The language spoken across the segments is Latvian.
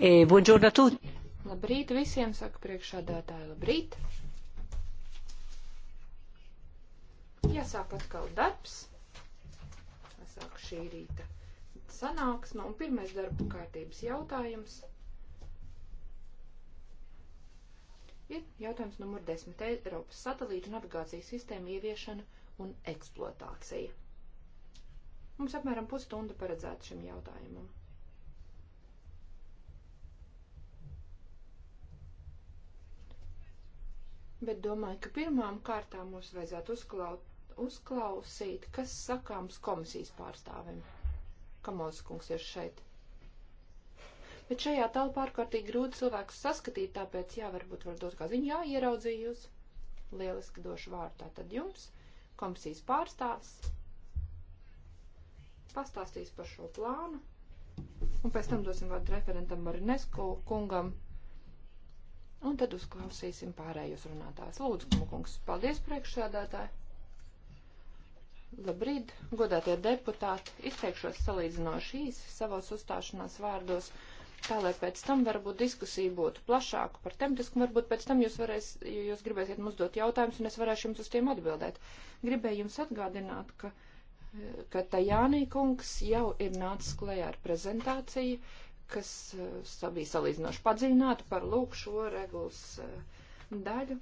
E, buongiorno a tutti. Labrīt visiem, saka priekšādātāja, labrīt. Jāsāk atkal darbs. Jāsāk šī rīta sanāksme un pirmais darba kārtības jautājums. ir jautājums numur 10. Eiropas satelīta navigācijas sistēma ieviešana un eksploatācija. Mums apmēram pusstunda paredzēta šim jautājumam. bet domāju, ka pirmām kārtām mums vajadzētu uzklaut, uzklausīt, kas sakāms komisijas pārstāvim. Kamals kungs ir šeit. Bet šajā telpā ārkārtīgi grūti cilvēkus saskatīt, tāpēc jā, varbūt var dot kā ziņu, jā, ieraudzījus. Lieliski došu vārdu tātad jums, komisijas pārstāvis. Pastāstīs par šo plānu. Un pēc tam dosim vārdu referentam Marinesko kungam Un tad uzklausīsim pārējos runātājs. Lūdzu, kungs, paldies priekšsēdētāji. Labrīt, godātie deputāti. Izteikšos salīdzinoši īsi savos uzstāšanās vārdos, tā lai pēc tam varbūt diskusija būtu plašāka par tematisku, varbūt pēc tam jūs, varēs, jūs gribēsiet mums dot jautājumus un es varēšu jums uz tiem atbildēt. Gribēju jums atgādināt, ka ka Tajānī kungs jau ir nācis klajā ar prezentāciju, kas eh, bija salīdzinoši padziļināta par lūk šo regulas eh, daļu.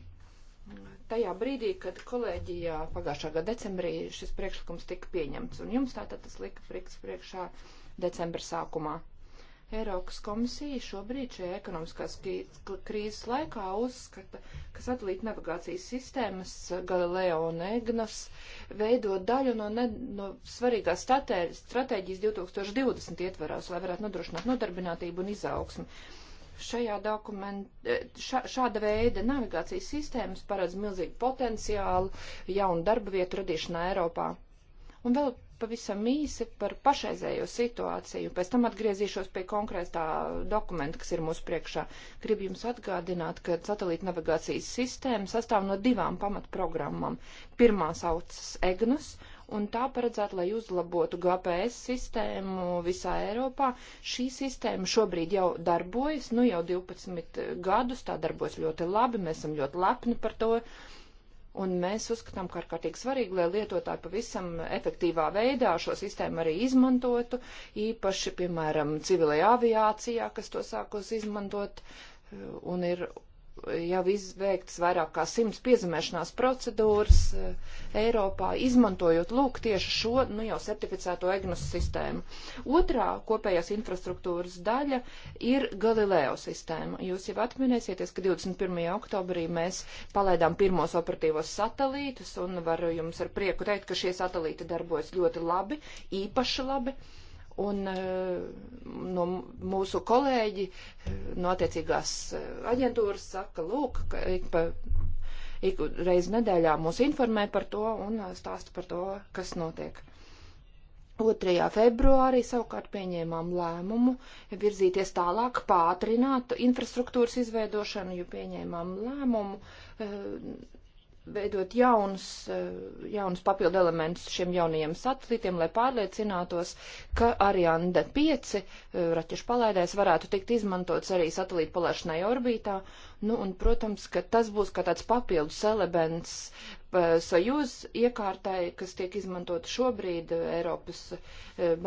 Tajā brīdī, kad kolēģijā pagājušā gada decembrī šis priekšlikums tika pieņemts, un jums tātad tas lika priekšā decembra sākumā. Eiropas komisija šobrīd šajā ekonomiskās krīzes laikā uzskata, ka satelīta navigācijas sistēmas eh, Galileo un Egnas veido daļu no, ne, no svarīgās stratēģijas 2020 ietvarās, lai varētu nodrošināt nodarbinātību un izaugsmu. Šajā dokumentā eh, šā, šāda veida navigācijas sistēmas paredz milzīgu potenciālu jaunu darba vietu radīšanā Eiropā. Un vēl pavisam īsi par pašreizējo situāciju. Pēc tam atgriezīšos pie konkrētā dokumenta, kas ir mūsu priekšā. Gribu jums atgādināt, ka satelīta navigācijas sistēma sastāv no divām pamatprogrammām. Pirmā saucas EGNUS. Un tā paredzēta, lai uzlabotu GPS sistēmu visā Eiropā. Šī sistēma šobrīd jau darbojas, nu jau 12 gadus, tā darbojas ļoti labi, mēs esam ļoti lepni par to. Uh, Un mēs uzskatām, ka ārkārtīgi svarīgi, lai lietotāji pavisam efektīvā veidā šo sistēmu arī izmantotu, īpaši, piemēram, civilajā aviācijā, kas to sākos izmantot un ir jau izveiktas vairāk kā simts piezemēšanās procedūras eh, Eiropā, izmantojot lūk tieši šo, nu jau certificēto EGNOS sistēmu. Otrā kopējās infrastruktūras daļa ir Galileo sistēma. Jūs jau atminēsieties, ka 21. oktobrī mēs palaidām pirmos operatīvos satelītus un varu jums ar prieku teikt, ka šie satelīti darbojas ļoti labi, īpaši labi. Uh, un e, no mūsu kolēģi e, no attiecīgās e, aģentūras saka, lūk, ka ik pa ik reiz nedēļā mūs informē par to un stāsta par to, kas notiek. 2. februārī savukārt pieņēmām lēmumu virzīties tālāk, pātrināt infrastruktūras izveidošanu, jo pieņēmām lēmumu veidot jaunus, eh, jaunus papildu elementus šiem jaunajiem satelītiem, lai pārliecinātos, ka Arianda 5 eh, raķešu palaidēs varētu tikt izmantots arī satelītu palaišanai orbītā. Nu, un, protams, ka tas būs kā tāds papildus elements eh, Sojuz iekārtai, kas tiek izmantot šobrīd Eiropas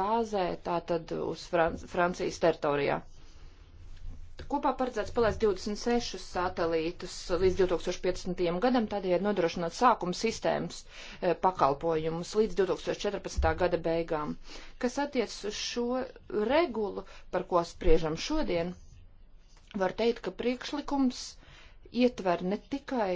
bāzē, tātad uz Franc Francijas teritorijā. Kopā paredzēts palaist 26 satelītus līdz 2015. gadam, tādējādi nodrošinot sākuma sistēmas e, pakalpojumus līdz 2014. gada beigām. Kas attiec uz šo regulu, par ko spriežam šodien, var teikt, ka priekšlikums ietver ne tikai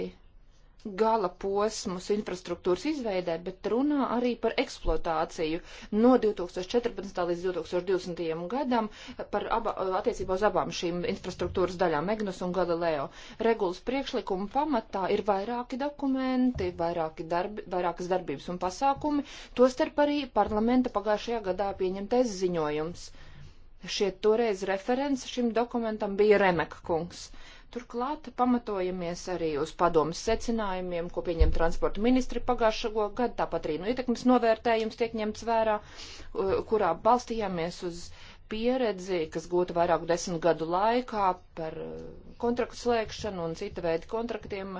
gala posmus infrastruktūras izveidē, bet runā arī par eksploatāciju no 2014. līdz 2020. gadam par aba, attiecībā uz abām šīm infrastruktūras daļām, Magnus un Galileo. Regulas priekšlikuma pamatā ir vairāki dokumenti, vairāki darbi, vairākas darbības un pasākumi, tostarp arī parlamenta pagājušajā gadā pieņemtais ziņojums. Šie toreiz referents šim dokumentam bija Remek kungs. Uh, Turklāt pamatojamies arī uz padomas secinājumiem, ko pieņem transporta ministri pagājušo gadu, tāpat arī no nu, ietekmes novērtējums tiek ņemts vērā, kurā balstījāmies uz pieredzi, kas gūta vairāku desmit gadu laikā par uh, kontraktu slēgšanu un cita veida kontraktiem,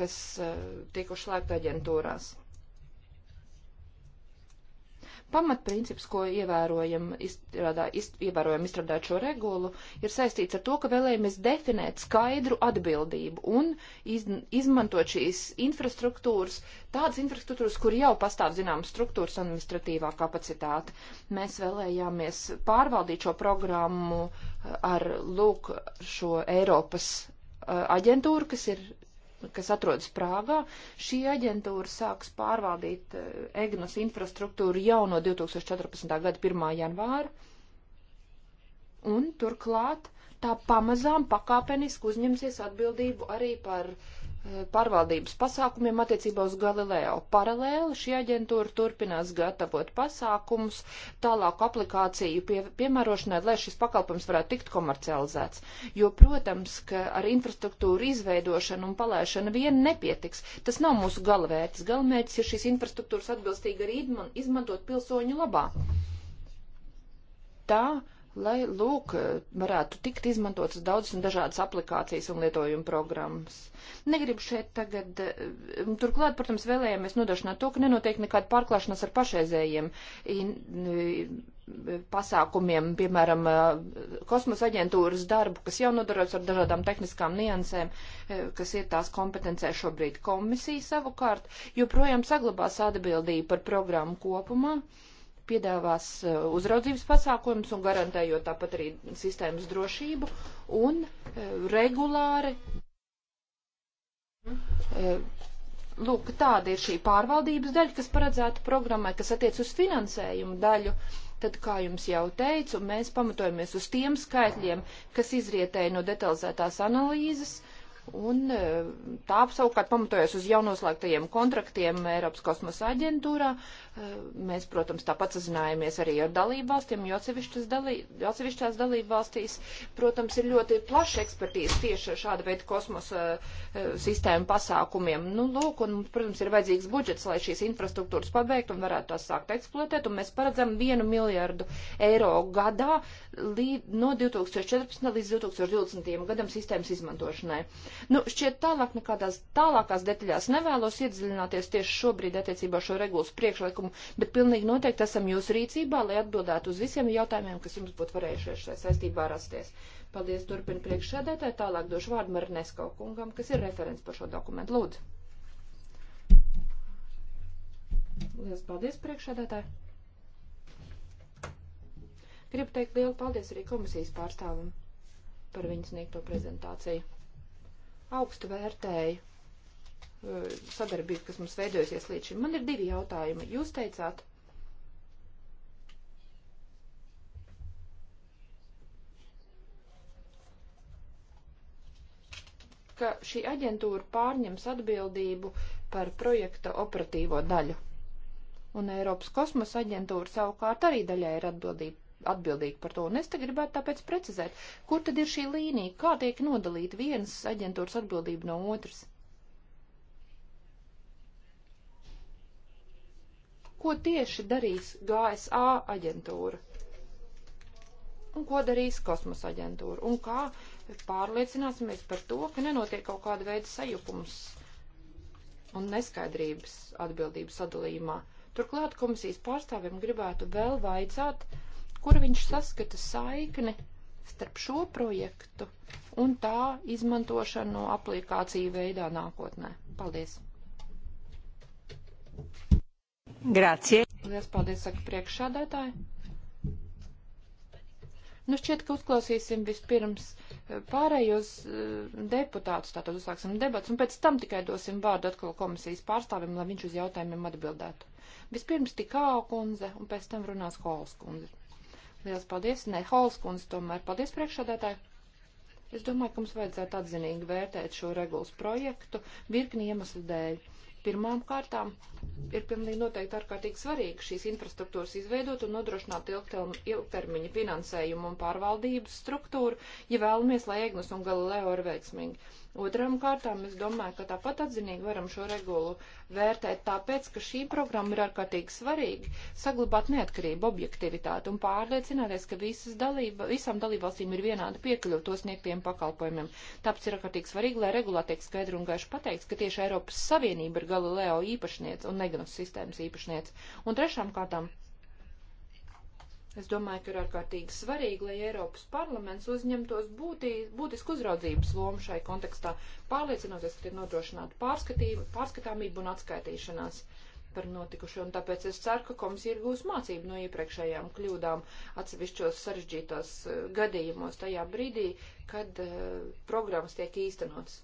kas uh, tiek uzslēgta aģentūrās. Pamatprincips, ko ievērojam, izstrādā, iz, ievērojam izstrādāt šo regulu, ir saistīts ar to, ka vēlējamies definēt skaidru atbildību un iz, izmantot šīs infrastruktūras, tādas infrastruktūras, kur jau pastāv zināmas struktūras administratīvā kapacitāte. Mēs vēlējāmies pārvaldīt šo programmu ar lūk šo Eiropas aģentūru, kas ir kas atrodas Prāgā. Šī aģentūra sāks pārvaldīt eh, EGNOS infrastruktūru jau no 2014. gada 1. janvāra. Un turklāt tā pamazām pakāpeniski uzņemsies atbildību arī par uh, pārvaldības pasākumiem attiecībā uz Galileo. Paralēli šī aģentūra turpinās gatavot pasākumus tālāku aplikāciju pie, piemērošanai, lai šis pakalpojums varētu tikt komercializēts. Jo, protams, ka ar infrastruktūru izveidošanu un palaišanu vien nepietiks. Tas nav mūsu galvērtis. Galvērtis ir šīs infrastruktūras atbilstīgi arī izmantot pilsoņu labā. Tā, lai, lūk, varētu tikt izmantotas daudzas un dažādas aplikācijas un lietojuma programmas. Negribu šeit tagad, eh, turklāt, protams, vēlējāmies nodrošināt to, ka nenotiek nekāda pārklāšanās ar pašreizējiem eh, pasākumiem, piemēram, eh, kosmosa aģentūras darbu, kas jau nodarbojas ar dažādām tehniskām niansēm, kas ir tās kompetencē šobrīd komisija savukārt, joprojām saglabās atbildību par programmu kopumā. Uh, piedāvās uh, uzraudzības pasākums un garantējot tāpat arī sistēmas drošību un uh, regulāri. Uh, lūk, tāda ir šī pārvaldības daļa, kas paredzēta programmai, kas attiec uz finansējumu daļu. Tad, kā jums jau teicu, mēs pamatojamies uz tiem skaitļiem, kas izrietēja no detalizētās analīzes, Un e, tā savukārt pamatojas uz jaunoslēgtajiem kontraktiem Eiropas kosmosa aģentūrā. E, mēs, protams, tāpat sazinājāmies arī ar dalību valstīm, jo atsevišķās dalību valstīs, protams, ir ļoti plaša ekspertīze tieši šāda veida kosmosa e, sistēmu pasākumiem. Nu, lūk, un, protams, ir vajadzīgs budžets, lai šīs infrastruktūras pabeigtu un varētu tās sākt eksploatēt, un mēs paredzam vienu miljardu eiro gadā līd, no 2014 līdz 2020 gadam sistēmas izmantošanai. Uh, Nu, šķiet tālāk nekādās tālākās detaļās nevēlos iedziļināties tieši šobrīd attiecībā šo regulas priekšlikumu, bet pilnīgi noteikti esam jūsu rīcībā, lai atbildētu uz visiem jautājumiem, kas jums būtu varējušies šai saistībā rasties. Paldies, turpina priekšsēdētāji, tālāk došu vārdu Marnesko kungam, kas ir referents par šo dokumentu. Lūdzu. Lielas paldies, priekšsēdētāji! Gribu teikt lielu paldies arī komisijas pārstāvim par viņas sniegto prezentāciju augstu vērtēju e, sadarbību, kas mums veidojusies līdz šim. Man ir divi jautājumi. Jūs teicāt, ka šī aģentūra pārņems atbildību par projekta operatīvo daļu. Un Eiropas kosmosa aģentūra savukārt arī daļai ir atbildība, atbildīgi par to. Un es te gribētu tāpēc precizēt, kur tad ir šī līnija, kā tiek nodalīta vienas aģentūras atbildība no otras. Ko tieši darīs GSA aģentūra? Un ko darīs kosmosa aģentūra? Un kā pārliecināsimies par to, ka nenotiek kaut kāda veida sajukums un neskaidrības atbildības sadalījumā? Turklāt komisijas pārstāvjiem gribētu vēl vaicāt, uh, kur viņš saskata saikni starp šo projektu un tā izmantošanu no aplikāciju veidā nākotnē. Paldies! Grācie! Lielas paldies, saka priekšādātāji! Nu, šķiet, ka uzklausīsim vispirms eh, pārējos eh, deputātus, tātad uzsāksim debats, un pēc tam tikai dosim vārdu atkal komisijas pārstāvim, lai viņš uz jautājumiem atbildētu. Vispirms tikā kundze, un pēc tam runās Hols kundze. Liels paldies. Nē, Holskundze tomēr. Paldies priekšādātāji. Es domāju, ka mums vajadzētu atzinīgi vērtēt šo regulas projektu virkni iemeslu dēļ. Pirmām kārtām ir pilnīgi noteikti ārkārtīgi svarīgi šīs infrastruktūras izveidot un nodrošināt ilgtermiņa finansējumu un pārvaldības struktūru, ja vēlamies, lai Egnas un Galileo ir veiksmīgi. Otram kārtām es domāju, ka tāpat atzinīgi varam šo regulu vērtēt tāpēc, ka šī programma ir ārkārtīgi svarīga saglabāt neatkarību, objektivitāti un pārliecināties, ka visas dalība, visām dalībvalstīm ir vienāda piekļuva to sniegtiem pakalpojumiem. Tāpēc ir ārkārtīgi svarīgi, lai regulā tiek skaidri un gaiši pateikts, ka tieši Eiropas Savienība ir Galileo īpašniec un Neganus sistēmas īpašniec. Un trešām kārtām Es domāju, ka ir ārkārtīgi svarīgi, lai Eiropas parlaments uzņemtos būtī, būtisku uzraudzības lomu šai kontekstā, pārliecinoties, ka ir nodrošināta pārskatāmība un atskaitīšanās par notikušo, un tāpēc es ceru, ka komisija ir gūs mācību no iepriekšējām kļūdām atsevišķos sarežģītos eh, gadījumos tajā brīdī, kad uh, programmas tiek īstenotas.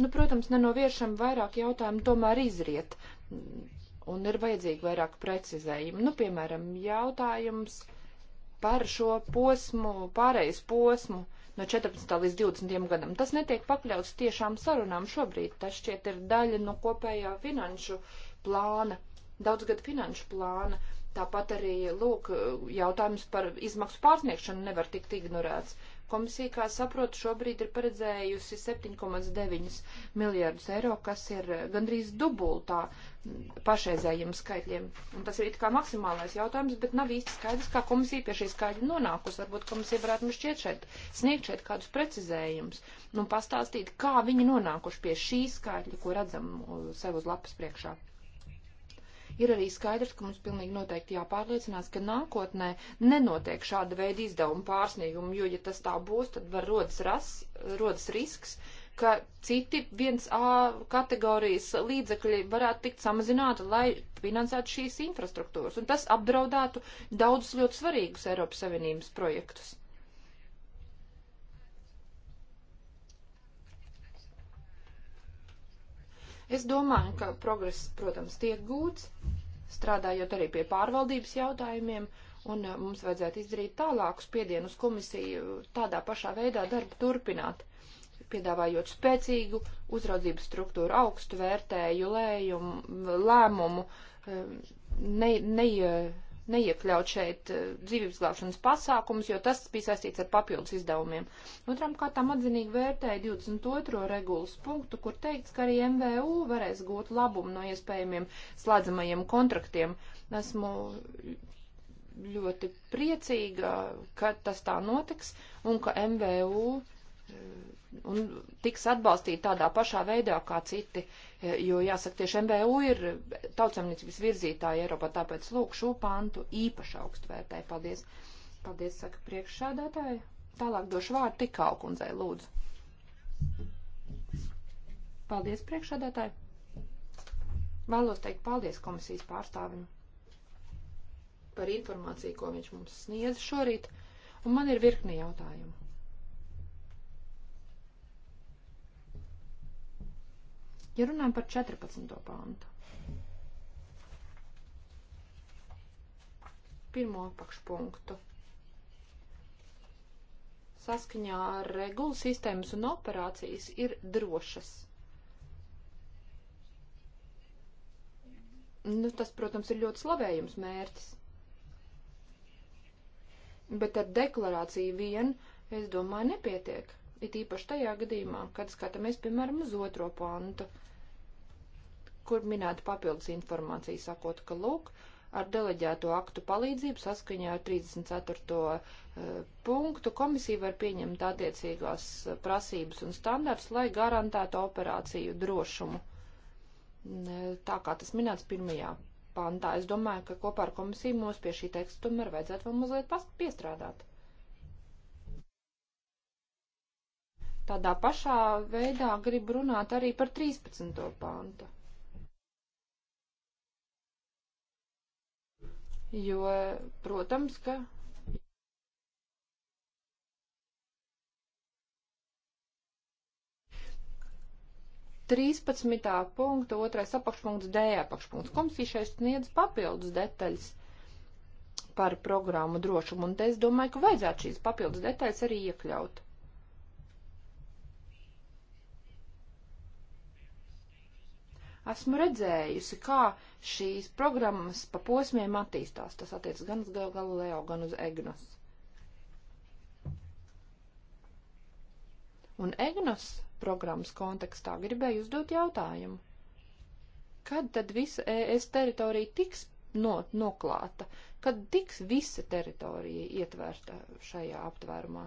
Nu, protams, nenoviešam vairāk jautājumu tomēr izriet un ir vajadzīgi vairāk precizējumu. Nu, piemēram, jautājums par šo posmu, pārējais posmu no 14. līdz 20. gadam. Tas netiek pakļauts tiešām sarunām šobrīd. Tas šķiet ir daļa no kopējā finanšu plāna, daudzgad finanšu plāna. Tāpat arī, lūk, jautājums par izmaksu pārsniegšanu nevar tikt ignorēts. Komisija, kā saprotu, šobrīd ir paredzējusi 7,9 miljārdus eiro, kas ir gandrīz dubultā pašreizējiem skaitļiem. Un tas ir it kā maksimālais jautājums, bet nav īsti skaidrs, kā komisija pie šī skaitļa nonākusi. Varbūt komisija varētu mums šķiet šeit, sniegt šeit kādus precizējumus un pastāstīt, kā viņi nonākuši pie šī skaitļa, ko redzam sev uz lapas priekšā ir arī skaidrs, ka mums pilnīgi noteikti jāpārliecinās, ka nākotnē nenotiek šāda veida izdevumu pārsniegumi, jo, ja tas tā būs, tad var rodas, ras, rodas risks, ka citi 1A kategorijas līdzekļi varētu tikt samazināti, lai finansētu šīs infrastruktūras, un tas apdraudētu daudzus ļoti svarīgus Eiropas Savienības projektus. Es domāju, ka progress, protams, tiek gūts, strādājot arī pie pārvaldības jautājumiem, un uh, mums vajadzētu izdarīt tālāku spiedienu uz komisiju, tādā pašā veidā darbu turpināt, piedāvājot spēcīgu uzraudzības struktūru, augstu vērtēju lējumu, lēmumu, um, ne, ne, uh, neiekļaut šeit eh, dzīvības glābšanas pasākumus, jo tas bija saistīts ar papildus izdevumiem. Otram kārtām atzinīgi vērtēja 22. regulas punktu, kur teikts, ka arī MVU varēs gūt labumu no iespējamiem slēdzamajiem kontraktiem. Esmu ļoti priecīga, ka tas tā notiks un ka MVU eh, un tiks atbalstīti tādā pašā veidā kā citi, e, jo jāsaka, tieši MBU ir tautsamniecības virzītāji Eiropā, tāpēc lūk šo pantu īpaši augstu vērtēju. Paldies. Paldies, saka priekšsēdētāji. Tālāk došu vārdu tikā kundzei, lūdzu. Paldies, priekšsēdētāji. Vēlos teikt paldies komisijas pārstāvim par informāciju, ko viņš mums sniedz šorīt, un man ir virkni jautājumu. Ja runājam par 14. pāntu. Pirmo apakšpunktu. Saskaņā ar regulu sistēmas un operācijas ir drošas. Nu, tas, protams, ir ļoti slavējums mērķis. Bet ar deklarāciju vien, es domāju, nepietiek it īpaši tajā gadījumā, kad skatāmies, piemēram, uz otro pantu, kur minēta papildus informācija, sakot, ka lūk, ar deleģēto aktu palīdzību saskaņā ar 34. Eh, punktu komisija var pieņemt attiecīgās eh, prasības un standarts, lai garantētu operāciju drošumu. Tā kā tas minēts pirmajā pantā, es domāju, ka kopā ar komisiju mums pie šī teksta tomēr vajadzētu vēl mazliet piestrādāt. Tādā pašā veidā gribu runāt arī par 13. pāntu. Jo, protams, ka Trīspadsmitā punkta, otrais apakšpunkts, D apakšpunkts. Komisija šeit sniedz papildus detaļas par programmu drošumu, un te es domāju, ka vajadzētu šīs papildus detaļas arī iekļaut. esmu redzējusi, kā šīs programmas pa posmiem attīstās. Tas attiec gan uz Galileo, gan uz EGNOS. Un EGNOS programmas kontekstā gribēju uzdot jautājumu. Kad tad visa ES teritorija tiks no, noklāta? Kad tiks visa teritorija ietverta šajā aptvērumā?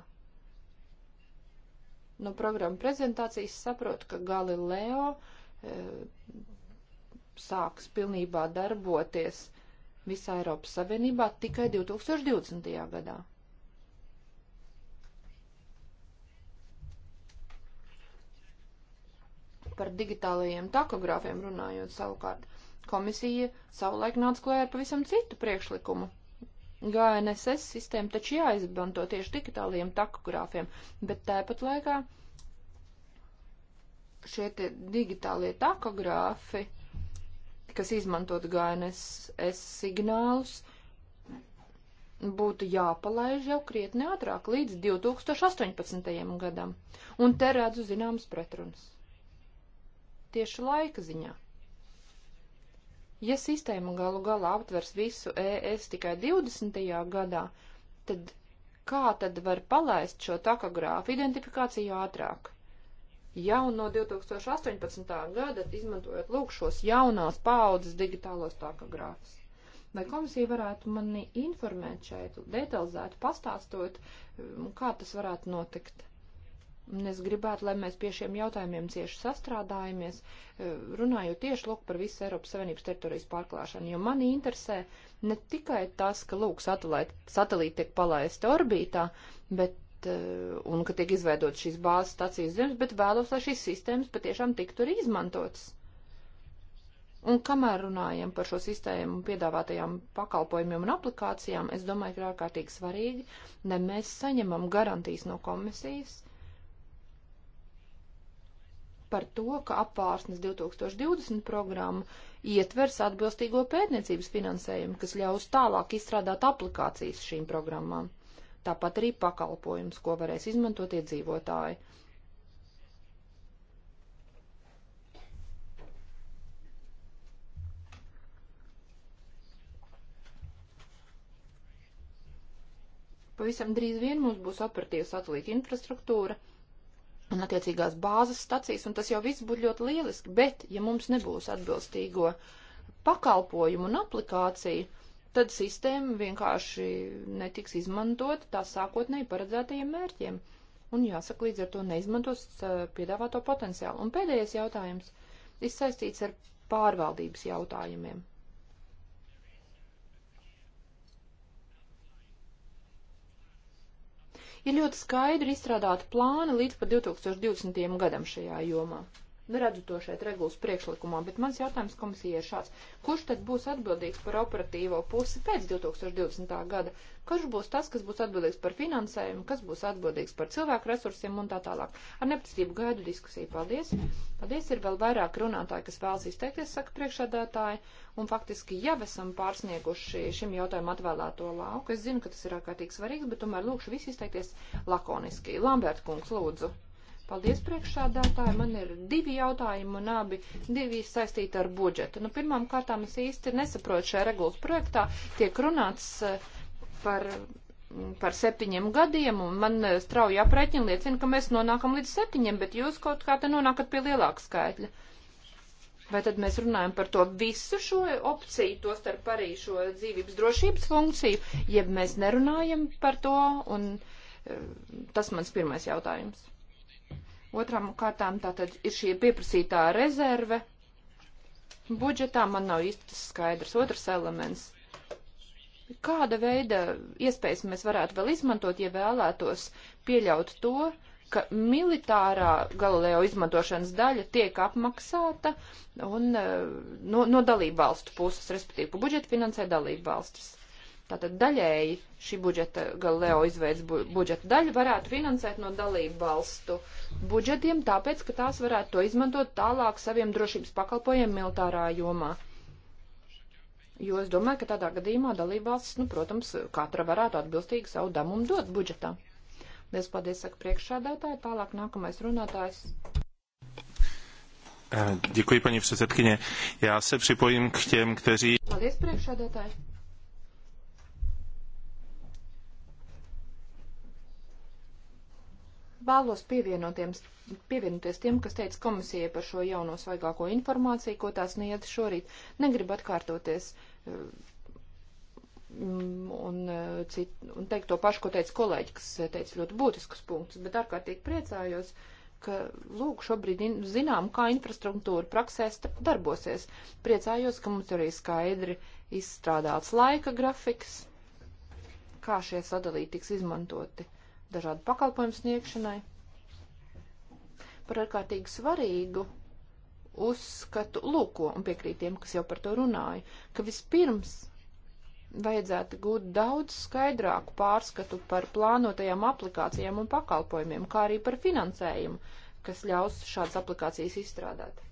No programmu prezentācijas saprotu, ka Galileo uh, Eh, sāks pilnībā darboties visā Eiropas Savienībā tikai 2020. gadā. Par digitālajiem takogrāfiem runājot savukārt, komisija savulaik nāca klajā ar pavisam citu priekšlikumu. GNSS sistēma taču jāizmanto tieši digitālajiem takogrāfiem, bet tāpat laikā šie tie digitālie takogrāfi, kas izmantot GNSS signālus, būtu jāpalaiž jau krietni ātrāk, līdz 2018. gadam. Un te redzu zināmas pretrunas. Tieši laika ziņā. Ja sistēma galu galā aptvers visu ES tikai 20. gadā, tad kā tad var palaist šo takogrāfu identifikāciju ātrāk? jau no 2018. gada izmantojot lūk šos jaunās paaudzes digitālos takogrāfus. Vai komisija varētu mani informēt šeit, detalizēt, pastāstot, um, kā tas varētu notikt? Un es gribētu, lai mēs pie šiem jautājumiem cieši sastrādājamies, uh, runājot tieši lūk par visu Eiropas Savienības teritorijas pārklāšanu, jo mani interesē ne tikai tas, ka lūk satelīti tiek palaisti orbītā, bet Eh, un ka tiek izveidot šīs bāzes stacijas zemes, bet vēlos, lai šīs sistēmas patiešām tiktu arī izmantotas. Un kamēr runājam par šo sistēmu piedāvātajām pakalpojumiem un aplikācijām, es domāju, ka ir ārkārtīgi svarīgi, lai mēs saņemam garantijas no komisijas par to, ka apvārsnes 2020 programma ietvers atbilstīgo pētniecības finansējumu, kas ļaus tālāk izstrādāt aplikācijas šīm programmām tāpat arī pakalpojums, ko varēs izmantot iedzīvotāji. Pavisam drīz vien mums būs operatīva satelīta infrastruktūra un attiecīgās bāzes stacijas, un tas jau viss būtu ļoti lieliski, bet ja mums nebūs atbilstīgo pakalpojumu un aplikāciju, tad sistēma vienkārši netiks izmantota tā sākotnēji paredzētajiem mērķiem. Un jāsaka, līdz ar to neizmantos uh, piedāvāto potenciālu. Un pēdējais jautājums ir saistīts ar pārvaldības jautājumiem. ir ļoti skaidri izstrādāti plāni līdz pat 2020. gadam šajā jomā redzu to šeit regulas priekšlikumā, bet mans jautājums komisijai ir šāds. Kurš tad būs atbildīgs par operatīvo pusi pēc 2020. gada? Kurš būs tas, kas būs atbildīgs par finansējumu, kas būs atbildīgs par cilvēku resursiem un tā tālāk? Ar nepacietību gaidu diskusiju. Paldies! Paldies! Ir vēl vairāk runātāji, kas vēlas izteikties, saka priekšādātāji, un faktiski jau esam pārsnieguši šim jautājumam atvēlēto lauku. Es zinu, ka tas ir ārkārtīgi svarīgs, bet tomēr lūkšu visi izteikties lakoniski. Lambert kungs, lūdzu! Paldies priekšsādātāji. Man ir divi jautājumi un abi divi saistīti ar budžetu. Nu, pirmām kārtām es īsti nesaprotu šajā regulas projektā. Tiek runāts eh, par par septiņiem gadiem, un man eh, strauji aprēķina liecina, ka mēs nonākam līdz septiņiem, bet jūs kaut kā te nonākat pie lielāka skaitļa. Vai tad mēs runājam par to visu šo opciju, to starp arī šo dzīvības drošības funkciju, jeb mēs nerunājam par to, un eh, tas mans pirmais jautājums. Otram kārtām tātad ir šī pieprasītā rezerve. Budžetā man nav īsti skaidrs. Otrs elements. Kāda veida iespējas mēs varētu vēl izmantot, ja vēlētos pieļaut to, ka militārā Galileo izmantošanas daļa tiek apmaksāta un, eh, no, no dalību valstu puses, respektīvi, ka budžeti finansē dalību valstis. Tātad daļēji šī budžeta, Galileo izveids bu, budžeta daļa varētu finansēt no dalību valstu budžetiem, tāpēc, ka tās varētu to izmantot tālāk saviem drošības pakalpojiem militārā jomā. Jo es domāju, ka tādā gadījumā dalību valsts, nu, protams, katra varētu atbilstīgi savu damumu dot budžetā. Lies paldies, saka priekšādātāji, tālāk nākamais runātājs. Eh, děkuji, paní předsedkyně. Já se připojím k těm, kteří... Paldies, priekšādātāji. Vēlos pievienoties tiem, kas teica komisijai par šo jauno svaigāko informāciju, ko tās niedz šorīt. Negribu atkārtoties eh, mm, un, eh, cit, un teikt to pašu, ko teica kolēģi, kas eh, teica ļoti būtiskus punktus, bet ārkārtīgi priecājos, ka, lūk, šobrīd zinām, kā infrastruktūra praksēs darbosies. Priecājos, ka mums arī skaidri izstrādāts laika grafiks, kā šie sadalīti tiks izmantoti dažādu pakalpojumu sniegšanai. Par ārkārtīgi svarīgu uzskatu lūko un piekrītiem, kas jau par to runāja, ka vispirms vajadzētu gūt daudz skaidrāku pārskatu par plānotajām aplikācijām un pakalpojumiem, kā arī par finansējumu, kas ļaus šādas aplikācijas izstrādāt.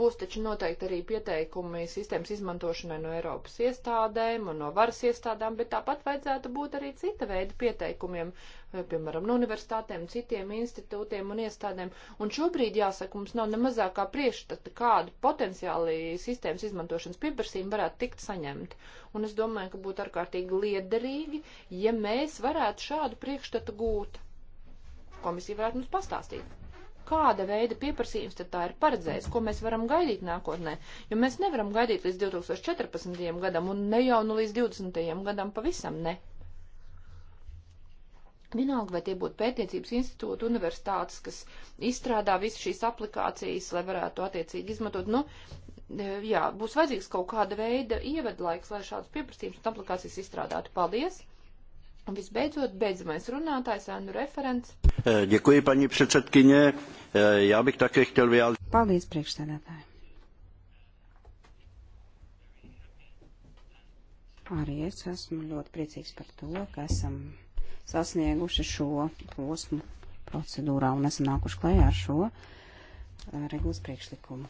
Būs taču noteikti arī pieteikumi sistēmas izmantošanai no Eiropas iestādēm un no varas iestādām, bet tāpat vajadzētu būt arī cita veida pieteikumiem, eh, piemēram, no universitātēm, citiem institūtiem un iestādēm. Un šobrīd, jāsaka, mums nav ne mazākā priekšstata, kādu potenciāli sistēmas izmantošanas pieprasījumu varētu tikt saņemt. Un es domāju, ka būtu ārkārtīgi liederīgi, ja mēs varētu šādu priekšstatu gūt. Komisija varētu mums pastāstīt kāda veida pieprasījums tad tā ir paredzējis, ko mēs varam gaidīt nākotnē. Jo mēs nevaram gaidīt līdz 2014. gadam un ne jau nu līdz 20. gadam pavisam ne. Vienalga, vai tie būtu pētniecības institūti, universitātes, kas izstrādā visu šīs aplikācijas, lai varētu attiecīgi izmantot, nu, e, jā, būs vajadzīgs kaut kāda veida ievedlaiks, lai šādas pieprasījums un aplikācijas izstrādātu. Paldies! Un visbeidzot, beidzamais runātājs, Annu referents. E, děkuji, paní předsedkyně. E, já bych také chtěl vyjádřit. Paldies, priekšsēdētāji. Arī es esmu ļoti priecīgs par to, ka esam sasnieguši šo posmu procedūrā un esam nākuši klajā ar šo e, regulas priekšlikumu.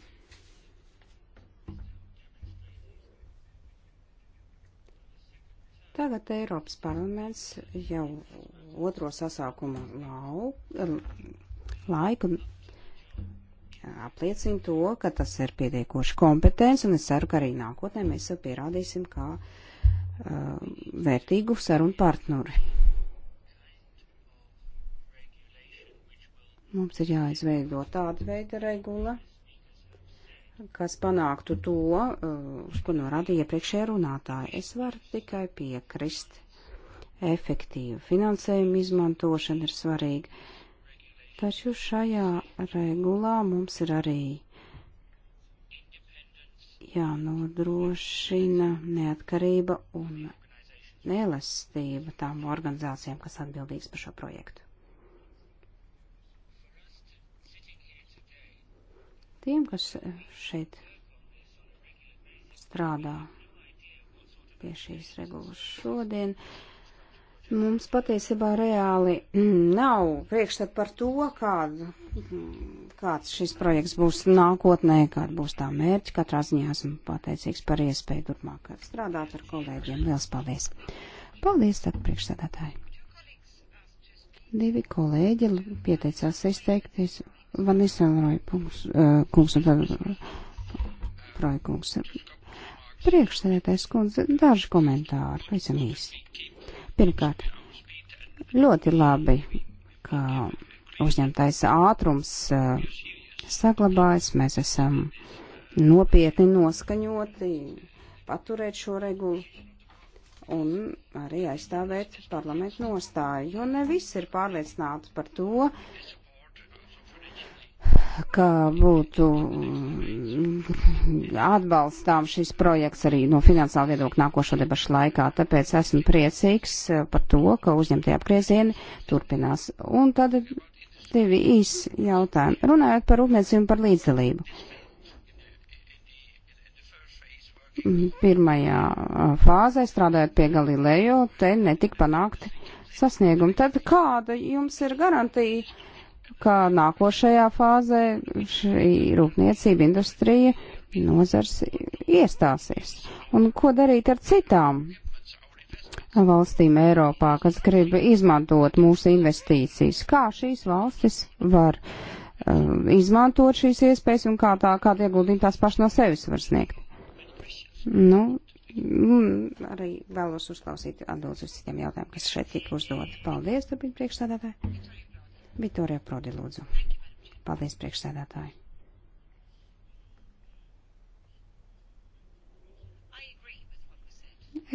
Tagad Eiropas parlaments jau otro sasaukumu lau, laiku apliecina to, ka tas ir pietiekoši kompetents, un es ceru, ka arī nākotnē mēs jau pierādīsim, kā uh, vērtīgu sarunu partneri. Mums ir jāizveido tāda veida regula, kas panāktu to, eh, uz ko norādīja iepriekšējā runātāja. Es varu tikai piekrist. Efektīva finansējuma izmantošana ir svarīga, taču šajā regulā mums ir arī jānodrošina neatkarība un elastība tām organizācijām, kas atbildīgs par šo projektu. Tiem, kas šeit strādā pie šīs regulas šodien, mums patiesībā reāli nav priekšstat par to, kāda, kāds šis projekts būs nākotnē, kāda būs tā mērķa. Katrā ziņā esmu pateicīgs par iespēju turpmāk strādāt ar kolēģiem. Liels paldies! Paldies, tad priekšsēdētāji! Divi kolēģi pieteicās izteikties Van Nistelroja kungs, eh, kungs un tad Roja kungs. Priekšsēdētais kundze, daži komentāri, pavisam īsi. Pirmkārt, ļoti labi, ka uzņemtais ātrums eh, saglabājas, mēs esam nopietni noskaņoti paturēt šo regulu un arī aizstāvēt parlamentu nostāju, jo ne visi ir pārliecināti par to, ka būtu mm, atbalstām šis projekts arī no finansiāla viedokļa nākošo debašu laikā. Tāpēc esmu priecīgs eh, par to, ka uzņemtie apgriezieni turpinās. Un tad divi īsi jautājumi. Runājot par rūpniecību un par līdzdalību. Mm, pirmajā fāzē strādājot pie Galileo, te netika panākti sasniegumi. Tad kāda jums ir garantija? ka nākošajā fāzē šī rūpniecība, industrija, nozars iestāsies. Un ko darīt ar citām valstīm Eiropā, kas grib izmantot mūsu investīcijas? Kā šīs valstis var uh, izmantot šīs iespējas un kā tā, kāda ieguldījuma tās paši no sevis var sniegt? Nu, arī vēlos uzklausīt atbildes uz citiem jautājumiem, kas šeit tika uzdoti. Paldies, turpin priekšstādātāji. Vitorija Prodi, lūdzu. Paldies, priekšsēdētāji.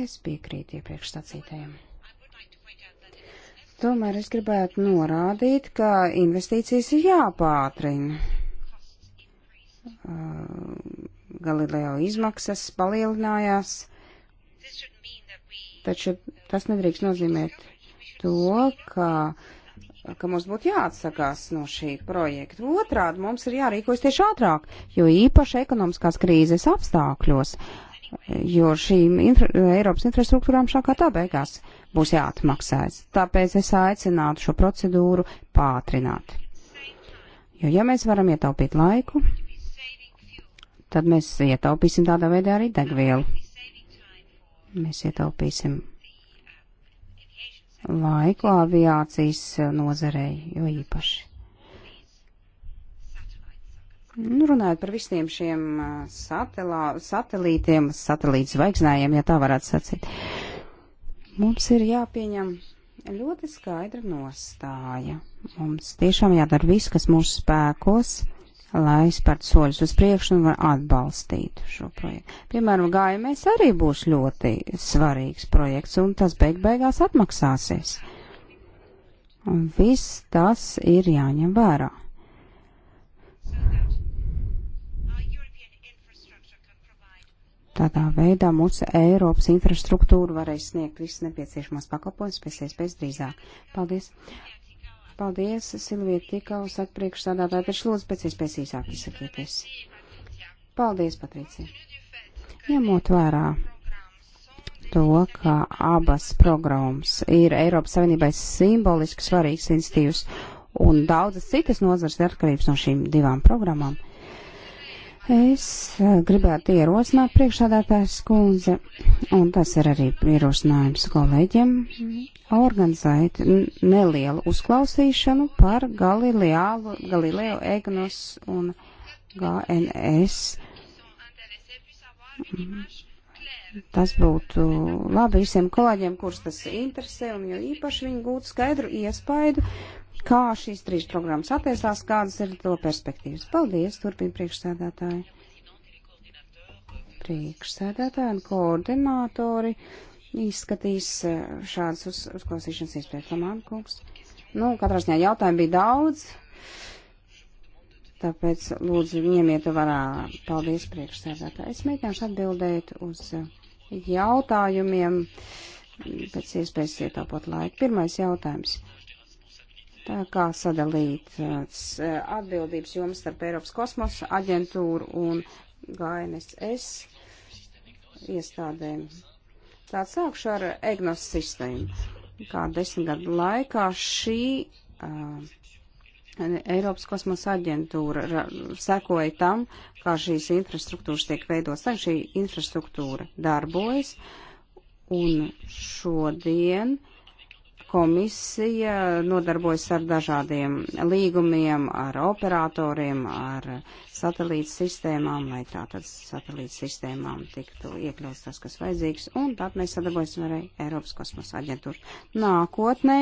Es piekrītu iepriekš sacītajiem. Tomēr es gribētu norādīt, ka investīcijas ir jāpātrina. Uh, Galileo izmaksas palielinājās, taču tas nedrīkst nozīmēt to, ka uh, ka mums būtu jāatsakās no šī projekta. Otrādi mums ir jārīkojas tieši ātrāk, jo īpaši ekonomiskās krīzes apstākļos, jo šīm infra Eiropas infrastruktūrām šā kā tā beigās būs jāatmaksājas. Tāpēc es aicinātu šo procedūru pātrināt. Jo ja mēs varam ietaupīt laiku, tad mēs ietaupīsim tādā veidā arī degvielu. Mēs ietaupīsim laiku aviācijas nozarei, jo īpaši. Nu, runājot par visiem šiem satelā, satelītiem, satelītu zvaigznājiem, ja tā varētu sacīt, mums ir jāpieņem ļoti skaidra nostāja. Mums tiešām jādara viss, kas mūsu spēkos, lai spērtu soļus uz priekšu un atbalstītu šo projektu. Piemēram, gājumēs arī būs ļoti svarīgs projekts, un tas beig beigās atmaksāsies. Un viss tas ir jāņem vērā. Tādā veidā mūsu Eiropas infrastruktūra varēs sniegt visas nepieciešamās pakalpojumus pēc iespējas drīzāk. Paldies! Paldies, Silvija Tikaus, atpriekšstādātāji, taču lūdzu pēc iespējas īsāk izsakieties. Paldies, Patricija. Ņemot vērā to, ka abas programmas ir Eiropas Savienībai simboliski svarīgs institīvs un daudzas citas nozars ir atkarības no šīm divām programmām Es eh, gribētu ierosināt priekšādātājs kundze, un tas ir arī ierosinājums kolēģiem, organizēt nelielu uzklausīšanu par Galileālu, Galileo Egnos un GNS. Tas būtu labi visiem kolēģiem, kurus tas interesē, un jo īpaši viņi gūtu skaidru iespaidu kā šīs trīs programmas attiecās, kādas ir to perspektīvas. Paldies, turpina priekšsēdētāji. Priekšsēdētāji un koordinātori izskatīs eh, šādas uz, uzklausīšanas iespējas. Lamāna kungs. Nu, katrā ziņā jautājumu bija daudz, tāpēc lūdzu ņemiet varā. Paldies, priekšsēdētāji. Es mēģināšu atbildēt uz eh, jautājumiem pēc iespējas ietaupot laiku. Pirmais jautājums. Tā kā sadalīt uh, uh, atbildības jomas starp Eiropas kosmosa aģentūru un GNSS iestādēm. Tā sākšu ar EGNOS sistēmu. Kā desmit gadu laikā šī uh, Eiropas kosmosa aģentūra sekoja tam, kā šīs infrastruktūras tiek veidotas. Tagad šī infrastruktūra darbojas, un šodien uh, Komisija nodarbojas ar dažādiem līgumiem, ar operatoriem, ar satelītas sistēmām, lai tātad satelītas sistēmām tiktu iekļauts tas, kas vajadzīgs, un tad mēs sadarbojamies ar Eiropas kosmosa aģentūru. Nākotnē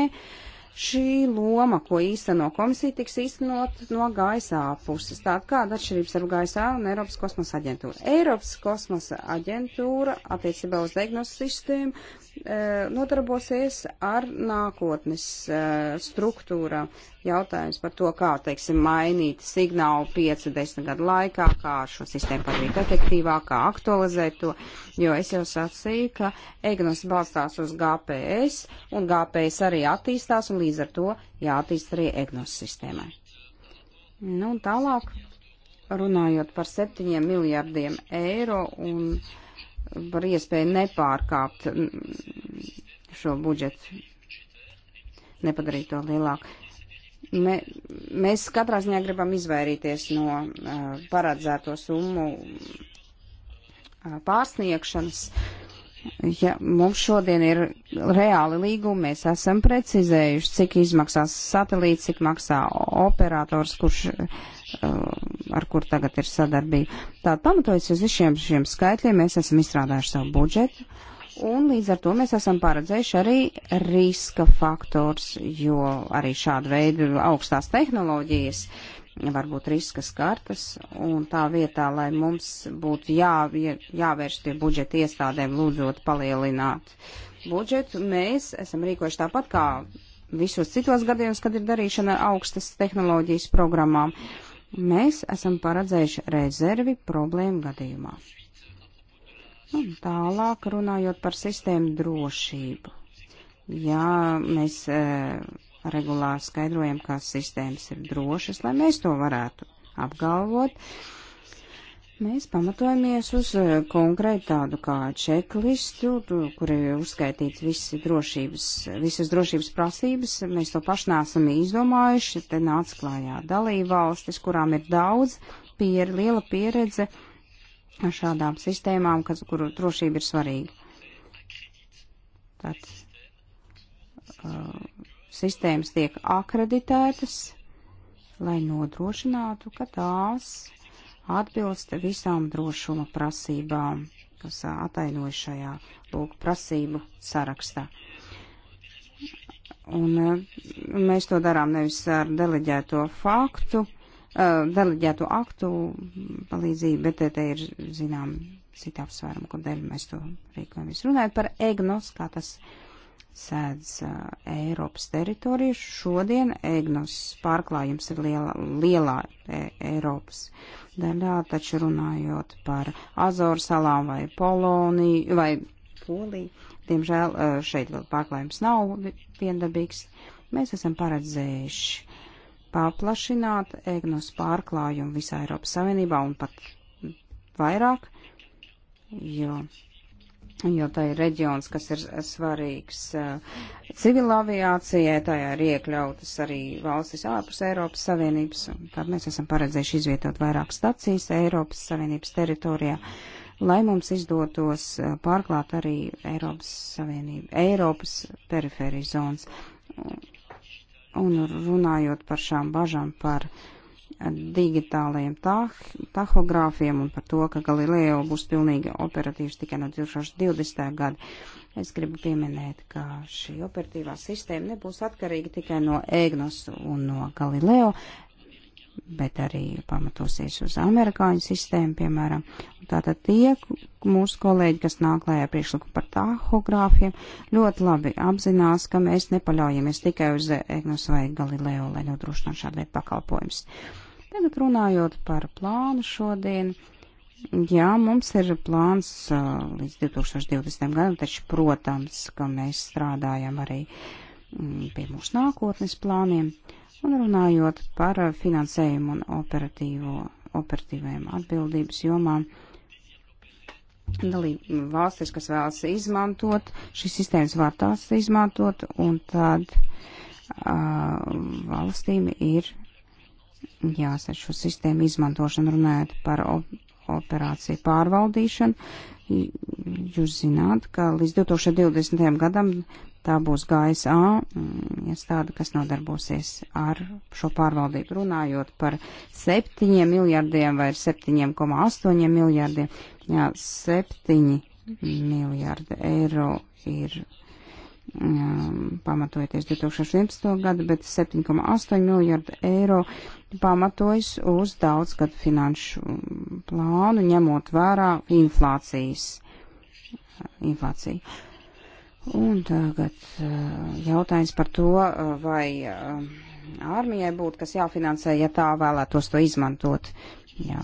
šī loma, ko īsteno komisija, tiks īstenot no gaisā puses. Tā kāda atšķirības ar gaisā un Eiropas kosmosa aģentūru? Eiropas kosmosa aģentūra attiecībā uz diagnostu sistēmu E, nodarbosies ar nākotnes e, struktūrā. Jautājums par to, kā, teiksim, mainīt signālu 5-10 gadu laikā, kā šo sistēmu padarīt efektīvāk, kā aktualizēt to, jo es jau sacīju, ka EGNOS balstās uz GPS, un GPS arī attīstās, un līdz ar to jāattīst arī EGNOS sistēmai. Nu, tālāk, runājot par 7 miljardiem eiro un par iespēju nepārkāpt šo budžetu, nepadarīt to lielāku. Me, mēs katrā ziņā gribam izvairīties no uh, paredzēto summu uh, pārsniegšanas. Ja mums šodien ir reāli līgumi, mēs esam precizējuši, cik izmaksās satelīts, cik maksā operators, kurš uh, Um, ar kur tagad ir sadarbība. Tātad pamatojas uz šiem, šiem skaitļiem mēs esam izstrādājuši savu budžetu, un līdz ar to mēs esam paredzējuši arī riska faktors, jo arī šāda veida augstās tehnoloģijas varbūt riska skartas, un tā vietā, lai mums būtu jā, jāvērš pie budžeta iestādēm lūdzot palielināt budžetu, mēs esam rīkojuši tāpat kā visos citos gadījumos, kad ir darīšana ar augstas tehnoloģijas programmām. Uh, Mēs esam paredzējuši rezervi problēmu gadījumā. Un nu, tālāk runājot par sistēmu drošību. Jā, mēs e, regulāri skaidrojam, kā sistēmas ir drošas, lai mēs to varētu apgalvot. E, Mēs pamatojamies uz eh, konkrētu tādu kā čeklistu, kur ir uzskaitīts visi drošības, visas drošības prasības. Mēs to paši nesam izdomājuši. Te nāca klājā dalībvalstis, kurām ir daudz pier, liela pieredze ar šādām sistēmām, kas, kuru drošība ir svarīga. Tad uh, eh, sistēmas tiek akreditētas, lai nodrošinātu, ka tās atbilst visām drošuma prasībām, kas atainoja šajā lūk prasību sarakstā. Un mēs to darām nevis ar deleģēto faktu, deleģēto aktu palīdzību, bet te ir, zinām, cita apsvērumu, kur dēļ mēs to rīkojamies. Runājot par EGNOS, kā tas ir sēdz uh, Eiropas teritoriju. Šodien Eignos pārklājums ir liela, lielā e Eiropas daļā, taču runājot par Azoru salām vai Poloniju vai Poliju, diemžēl uh, šeit vēl pārklājums nav viendabīgs. Mēs esam paredzējuši paplašināt Eignos pārklājumu visā Eiropas Savienībā un pat vairāk, jo jo tā ir reģions, kas ir svarīgs eh, civilā aviācijai, tajā ir iekļautas arī valstis ārpus Eiropas Savienības, un tad mēs esam paredzējuši izvietot vairāk stacijas Eiropas Savienības teritorijā, lai mums izdotos eh, pārklāt arī Eiropas Savienību, Eiropas periferijas zonas. Un runājot par šām bažām par uh, digitālajiem tah tahogrāfiem un par to, ka Galileo būs pilnīgi operatīvs tikai no 2020. gada. Es gribu pieminēt, ka šī operatīvā sistēma nebūs atkarīga tikai no EGNOS un no Galileo, bet arī pamatosies uz amerikāņu sistēmu, piemēram. Tātad tie mūsu kolēģi, kas nāk lējā priekšliku par tahogrāfiem, ļoti labi apzinās, ka mēs nepaļaujamies tikai uz EGNOS vai Galileo, lai nodrošinātu šādu veidu pakalpojumus. Uh, Tagad runājot par plānu šodien, jā, mums ir plāns uh, līdz 2020. gadam, taču, protams, ka mēs strādājam arī mm, pie mūsu nākotnes plāniem. Un runājot par finansējumu un operatīvo, operatīvajām atbildības jomām, dalību valstis, kas vēlas izmantot, šīs sistēmas var tās izmantot, un tad uh, valstīm ir jāsaka šo sistēmu izmantošanu, runājot par operāciju pārvaldīšanu. Jūs zināt, ka līdz 2020. gadam tā būs GSA, iestāde, mm, kas nodarbosies ar šo pārvaldību. Runājot par 7 miljardiem vai 7,8 miljardiem, jā, 7 miljardi eiro ir pamatojoties 2011. gadu, bet 7,8 miljardu eiro pamatojas uz daudzgadu finanšu plānu, ņemot vērā inflācijas. Inflāciju. Un tagad eh, jautājums par to, eh, vai ārmijai eh, būtu kas jāfinansē, ja tā vēlētos to izmantot. Jā.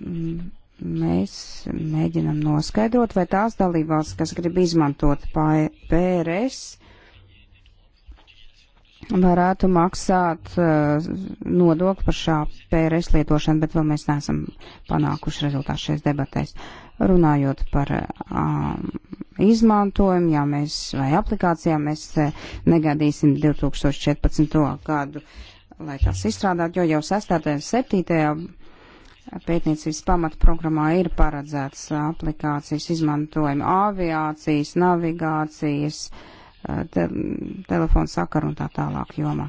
Mm mēs mēģinam noskaidrot, vai tās dalībvalstis, kas grib izmantot PRS, varētu maksāt uh, nodokli par šā PRS lietošanu, bet vēl mēs neesam panākuši rezultātu šajās debatēs. Runājot par um, izmantojumu, jā, mēs, vai aplikācijā, mēs uh, negadīsim 2014. gadu, lai tās izstrādātu, jo jau 6. un 7 pētniecības pamatprogrammā ir paredzēts aplikācijas izmantojuma aviācijas, navigācijas, eh, te, telefonu sakaru un tā tālāk jomā.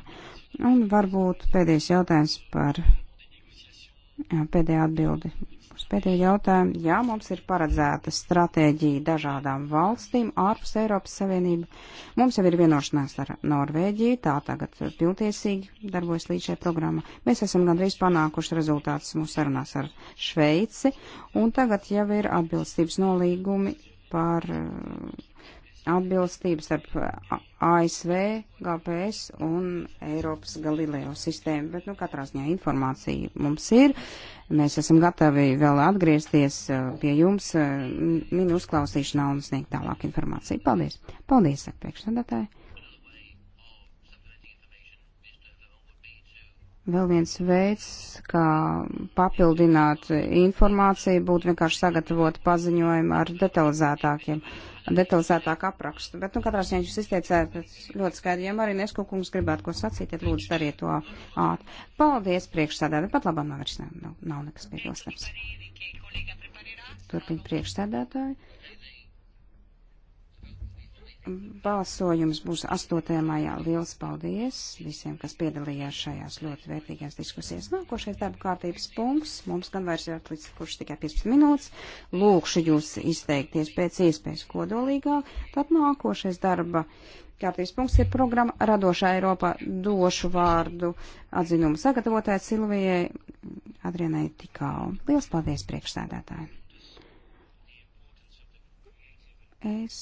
Un varbūt pēdējais jautājums par jā, eh, pēdējā atbildi Uz pēdējo jautājumu. Jā, mums ir paredzēta stratēģija dažādām valstīm ārpus Eiropas Savienība. Mums jau ir vienošanās ar Norvēģiju, tā tagad pilntiesīgi darbojas līdz šai programma. Mēs esam gandrīz panākuši rezultātus mūsu sarunās ar Šveici, un tagad jau ir atbilstības nolīgumi par uh, atbilstības starp ASV, GPS un Eiropas Galileo sistēmu, bet, nu, katrā ziņā informācija mums ir. Mēs esam gatavi vēl atgriezties uh, pie jums uh, minu uzklausīšanā un sniegt tālāk informāciju. Paldies! Paldies, saka priekšsēdētāji! Vēl viens veids, kā papildināt informāciju, būtu vienkārši sagatavot paziņojumu ar detalizētākiem detalizētāk aprakstu. Bet, nu, katrā ziņā jūs izteicāt ļoti skaidri, ja arī Nesku kungs gribētu ko sacīt, tad lūdzu dariet to ātri. Paldies priekšsādātājai, pat labam nav vairs nav, nav nekas piebilstams. Turpin priekšsādātāju. Balsojums būs 8. maijā. Liels paldies visiem, kas piedalījās šajās ļoti vērtīgās diskusijās. Nākošais darba kārtības punkts. Mums gan vairs ir atlicis kurš tikai 15 minūtes. Lūkšu jūs izteikties pēc iespējas kodolīgāk. Tad nākošais darba kārtības punkts ir programma Radošā Eiropa. Došu vārdu atzinumu sagatavotāju Silvijai Adrienai Tikau. Liels paldies priekšsēdētāji. Es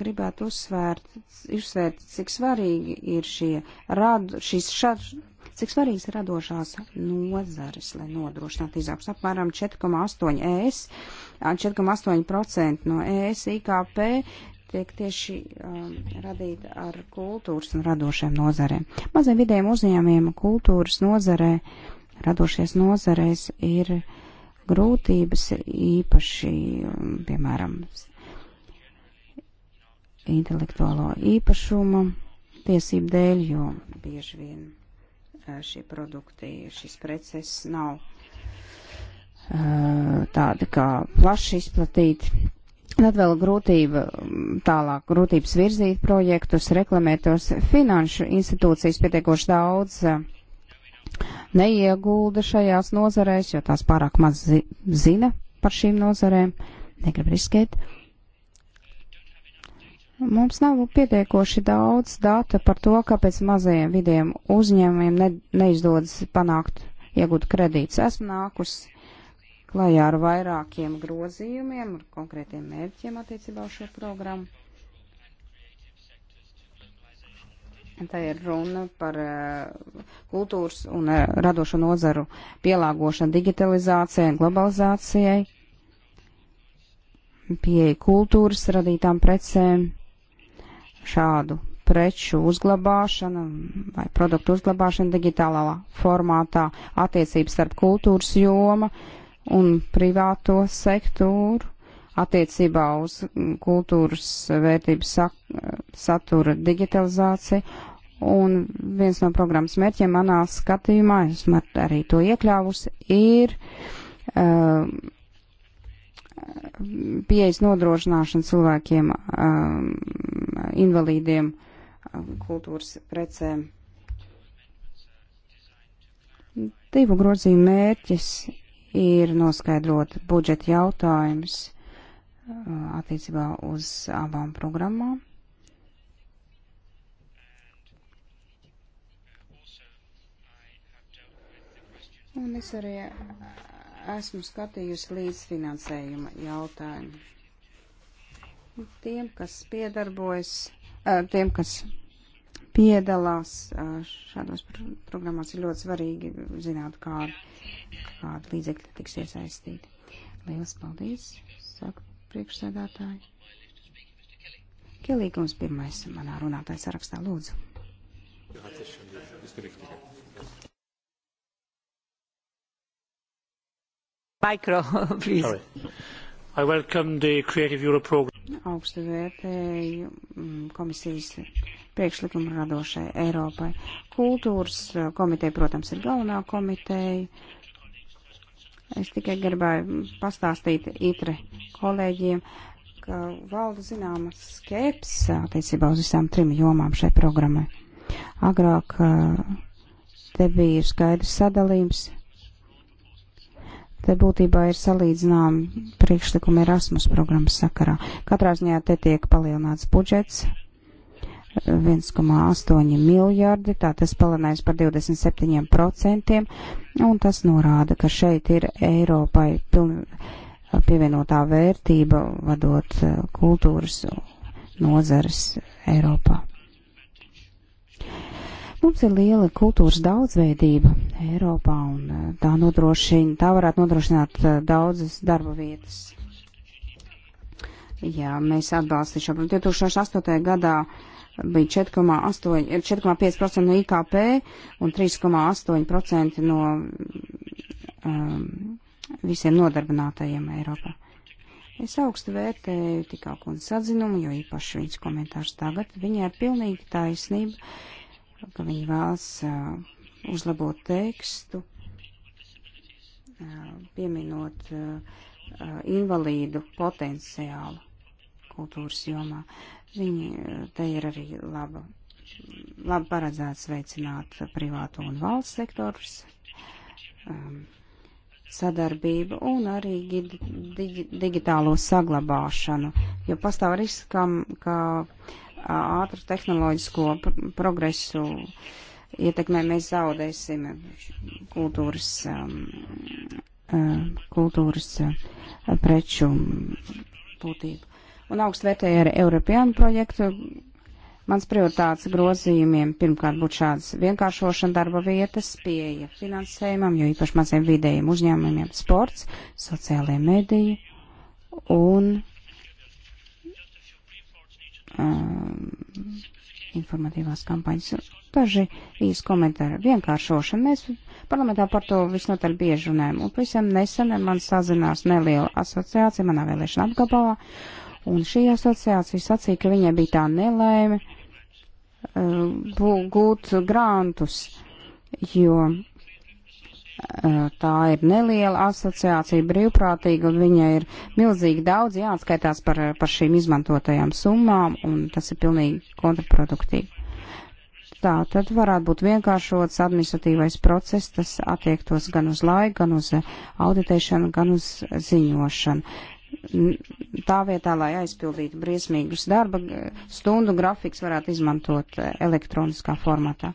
gribētu uzsvērt, uzsvērt, cik svarīgi ir šie radu, šis šad, cik svarīgs ir radošās nozares, lai nodrošinātu izaugs apmēram 4,8 ES, 4,8% no ES IKP tiek tieši um, radīta ar kultūras un radošiem nozarēm. Maziem vidējiem uzņēmiem kultūras nozarē, radošies nozarēs ir grūtības īpaši, um, piemēram, intelektuālo īpašumu tiesību dēļ, jo bieži vien šie produkti, šis preces nav tādi kā plaši izplatīti. Tad vēl grūtība, tālāk grūtības virzīt projektus, reklamēt tos finanšu institūcijas pietiekoši daudz neiegulda šajās nozarēs, jo tās pārāk maz zina par šīm nozarēm, negrib riskēt. Uh, Mums nav pietiekoši daudz data par to, kāpēc mazajiem vidiem uzņēmumiem ne, neizdodas panākt iegūt kredītus. Esmu nākusi klajā ar vairākiem grozījumiem, ar konkrētiem mērķiem attiecībā uz šo programmu. Tā ir runa par uh, kultūras un uh, radošo nozaru pielāgošanu digitalizācijai un globalizācijai, pieeja kultūras radītām precēm šādu preču uzglabāšana vai produktu uzglabāšana digitālā formātā, attiecības starp kultūras joma un privāto sektoru, attiecībā uz kultūras vērtības satura digitalizāciju. Un viens no programmas mērķiem manā skatījumā, es arī to iekļāvusi, ir uh, pieejas nodrošināšana cilvēkiem, um, invalīdiem, um, kultūras precēm. Divu grozījumu mērķis ir noskaidrot budžeta jautājums uh, attiecībā uz abām programmām. Un es arī esmu skatījusi līdzfinansējuma jautājumu. Tiem, kas piedarbojas, eh, tiem, kas piedalās eh, šādos programmās, ir ļoti svarīgi zināt, kādi, kādi līdzekļi tiks iesaistīti. Lielas paldies, saka priekšsēdētāji. Kelīgums pirmais manā runātāja sarakstā lūdzu. Jā, tas ir. Micro, please. Sorry. I welcome the Creative Europe program. Augstu vērtēju mm, komisijas priekšlikumu radošai Eiropai. Kultūras eh, komiteja, protams, ir galvenā komiteja. Es tikai gribēju pastāstīt itre kolēģiem, ka valda zināma skepse attiecībā uz visām trim jomām šai programmai. Agrāk eh, te bija skaidrs sadalījums Te būtībā ir salīdzināmi priekšlikumi Erasmus programmas sakarā. Katrā ziņā te tiek palielināts budžets 1,8 miljardi, tā tas palielinājums par 27%, un tas norāda, ka šeit ir Eiropai piln, pievienotā vērtība vadot eh, kultūras nozares Eiropā. Mums ir liela kultūras daudzveidība Eiropā, un eh, tā, tā varētu nodrošināt eh, daudzas darba vietas. Jā, mēs atbalstīšu. 2008. gadā bija 4,5% eh, no IKP un 3,8% no um, visiem nodarbinātajiem Eiropā. Es augstu vērtēju tikā kundzes atzinumu, jo īpaši viņas komentārs tagad. Viņai ir pilnīgi taisnība. Uh, ka viņi vēlas uzlabot tekstu, pieminot invalīdu potenciālu kultūras jomā. Viņi, te ir arī laba, labi paredzēts veicināt privāto un valsts sektors sadarbību un arī digi, digitālo saglabāšanu, jo pastāv riskam, ka uh, ātru tehnoloģisko progresu ietekmē mēs zaudēsim kultūras, um, um, kultūras uh, preču būtību. Un augstu vērtēju ar Eiropānu projektu. Mans prioritāts grozījumiem pirmkārt būtu šāds vienkāršošana darba vietas, pieeja finansējumam, jo īpaši maziem vidējiem uzņēmumiem sports, sociālajie mediji un um, informatīvās kampaņas. Daži īsi komentāri vienkāršošana. Mēs parlamentā par to visnotaļ bieži runājam. Un pavisam nesen man sazinās neliela asociācija manā vēlēšana apgabalā. Un šī asociācija sacīja, ka viņai bija tā nelaime uh, gūt grantus, jo Tā ir neliela asociācija, brīvprātīga, un viņai ir milzīgi daudz jāatskaitās par, par šīm izmantotajām summām, un tas ir pilnīgi kontraproduktīvi. Tā tad varētu būt vienkāršots administratīvais process, tas attiektos gan uz laiku, gan uz auditēšanu, gan uz ziņošanu tā vietā, lai aizpildītu briesmīgus darba stundu grafiks, varētu izmantot elektroniskā formatā.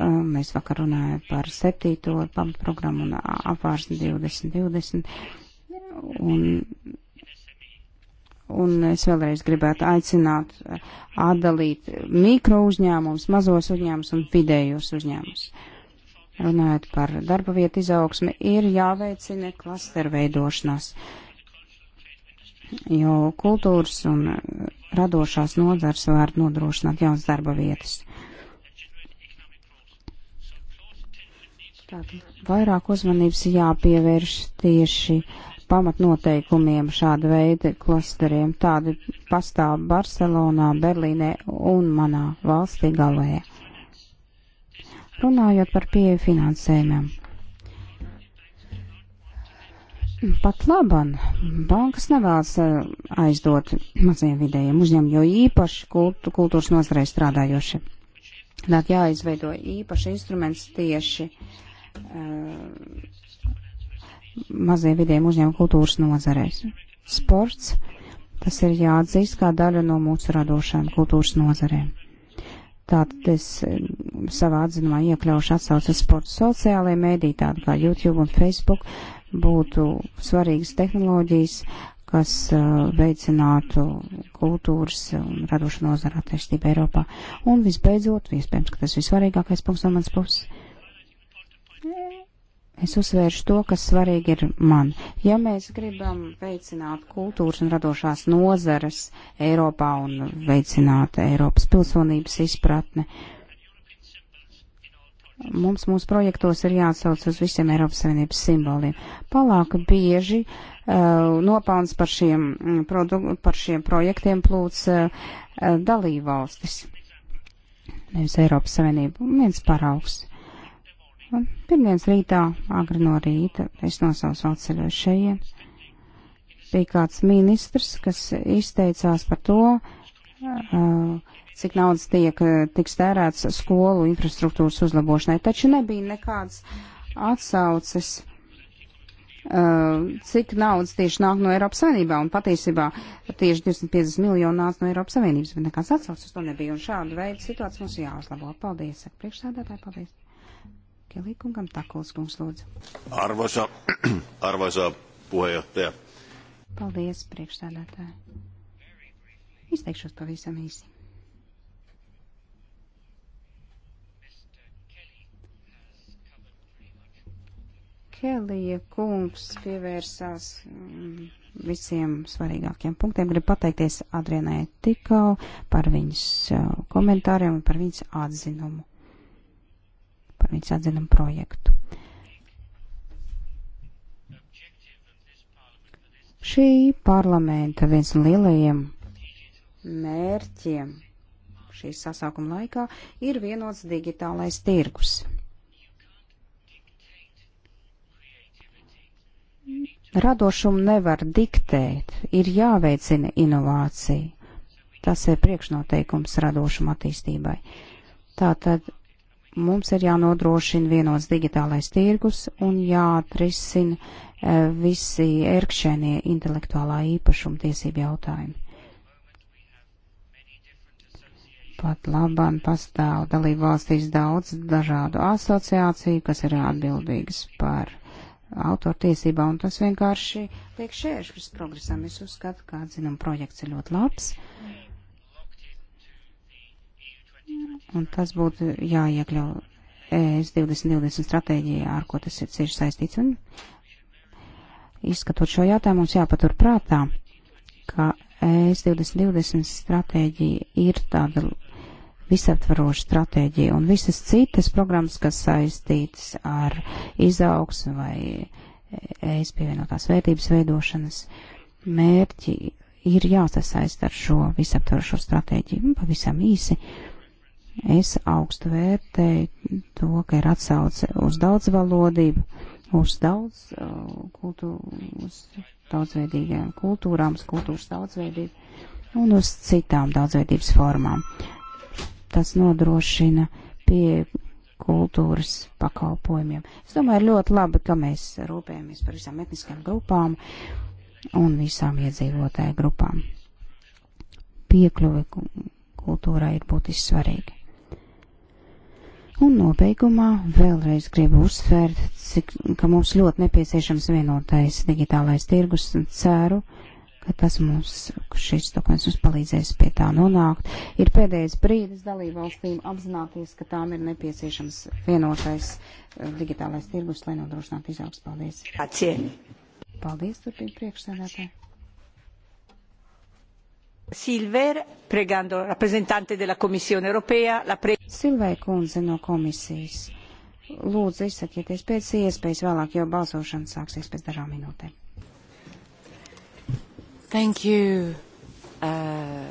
Uh, mēs vakar runājām par septīto pamatprogrammu un apvārsni 2020. Un, un es vēlreiz gribētu aicināt uh, atdalīt mikro uzņēmumus, mazos uzņēmumus un vidējos uzņēmumus. Runājot par darba vietu izaugsmi, ir jāveicina klasteru veidošanās, jo kultūras un radošās nodzars var nodrošināt jauns darba vietas. Uh, Tātad vairāk uzmanības jāpievērš tieši pamatnoteikumiem šāda veida klasteriem. Tādi pastāv Barcelonā, Berlīnē un manā valstī galējā. Runājot par pieeju finansējumiem. Pat laban, bankas nevēlas eh, aizdot maziem vidējiem uzņēmumiem, jo īpaši kultu, kultūras nozarei strādājoši. Tātad jāizveido īpaši instruments tieši uh, Eh, maziem vidiem uzņēmumu kultūras nozarēs. Sports, tas ir jāatzīst kā daļa no mūsu radošām kultūras nozarēm. Tātad es eh, savā atzinumā iekļaušu atsauces sporta sociālajiem mēdī, tādi kā YouTube un Facebook, būtu svarīgas tehnoloģijas, kas uh, veicinātu kultūras un radošu nozaru attīstību Eiropā. Un visbeidzot, iespējams, ka tas visvarīgākais punkts no manas puses Es uzsvēršu to, kas svarīgi ir man. Ja mēs gribam veicināt kultūras un radošās nozares Eiropā un veicināt Eiropas pilsonības izpratni, mums mūsu projektos ir jāatsauc uz visiem Eiropas Savienības simboliem. Palāk bieži uh, nopelns par, šiem, mm, produ, par šiem projektiem plūc uh, uh dalībvalstis, nevis Eiropas Savienību, viens paraugs. Uh, Pirmdienas rītā, agri no rīta, es no savas valsts ceļoju šeit. Bija kāds ministrs, kas izteicās par to, cik naudas tiek tiks tērēts skolu infrastruktūras uzlabošanai, taču nebija nekāds atsauces cik naudas tieši nāk no Eiropas Savienībā, un patiesībā tieši 250 miljonu nāk no Eiropas Savienības, bet nekāds atsaucis to nebija, un šādu veidu situāciju mums jāuzlabo. Paldies, priekšsādātāji, paldies. Kelī kungam Takuls kungs lūdzu. Arvoisa, arvoisa puheenjohtaja. Paldies, priekšstādātāji. Izteikšos pavisam īsi. Kelija kungs pievērsās mm, visiem svarīgākiem punktiem. Gribu pateikties Adrienai Tikau par viņas uh, komentāriem un par viņas atzinumu par viņas atzinumu projektu. Šī parlamenta viens no lielajiem mērķiem šīs sasaukuma laikā ir vienots digitālais tirgus. Radošumu nevar diktēt, ir jāveicina inovācija. Tas ir priekšnoteikums radošuma attīstībai. Tātad Mums ir jānodrošina vienots digitālais tirgus un jāatrisina e, visi ērkšķēnie intelektuālā īpašuma tiesību jautājumi. Pat labam pastāv dalību valstīs daudz dažādu asociāciju, kas ir atbildīgas par autortiesībā, un tas vienkārši liek šēršļus progresam. Es uzskatu, ka atzinuma projekts ir ļoti labs. Mm Un tas būtu jāiekļau e ES 2020 stratēģijā, ar ko tas ir cieši saistīts. Un izskatot šo jautājumu, mums jāpatur prātā, ka e ES 2020 stratēģija ir tāda visaptvaroša stratēģija, un visas citas programmas, kas saistītas ar izaugs vai ES pievienotās vērtības veidošanas mērķi, ir jāsasaist ar šo visaptvarošo stratēģiju. Pavisam īsi. Uh, Es augstu vērtēju to, ka ir atsauce uz daudzvalodību, uz daudz uh, kultūras, daudzveidīgām kultūrām, uz kultūras daudzveidību un uz citām daudzveidības formām. Tas nodrošina pie kultūras pakalpojumiem. Es domāju, ir ļoti labi, ka mēs rūpējamies par visām etniskām grupām un visām iedzīvotāju grupām. Piekļuve kultūrai ir būtiski svarīga. Un nobeigumā vēlreiz gribu uzsvērt, cik, ka mums ļoti nepieciešams vienotais digitālais tirgus un ceru, ka tas mums, šis dokuments mums palīdzēs pie tā nonākt. Ir pēdējais brīdis dalībvalstīm apzināties, ka tām ir nepieciešams vienotais eh, digitālais tirgus, lai nodrošinātu izaugs. Paldies! Paldies, turpina priekšsēdētāji! Silver, pregando rappresentante della Commissione europea, la pre... Silvei kundze no komisijas. Lūdzu, izsakieties pēc iespējas vēlāk, jo balsošana sāksies pēc dažām minūtēm. Thank you. Uh,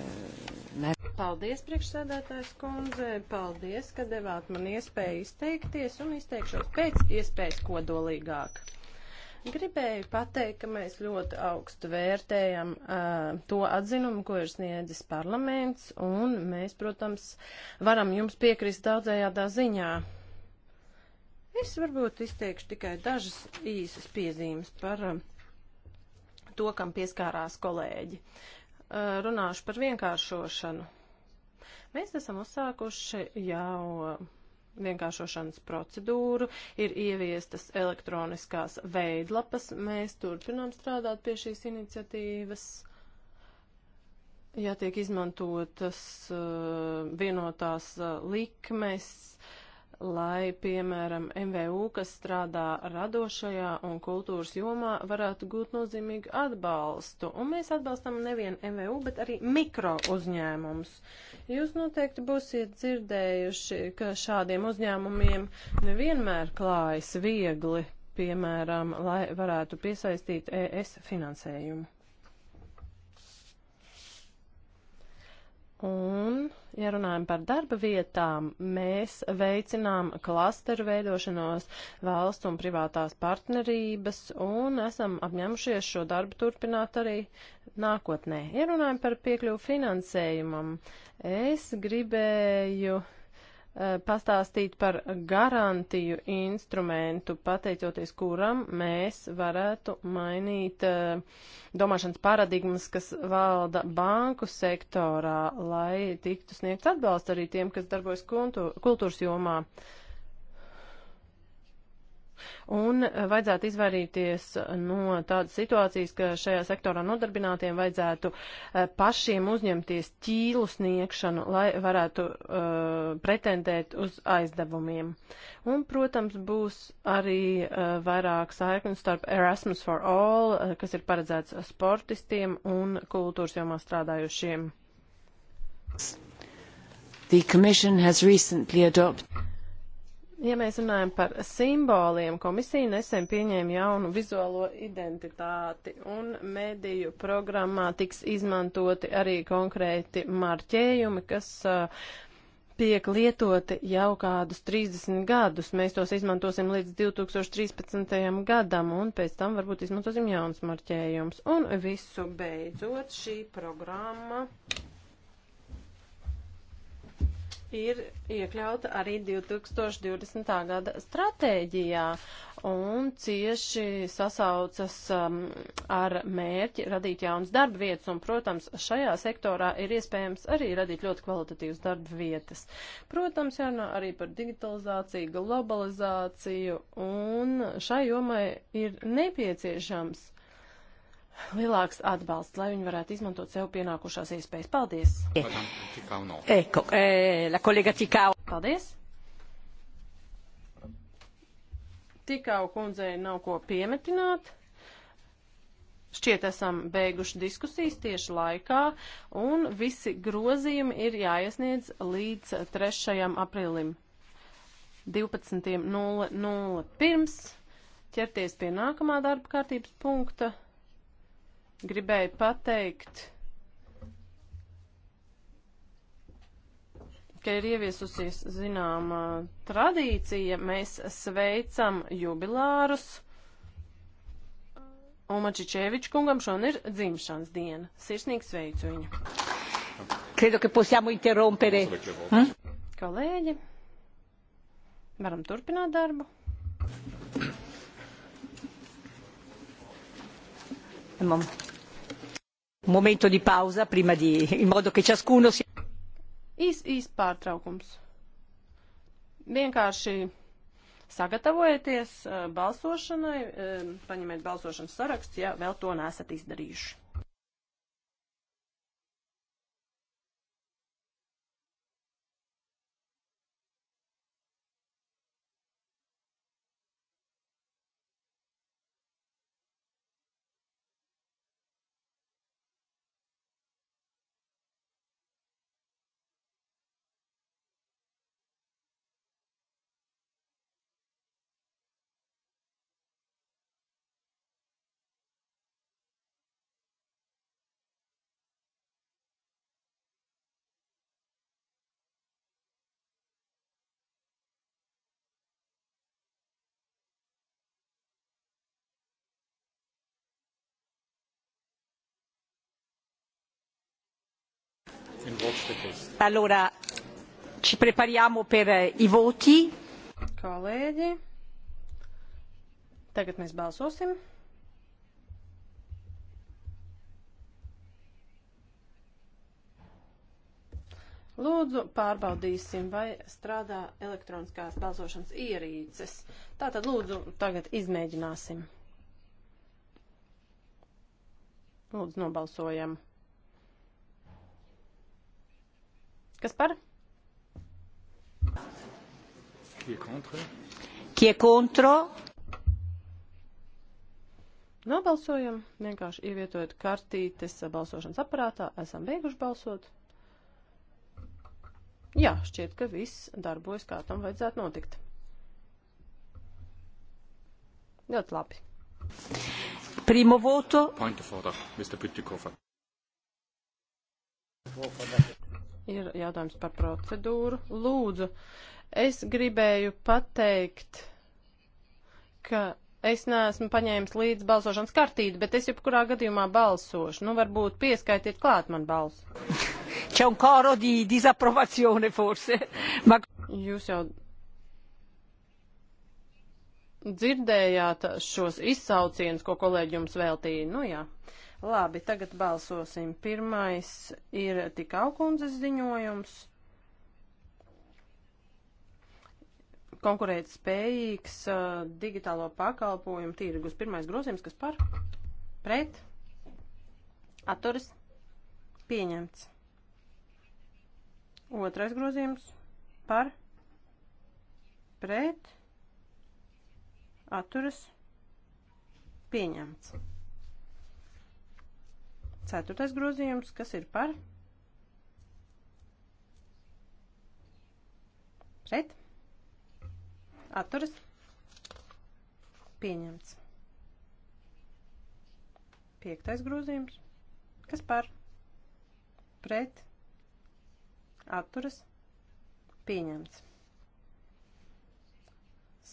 ne... Paldies, priekšsēdētājs kundze, paldies, ka devāt man iespēju izteikties un izteikšos pēc iespējas kodolīgāk. Gribēju pateikt, ka mēs ļoti augstu vērtējam uh, to atzinumu, ko ir sniedzis parlaments, un mēs, protams, varam jums piekrist daudzējādā ziņā. Es varbūt izteikšu tikai dažas īsas piezīmes par uh, to, kam pieskārās kolēģi. Uh, runāšu par vienkāršošanu. Mēs esam uzsākuši jau. Uh, vienkāršošanas procedūru, ir ieviestas elektroniskās veidlapas. Mēs turpinām strādāt pie šīs iniciatīvas. Ja tiek izmantotas uh, vienotās uh, likmes, uh, lai, piemēram, MVU, kas strādā radošajā un kultūras jomā, varētu gūt nozīmīgu atbalstu. Un mēs atbalstam nevienu MVU, bet arī mikro uzņēmumus. Jūs noteikti būsiet dzirdējuši, ka šādiem uzņēmumiem nevienmēr klājas viegli, piemēram, lai varētu piesaistīt ES finansējumu. Un, ja runājam par darba vietām, mēs veicinām klasteru veidošanos valsts un privātās partnerības un esam apņemšies šo darbu turpināt arī nākotnē. Ja runājam par piekļuvu finansējumam, es gribēju Eh, pastāstīt par garantiju instrumentu, pateicoties kuram mēs varētu mainīt eh, domāšanas paradigmas, kas valda banku sektorā, lai tiktu sniegts atbalsts arī tiem, kas darbojas kultūras jomā. Uh, Un vajadzētu izvairīties no tādas situācijas, ka šajā sektorā nodarbinātiem vajadzētu eh, pašiem uzņemties ķīlu sniegšanu, lai varētu uh, pretendēt uz aizdevumiem. Un, protams, būs arī uh, vairāk saiknes starp Erasmus for All, uh, kas ir paredzēts sportistiem un kultūras jomā strādājušiem. The Commission has recently adopted Ja mēs runājam par simboliem, komisija nesen pieņēma jaunu vizuālo identitāti un mediju programmā tiks izmantoti arī konkrēti marķējumi, kas uh, tiek lietoti jau kādus 30 gadus. Mēs tos izmantosim līdz 2013. gadam un pēc tam varbūt izmantosim jauns marķējums. Un visu beidzot šī programma ir iekļauta arī 2020. gada stratēģijā un cieši sasaucas um, ar mērķi radīt jaunas darba vietas, un, protams, šajā sektorā ir iespējams arī radīt ļoti kvalitatīvas darba vietas. Protams, jārunā arī par digitalizāciju, globalizāciju, un šai jomai ir nepieciešams lielāks atbalsts, lai viņi varētu izmantot sev pienākušās iespējas. Paldies! Eko, eh, la kolega Tikau. Paldies! Tikau kundzei nav ko piemetināt. Šķiet, esam beiguši diskusijas tieši laikā, un visi grozījumi ir jāiesniedz līdz 3. aprīlim 12.00 pirms ķerties pie nākamā darba kārtības punkta gribēju pateikt, ka ir ieviesusies zināma tradīcija. Mēs sveicam jubilārus. Umačičevičs kungam šodien ir dzimšanas diena. Sirsnīgi sveicu viņu. Credo che possiamo interrompere. Hm? Kolēģi, varam turpināt darbu. Imam un momento di pausa prima di, in modo che ciascuno si... Īs, īs pārtraukums. Vienkārši sagatavojieties eh, balsošanai, eh, paņemiet balsošanas sarakstu, ja vēl to nesat izdarījuši. Allora, ci prepariamo per eh, i voti. Kolēģi, tagad mēs balsosim. Lūdzu, pārbaudīsim, vai strādā elektroniskās balsošanas ierīces. Tātad, lūdzu, tagad izmēģināsim. Lūdzu, nobalsojam. Kas par? Kie kontro? Nobalsojam, vienkārši ievietojot kartītes balsošanas aparātā, esam beiguši balsot. Jā, šķiet, ka viss darbojas, kā tam vajadzētu notikt. Ļoti labi. Primo voto. Point of order, Mr. Putikofer ir jautājums par procedūru. Lūdzu, es gribēju pateikt, ka es neesmu paņēmis līdz balsošanas kartīti, bet es jebkurā gadījumā balsošu. Nu, varbūt pieskaitiet klāt man balsu. C'è un coro di disapprovazione forse. Ma... Jūs jau dzirdējāt šos izsaucienus, ko kolēģi jums veltīja. Nu jā. Uh, Labi, tagad balsosim. Pirmais ir tikau kundzes ziņojums. Konkurēt spējīgs uh, digitālo pakalpojumu tirgus. Pirmais grozījums, kas par? Pret? Atturis? Pieņemts. Otrais grozījums par? Pret? Atturis? Pieņemts. Ceturtais grozījums, kas ir par? Pret. Atturas. Pieņemts. Piektais grozījums, kas par? Pret. Atturas. Pieņemts.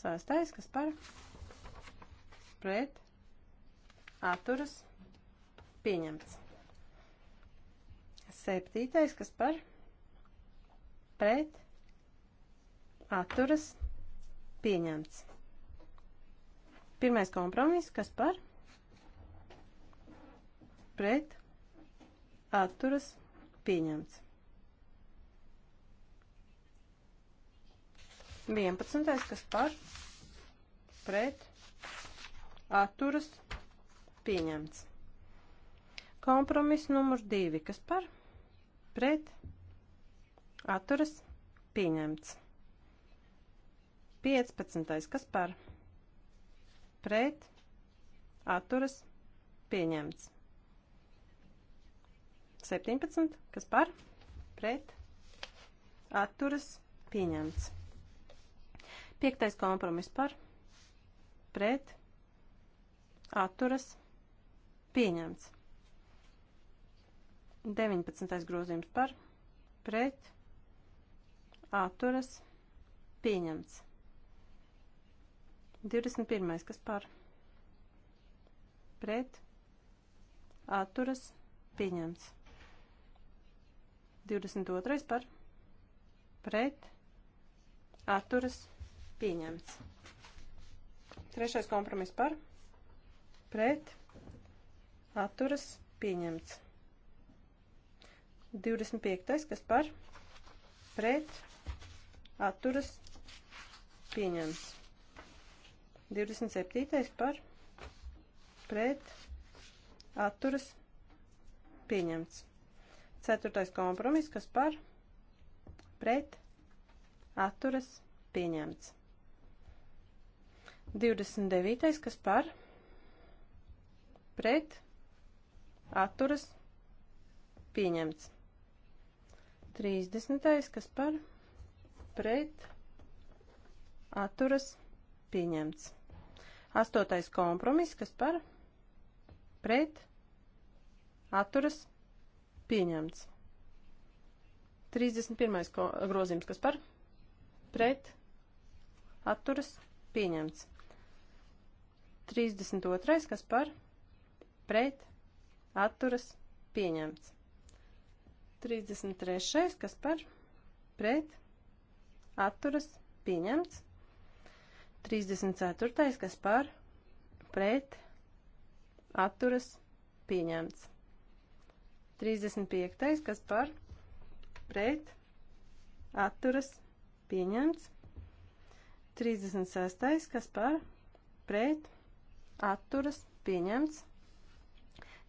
Sastais, kas par? Pret. Atturas. Pieņemts. Septītais, kas par? Pret. Atturas. Pieņemts. Pirmais kompromiss, kas par? Pret. Atturas. Pieņemts. 11. kas par? Pret. Atturas. Pieņemts. Kompromiss numur 2, kas par? Pret pret, atturas, pieņemts. 15. kas par, pret, atturas, pieņemts. 17. kas par, pret, atturas, pieņemts. 5. kompromis par, pret, atturas, pieņemts. 19. grozījums par pret atturas pieņemts. 21. kas par pret atturas pieņemts. 22. par pret atturas pieņemts. Trešais kompromiss par pret atturas pieņemts. 25. kas par pret atturas pieņemts. 27. par pret atturas pieņemts. 4. kompromis, kas par pret atturas pieņemts. 29. kas par pret atturas pieņemts. 30. kas par pret atturas pieņemts. 8. kompromiss, kas par pret atturas pieņemts. 31. grozījums, kas par pret atturas pieņemts. 32. kas par pret atturas pieņemts. 33. kas par pret atturas pieņemts. 34. kas par pret atturas pieņemts. 35. kas par pret atturas pieņemts. 36. kas par pret atturas pieņemts.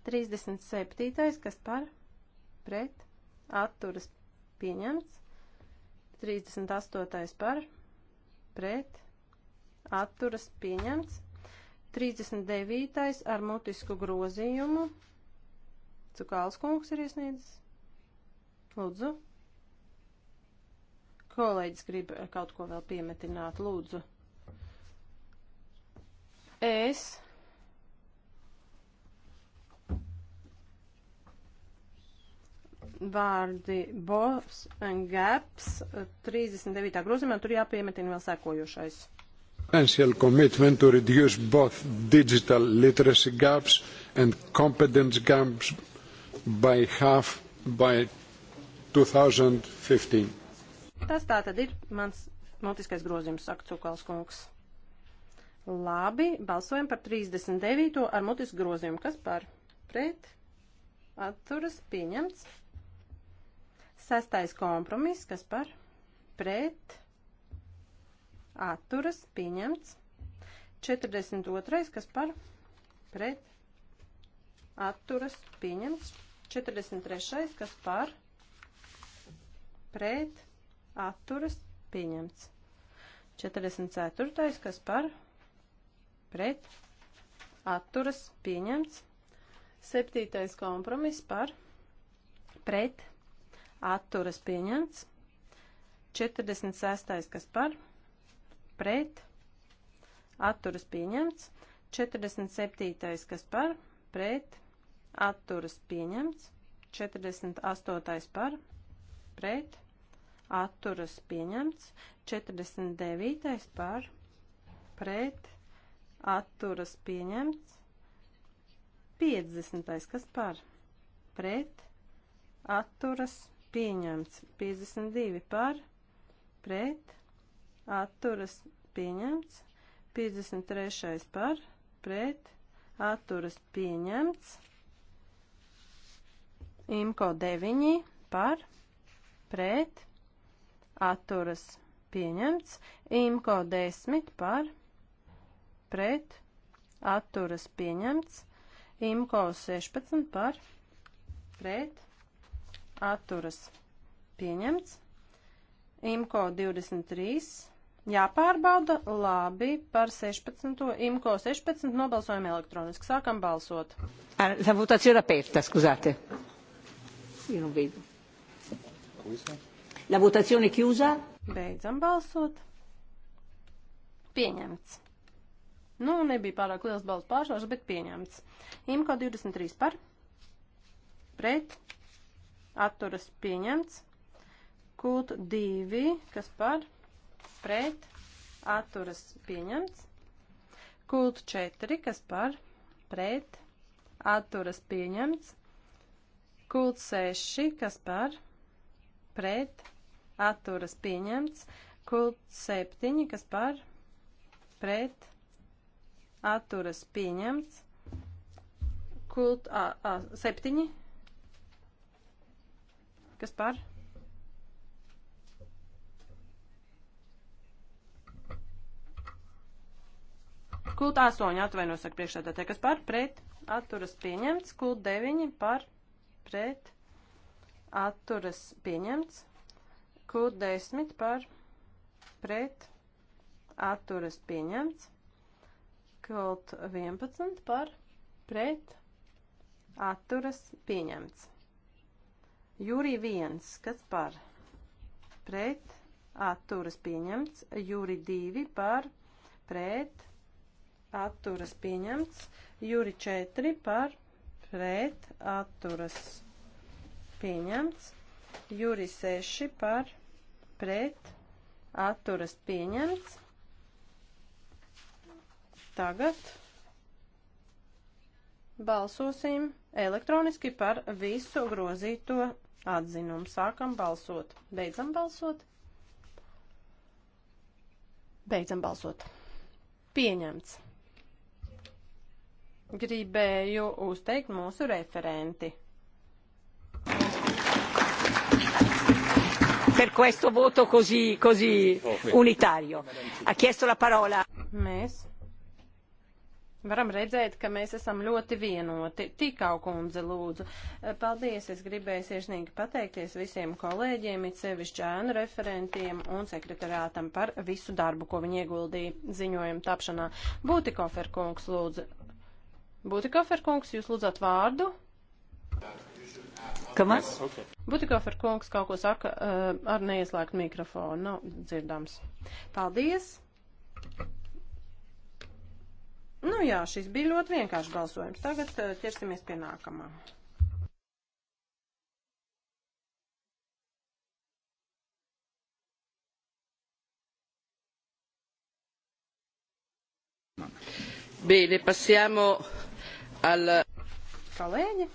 37. kas par pret atturas pieņemts. 38. par pret atturas pieņemts. 39. ar mutisku grozījumu. Cukāls kungs ir iesniedzis. Lūdzu. Kolēģis grib kaut ko vēl piemetināt. Lūdzu. Es vārdi Boss and Gaps 39. Eh, grozījumā, tur jāpiemetina vēl sekojošais. Financial commitment to reduce both digital literacy gaps and competence gaps by half by 2015. Tas tā tad ir mans mutiskais grozījums, saka Cukals kungs. Labi, balsojam par 39. ar mutisku grozījumu. Kas par? Pret? Atturas pieņemts. Sastais kompromiss, kas par pret atturas pieņemts. 42. kas par pret atturas pieņemts. 43. kas par pret atturas pieņemts. 44. kas par pret atturas pieņemts. 7. kompromiss par pret atturas pieņemts. 46. kas par, pret, atturas pieņemts. 47. kas par, pret, atturas pieņemts. 48. par, pret, atturas pieņemts. 49. par, pret, atturas pieņemts. 50. kas par, pret, atturas pieņemts pieņemts. 52 par, pret, atturas, pieņemts. 53 par, pret, atturas, pieņemts. Imko 9 par, pret, atturas, pieņemts. Imko 10 par, pret, atturas, pieņemts. Imko 16 par, pret, atturas, pieņemts atturas pieņemts. IMCO 23 jāpārbauda labi par 16. IMCO 16 nobalsojam elektroniski. Sākam balsot. Ah, la votazione aperta, scusate. Io non vedo. La votazione chiusa. Beidzam balsot. Pieņemts. Nu, nebija pārāk liels balsu pārsvars, bet pieņemts. IMCO 23 par. Pret atturas pieņemts. Kult 2, kas par pret atturas pieņemts. Kult 4, kas par pret atturas pieņemts. Kult 6, kas par pret atturas pieņemts. Kult 7, kas par pret atturas pieņemts. Kult 7, Kas par? Kult 8 atvaino, saka priekšsēdētāji, kas par pret atturas pieņemts, kult 9 par pret atturas pieņemts, kult 10 par pret atturas pieņemts, kult 11 par pret atturas pieņemts. Jūrī viens, kas par pret atturas pieņemts, jūri divi par pret atturas pieņemts, jūri četri par pret atturas pieņemts, jūri seši par pret atturas pieņemts. Tagad balsosim elektroniski par visu grozīto atzinumu. Sākam balsot. Beidzam balsot. Beidzam balsot. Pieņemts. Gribēju uzteikt mūsu referenti. Per questo voto così, così unitario. Ha chiesto la parola. Mēs Varam redzēt, ka mēs esam ļoti vienoti. Tikau kundze, lūdzu. Paldies, es gribēju sirsnīgi pateikties visiem kolēģiem, it sevišķi ēnu referentiem un sekretariātam par visu darbu, ko viņi ieguldīja ziņojuma tapšanā. Būtikofer kungs, lūdzu. Būtikofer kungs, jūs lūdzat vārdu? Kamēr? Okay. Būtikofer kungs kaut ko saka eh, ar neieslēgt mikrofonu, nav dzirdams. Paldies! Nu jā, šis bija ļoti vienkāršs balsojums. Tagad eh, ķersimies pie nākamā. Bene, passiamo al... Kolēģi.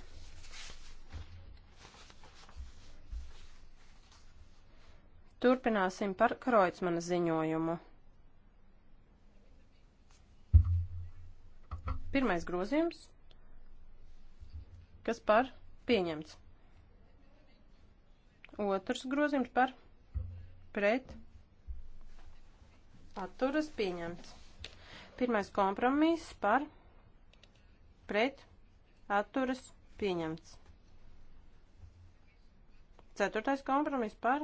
Turpināsim par Kroicmana ziņojumu. Pirmais grozījums. Kas par? Pieņemts. Otrs grozījums par? Pret. Atturas pieņemts. Pirmais kompromiss par? Pret. Atturas pieņemts. Ceturtais kompromiss par?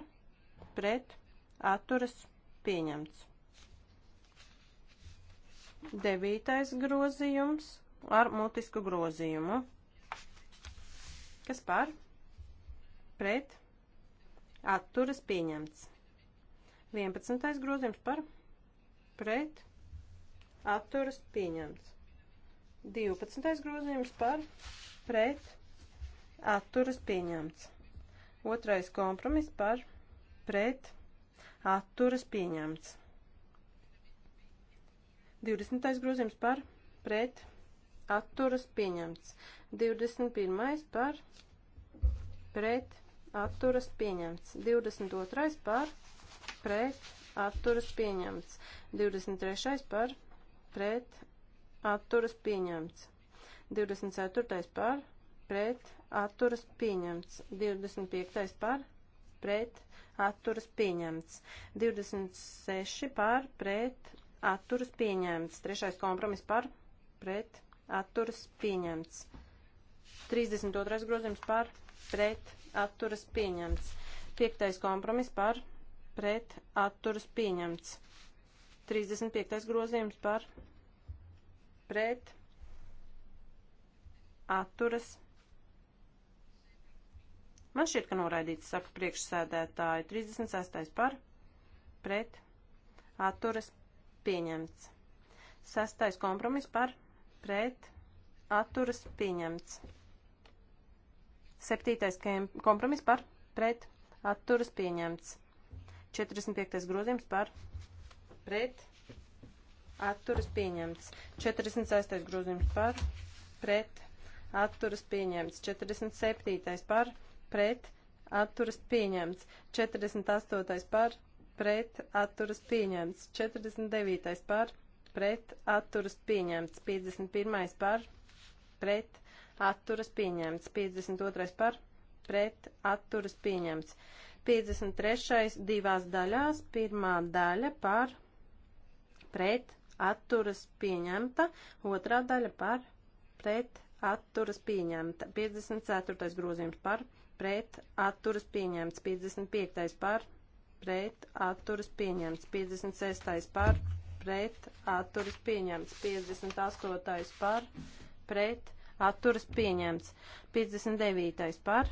Pret. Atturas pieņemts. Devītais grozījums ar mutisku grozījumu. Kas par? Pret. Atturas pieņemts. 11. grozījums par. Pret. Atturas pieņemts. 12. grozījums par. Pret. Atturas pieņemts. Otrais kompromiss par. Pret. Atturas pieņemts. 20. grozījums par pret atturas pieņemts. 21. par pret atturas pieņemts. 22. par pret atturas pieņemts. 23. par pret atturas pieņemts. 24. par pret atturas pieņemts. 25. par pret atturas pieņemts. 26. par pret atturas pieņemts. Trešais kompromiss par pret atturas pieņemts. 32. grozījums par pret atturas pieņemts. Piektais kompromiss par pret atturas pieņemts. 35. grozījums par pret atturas. Man šķiet, ka noraidīts, saka priekšsēdētāji, 36. par pret atturas pieņemts. Sastais kompromiss par pret atturas pieņemts. Septītais kompromiss par pret atturas pieņemts. 45. grozījums par pret atturas pieņemts. 46. grozījums par pret atturas pieņemts. 47. par pret atturas pieņemts. 48. par pret pret atturas pieņemts, 49. par, pret atturas pieņemts, 51. par, pret atturas pieņemts, 52. par, pret atturas pieņemts, 53. divās daļās, pirmā daļa par, pret atturas pieņemta, otrā daļa par, pret atturas pieņemta, 54. grozījums par, pret atturas pieņemts, 55. par, pret pret atturas pieņemts. 56. par pret atturas pieņemts. 58. par pret atturas pieņemts. 59. par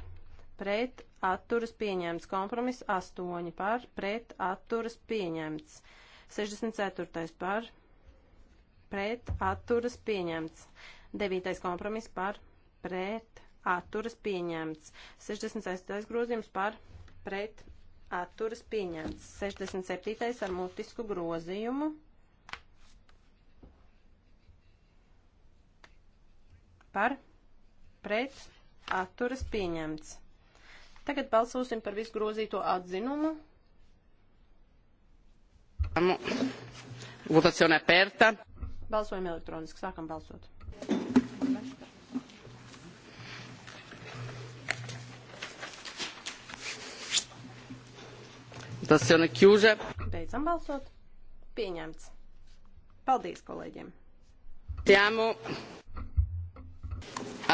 pret atturas pieņemts. Kompromiss 8 par pret atturas pieņemts. 64. par pret atturas pieņemts. 9. kompromiss par pret atturas pieņemts. 66. grozījums par pret atturas pieņemts. 67. ar mutisku grozījumu. Par, pret, atturas pieņemts. Tagad balsosim par visu grozīto atzinumu. Votazione aperta. Balsojam elektroniski, sākam balsot. Votazione chiusa. Beidzam balsot. Pieņemts. Paldies kolēģiem. Siamo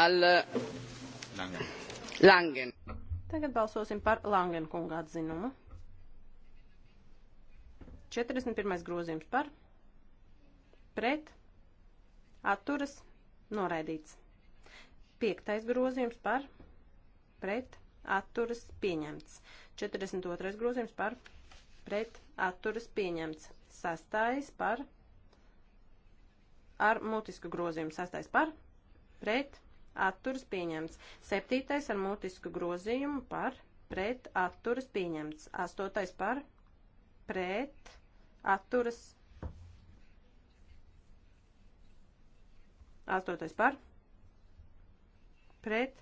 al Langen. Langen. Tagad balsosim par Langen kunga atzinumu. 41. grozījums par pret atturas noraidīts. 5. grozījums par pret atturas atturas pieņemts. 42. grozījums par pret atturas pieņemts. Sastais par ar mutisku grozījumu. Sastais par pret atturas pieņemts. Septītais ar mutisku grozījumu par pret atturas pieņemts. Astotais par pret atturas pieņemts. Astotais par. Pret.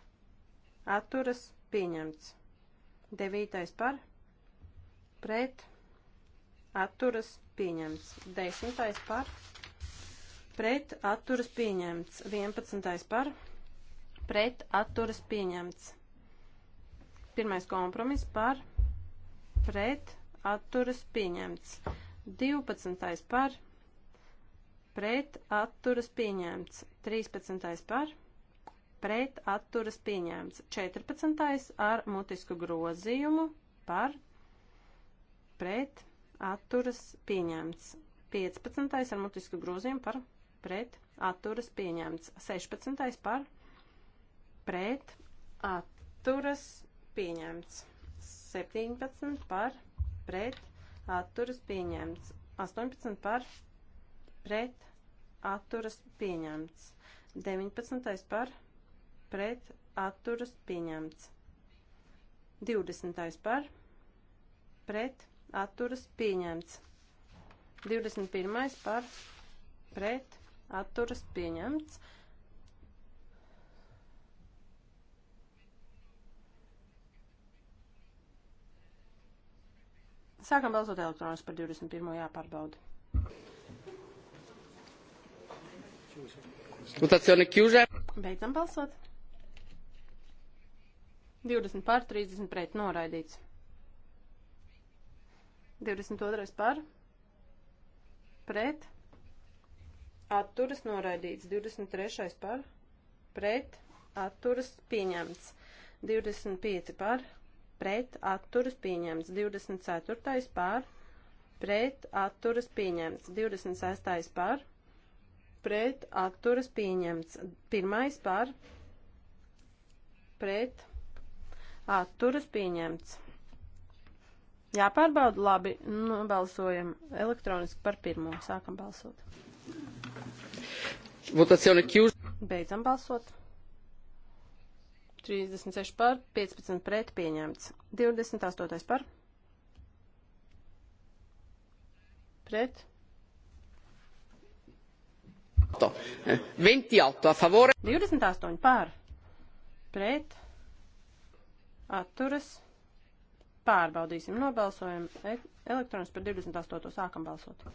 Atturas pieņemts. Devītais par, pret, atturas, pieņemts. Desmitais par, pret, atturas, pieņemts. Vienpadsmitais par, pret, atturas, pieņemts. Pirmais kompromis par, pret, atturas, pieņemts. Divpadsmitais par, pret, atturas, pieņemts. Trīspadsmitais par, pret, pret atturas pieņēmts. 14. ar mutisku grozījumu par pret atturas pieņēmts. 15. ar mutisku grozījumu par pret atturas pieņēmts. 16. par pret atturas pieņēmts. 17 par pret atturas pieņēmts. 18 par pret atturas pieņēmts. 19. par pret pret atturas pieņemts. 20. par pret atturas pieņemts. 21. par pret atturas pieņemts. 21. Sākam balsot elektronus par 21. jāpārbauda. Votazione chiusa. Beidzam balsot. 20 pār 30 pret noraidīts. 22 pār pret atturas noraidīts. 23 pār pret atturas pieņemts. 25 pār pret atturas pieņemts. 24 pār pret atturas pieņemts. 26 pār pret atturas pieņemts. 1 pār pret atturas pieņemts atturas pieņemts. Jāpārbauda labi, nu, balsojam elektroniski par pirmo, sākam balsot. Votacione Q. Beidzam balsot. 36 par, 15 pret pieņemts. 28 par. Pret. 28 eh, a favore. 28 par. Pret atturas. Pārbaudīsim, nobalsojam e- elektronis par 28. sākam balsot.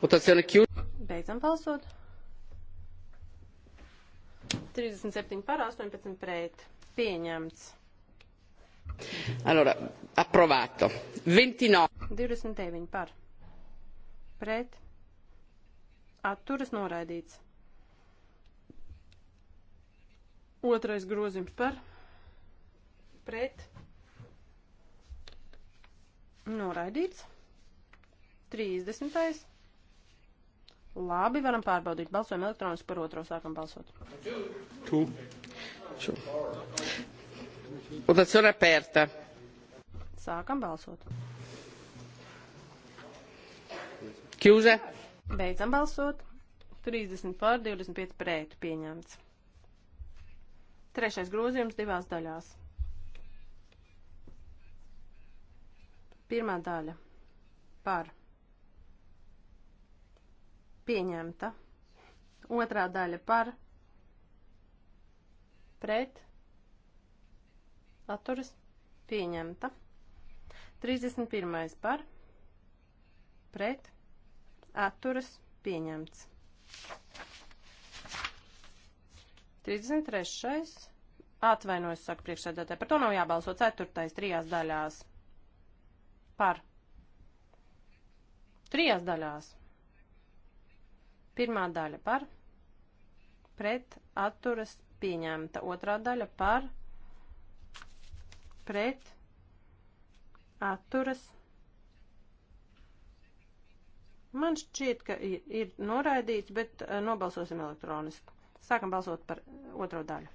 Votazione chiusa. Beidzam balsot. 37 par 18 pret. Pieņemts. Allora, approvato. 29. 29 par. Pret. Atturas noraidīts. Otrais grozījums par pret noraidīts. 30. Labi, varam pārbaudīt. Balsojam elektroniski par otro, sākam balsot. Tu. Tu. Votazione aperta. Sākam balsot. Kjūze. Beidzam balsot. 30 pār 25 pret pieņemts. Trešais grozījums divās daļās. Pirmā daļa par pieņemta. Otrā daļa par pret atturas pieņemta. 31. par pret atturas pieņemts. 33. Atvainojos, saka priekšsēdētāji, par to nav jābalso ceturtais trijās daļās. Par. Trijās daļās. Pirmā daļa par, pret, atturas, pieņemta. Otrā daļa par, pret, atturas. Man šķiet, ka ir noraidīts, bet eh, nobalsosim elektroniski. Sākam balsot par eh, otro daļu.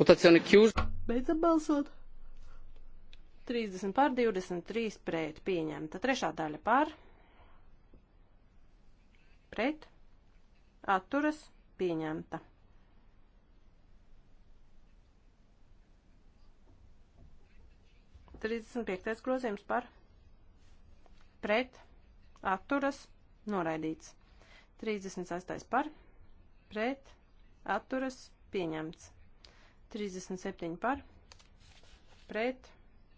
Votazione chiusa. Beidzam balsot. 30 par, 23 pret pieņemta. Trešā daļa par, pret, atturas pieņemta. Trīsdesmit piektais grozījums par pret, atturas, noraidīts. 36. par, pret, atturas, pieņemts. 37 par, pret,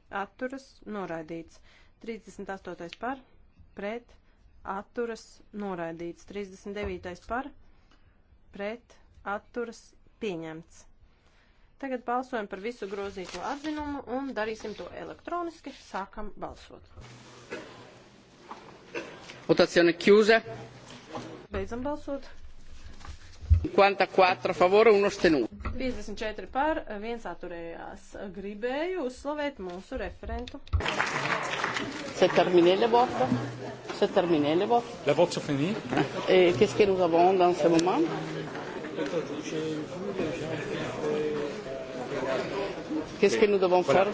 atturas, noraidīts. 38 par, pret, atturas, noraidīts. 39 par, pret, atturas, pieņemts. Tagad balsojam par visu grozīto atzinumu un darīsim to elektroniski. Sākam balsot. Votazione chiusa. Beidzam balsot. 54 favore, 1 stenuto. 54 par, viens atturējās. Gribēju uzslavēt mūsu referentu. Se terminé le vote? Se terminé le vote? Le vote se finit. Et qu'est-ce que nous avons dans ce moment? Qu'est-ce que nous devons faire?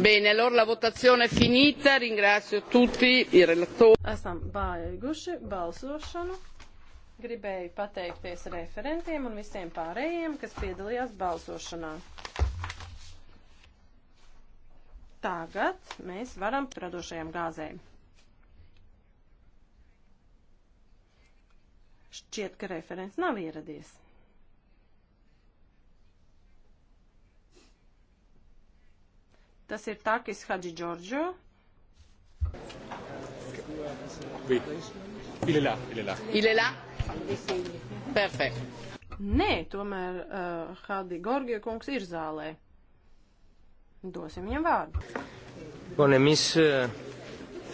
Bene, allora la votazione è finita, ringrazio tutti i relatori. Esam baiguši balsošanu. Gribēju pateikties referentiem un visiem pārējiem, kas piedalījās balsošanā. Tagad mēs varam radošajām gāzēm. Šķiet, ka referents nav ieradies. Tas ir Takis Hadži Džordžo. Oui. Il est là, il est là. Il est là? Perfekt. Nē, tomēr uh, Hadi Gorgie kungs ir zālē. Dosim viņam vārdu. Bon, emis,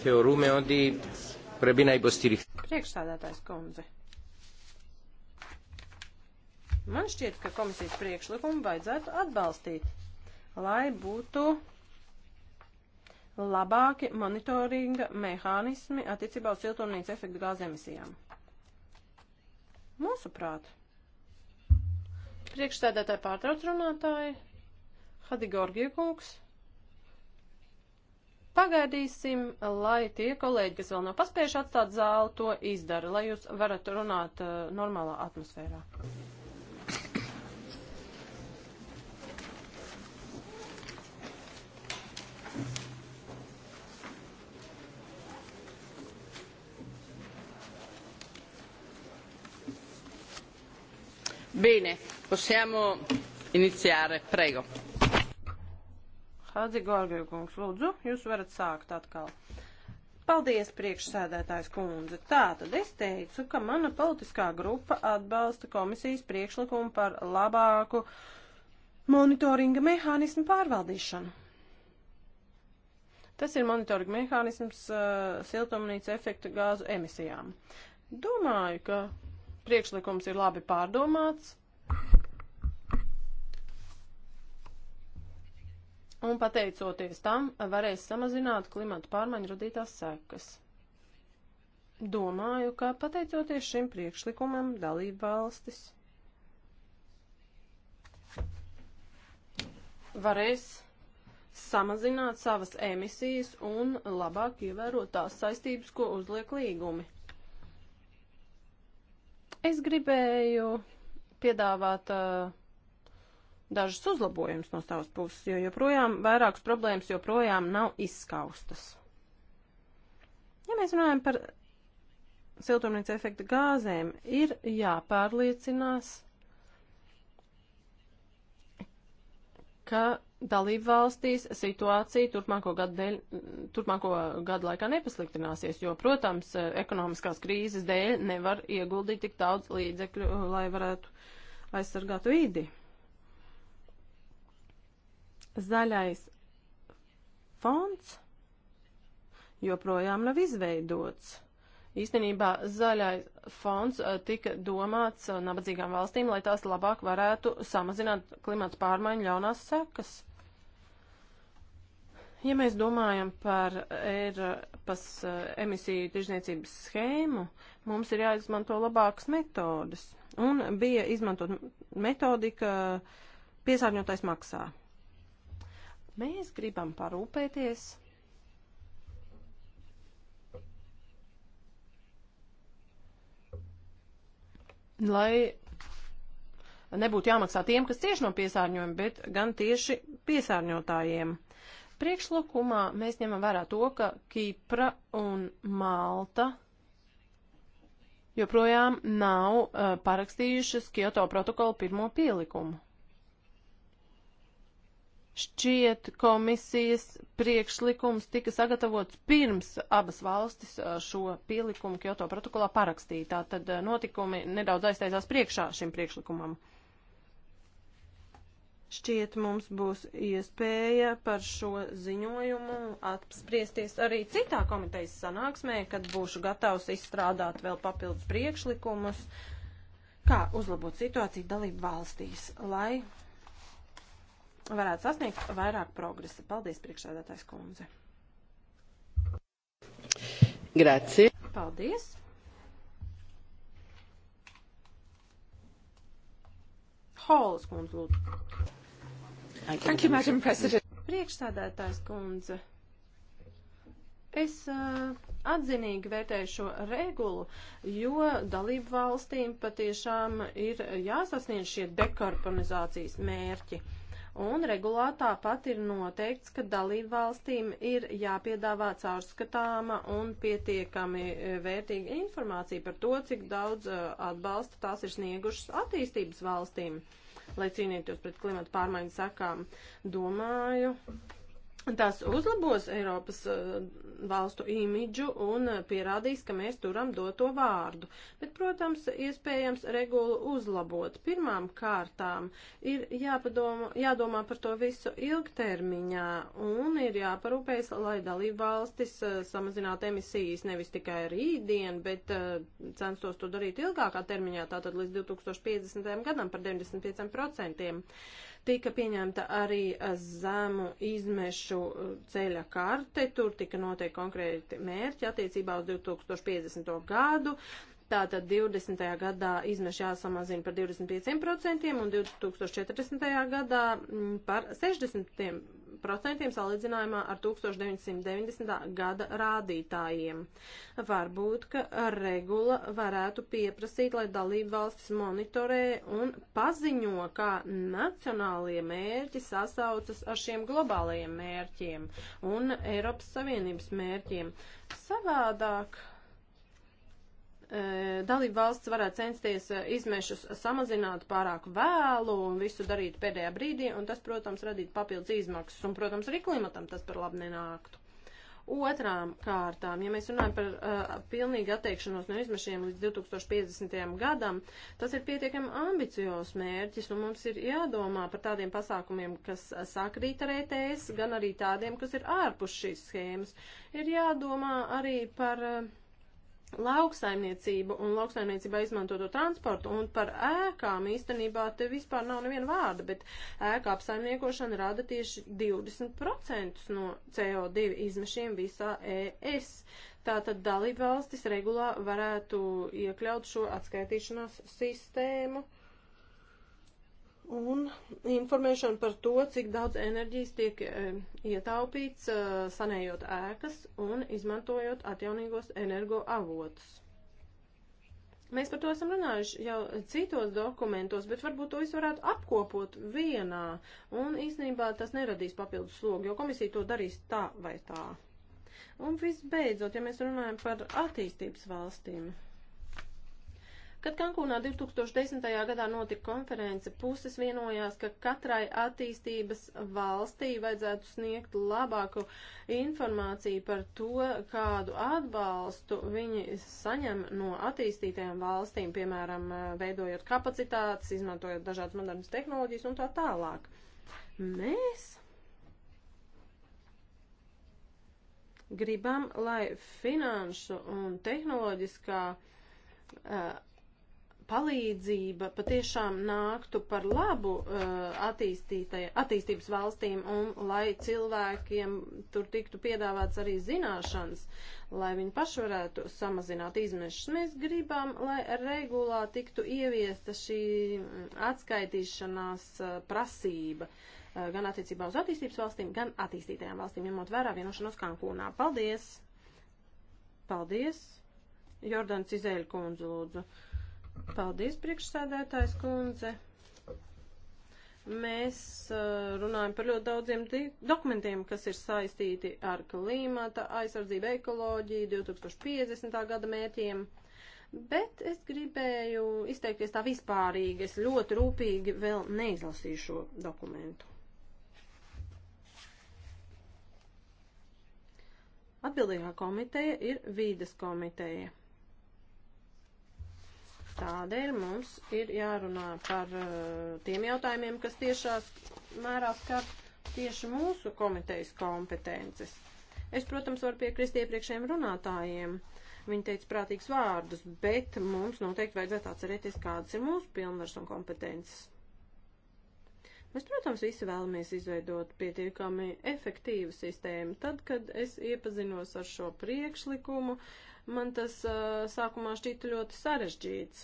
θεωρούμε ότι πρέπει να υποστηριχθεί. Priekšsādātājs kundze. Man šķiet, ka komisijas priekšlikumu vajadzētu atbalstīt, lai būtu labāki monitoringa mehānismi attiecībā uz siltumnīca efektu gāzu emisijām. Mūsuprāt. Priekšstādētāji pārtrauc runātāji. Hadigorgija kungs. Pagaidīsim, lai tie kolēģi, kas vēl nav paspējuši atstāt zāli, to izdara, lai jūs varat runāt uh, normālā atmosfērā. Bene, possiamo iniziare, prego. Hadzi Gorgiju kungs, lūdzu, jūs varat sākt atkal. Paldies, priekšsēdētājs kundze. Tātad es teicu, ka mana politiskā grupa atbalsta komisijas priekšlikumu par labāku monitoringa mehānismu pārvaldīšanu. Tas ir monitoringa mehānisms uh, siltumnīca efektu gāzu emisijām. Domāju, ka priekšlikums ir labi pārdomāts. Un pateicoties tam, varēs samazināt klimatu pārmaiņu radītās sekas. Domāju, ka pateicoties šim priekšlikumam dalību valstis varēs samazināt savas emisijas un labāk ievērot tās saistības, ko uzliek līgumi. Es gribēju piedāvāt uh, dažus uzlabojumus no savas puses, jo joprojām vairākas problēmas joprojām nav izskaustas. Ja mēs runājam par siltumnīca efekta gāzēm, ir jāpārliecinās, ka dalību valstīs situācija turpmāko gadu, dēļ, turpmāko gadu laikā nepasliktināsies, jo, protams, ekonomiskās krīzes dēļ nevar ieguldīt tik daudz līdzekļu, lai varētu aizsargāt vidi. Zaļais fonds joprojām nav izveidots. Īstenībā zaļais fonds eh, tika domāts eh, nabadzīgām valstīm, lai tās labāk varētu samazināt klimats pārmaiņu ļaunās sekas. Ja mēs domājam par Eiropas eh, emisiju tirzniecības schēmu, mums ir jāizmanto labākas metodas. Un bija izmantot metodika piesārņotais maksā. Mēs gribam parūpēties lai nebūtu jāmaksā tiem, kas cieši no piesārņojuma, bet gan tieši piesārņotājiem. Priekšlikumā mēs ņemam vērā to, ka Kipra un Malta joprojām nav uh, parakstījušas Kyoto protokolu pirmo pielikumu. Šķiet, komisijas priekšlikums tika sagatavots pirms abas valstis uh, šo pielikumu Kyoto protokolā parakstīja. Tātad uh, notikumi nedaudz aiztaisās priekšā šim priekšlikumam. Šķiet, mums būs iespēja par šo ziņojumu apspriesties arī citā komitejas sanāksmē, kad būšu gatavs izstrādāt vēl papildus priekšlikumus, kā uzlabot situāciju dalību valstīs, lai varētu sasniegt vairāk progresa. Paldies, priekšsēdētājs kundze. Grazie. Paldies. Holas kundze, lūdzu. Thank you, Madam President. Priekšsēdētājs kundze. Es uh, atzinīgi vērtēju šo regulu, jo dalību valstīm patiešām ir jāsasniedz šie dekarbonizācijas mērķi. Uh, Un regulā tāpat ir noteikts, ka dalību valstīm ir jāpiedāvā caurskatāma un pietiekami e, vērtīga informācija par to, cik daudz e, atbalsta tās ir sniegušas attīstības valstīm, lai cīnītos pret klimatu pārmaiņu sakām. Domāju, Tas uzlabos Eiropas eh, valstu imidžu un eh, pierādīs, ka mēs turam doto vārdu. Bet, protams, iespējams regulu uzlabot. Pirmām kārtām ir jāpadoma, jādomā par to visu ilgtermiņā un ir jāparūpējas, lai dalību valstis eh, samazinātu emisijas nevis tikai rītdien, bet censtos to darīt ilgākā termiņā, tātad līdz 2050. gadam par 95%. Tika pieņemta arī zemu izmešu ceļa karte, tur tika noteikti konkrēti mērķi attiecībā uz 2050. gadu. Tātad 20. gadā izmeši jāsamazina par 25% un 2040. gadā par 60%, procentiem salīdzinājumā ar 1990. gada rādītājiem. Varbūt, ka regula varētu pieprasīt, lai dalība valstis monitorē un paziņo, kā nacionālie mērķi sasaucas ar šiem globālajiem mērķiem un Eiropas Savienības mērķiem. Savādāk E, dalību valsts varētu censties e, izmešus samazināt pārāk vēlu un visu darīt pēdējā brīdī, un tas, protams, radītu papildus izmaksas, un, protams, arī klimatam tas par labu nenāktu. Otrām kārtām, ja mēs runājam par uh, e, pilnīgu atteikšanos no izmešiem līdz 2050. gadam, tas ir pietiekami ambiciozs mērķis, un mums ir jādomā par tādiem pasākumiem, kas sakrīt ar ETS, gan arī tādiem, kas ir ārpus šīs schēmas. Ir jādomā arī par. Uh, lauksaimniecību un lauksaimniecībā izmantoto transportu, un par ēkām īstenībā te vispār nav neviena vārda, bet ēkā apsaimniekošana rada tieši 20% no CO2 izmešiem visā ES. Tātad dalībvalstis regulā varētu iekļaut šo atskaitīšanās sistēmu. Un informēšana par to, cik daudz enerģijas tiek e, ietaupīts, e, sanējot ēkas un izmantojot atjaunīgos energoavotus. Mēs par to esam runājuši jau citos dokumentos, bet varbūt to visu varētu apkopot vienā. Un īstenībā tas neradīs papildus slogu, jo komisija to darīs tā vai tā. Un visbeidzot, ja mēs runājam par attīstības valstīm, Kad Kankūnā 2010. gadā notika konference, puses vienojās, ka katrai attīstības valstī vajadzētu sniegt labāku informāciju par to, kādu atbalstu viņi saņem no attīstītajām valstīm, piemēram, veidojot kapacitātes, izmantojot dažādas modernas tehnoloģijas un tā tālāk. Mēs gribam, lai finanšu un tehnoloģiskā uh, palīdzība patiešām nāktu par labu uh, attīstības valstīm un lai cilvēkiem tur tiktu piedāvāts arī zināšanas, lai viņi paši varētu samazināt izmešus. Mēs gribam, lai regulā tiktu ieviesta šī atskaitīšanās uh, prasība uh, gan attiecībā uz attīstības valstīm, gan attīstītajām valstīm, ņemot vērā vienošanos Kankūnā. Paldies! Paldies! Jordans Izēļa kundze lūdzu. Uh, Paldies, priekšsēdētājs kundze. Mēs uh, runājam par ļoti daudziem dokumentiem, kas ir saistīti ar klimata aizsardzību, ekoloģiju, 2050. gada mērķiem. Bet es gribēju izteikties tā vispārīgi. Es ļoti rūpīgi vēl neizlasīju šo dokumentu. Atbildīgā komiteja ir vīdes komiteja. Tādēļ mums ir jārunā par uh, tiem jautājumiem, kas tiešās mērā skar tieši mūsu komitejas kompetences. Es, protams, varu piekrist iepriekšējiem runātājiem. Viņi teica prātīgs vārdus, bet mums noteikti vajadzētu atcerēties, kādas ir mūsu pilnvars un kompetences. Mēs, protams, visi vēlamies izveidot pietiekami efektīvu sistēmu. Tad, kad es iepazinos ar šo priekšlikumu, uh, Man tas uh, sākumā šķita ļoti sarežģīts.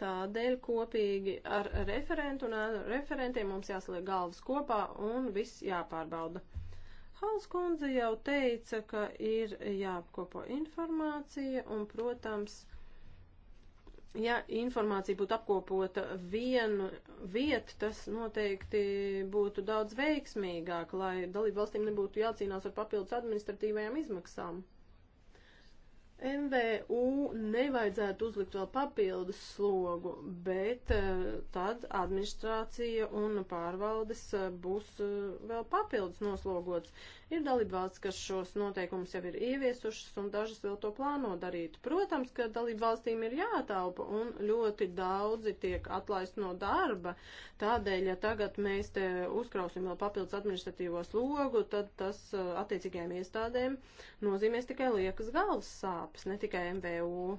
Tādēļ kopīgi ar referentu un ar referentiem mums jāsliek galvas kopā un viss jāpārbauda. Hals kundze jau teica, ka ir jāapkopo informācija un, protams, ja informācija būtu apkopota vienu vietu, tas noteikti būtu daudz veiksmīgāk, lai dalību valstīm nebūtu jācīnās ar papildus administratīvajām izmaksām. MVU nevajadzētu uzlikt vēl papildus slogu, bet eh, tad administrācija un pārvaldes eh, būs eh, vēl papildus noslogots. Ir dalībvalsts, kas šos noteikumus jau ir ieviesušas un dažas vēl to plāno darīt. Protams, ka dalībvalstīm ir jātaupa un ļoti daudzi tiek atlaist no darba. Tādēļ, ja tagad mēs te uzkrausim vēl papildus administratīvo slogu, tad tas uh, attiecīgajām iestādēm nozīmēs tikai liekas galvas sāpes, ne tikai MVU.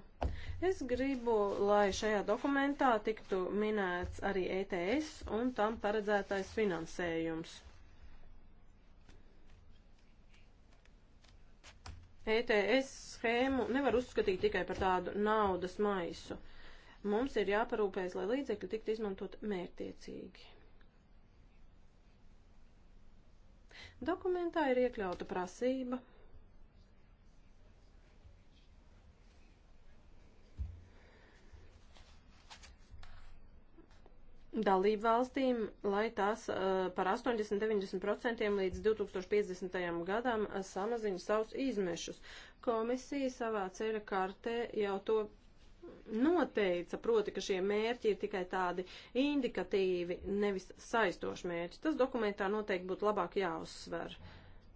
Es gribu, lai šajā dokumentā tiktu minēts arī ETS un tam paredzētais finansējums. ETS schēmu nevar uzskatīt tikai par tādu naudas maisu. Mums ir jāparūpējas, lai līdzekļi tiktu izmantot mērtiecīgi. Dokumentā ir iekļauta prasība dalību valstīm, lai tās uh, par 80-90% līdz 2050. gadam eh, samazina savus izmešus. Komisija savā ceļa kartē jau to noteica, proti, ka šie mērķi ir tikai tādi indikatīvi, nevis saistoši mērķi. Tas dokumentā noteikti būtu labāk jāuzsver.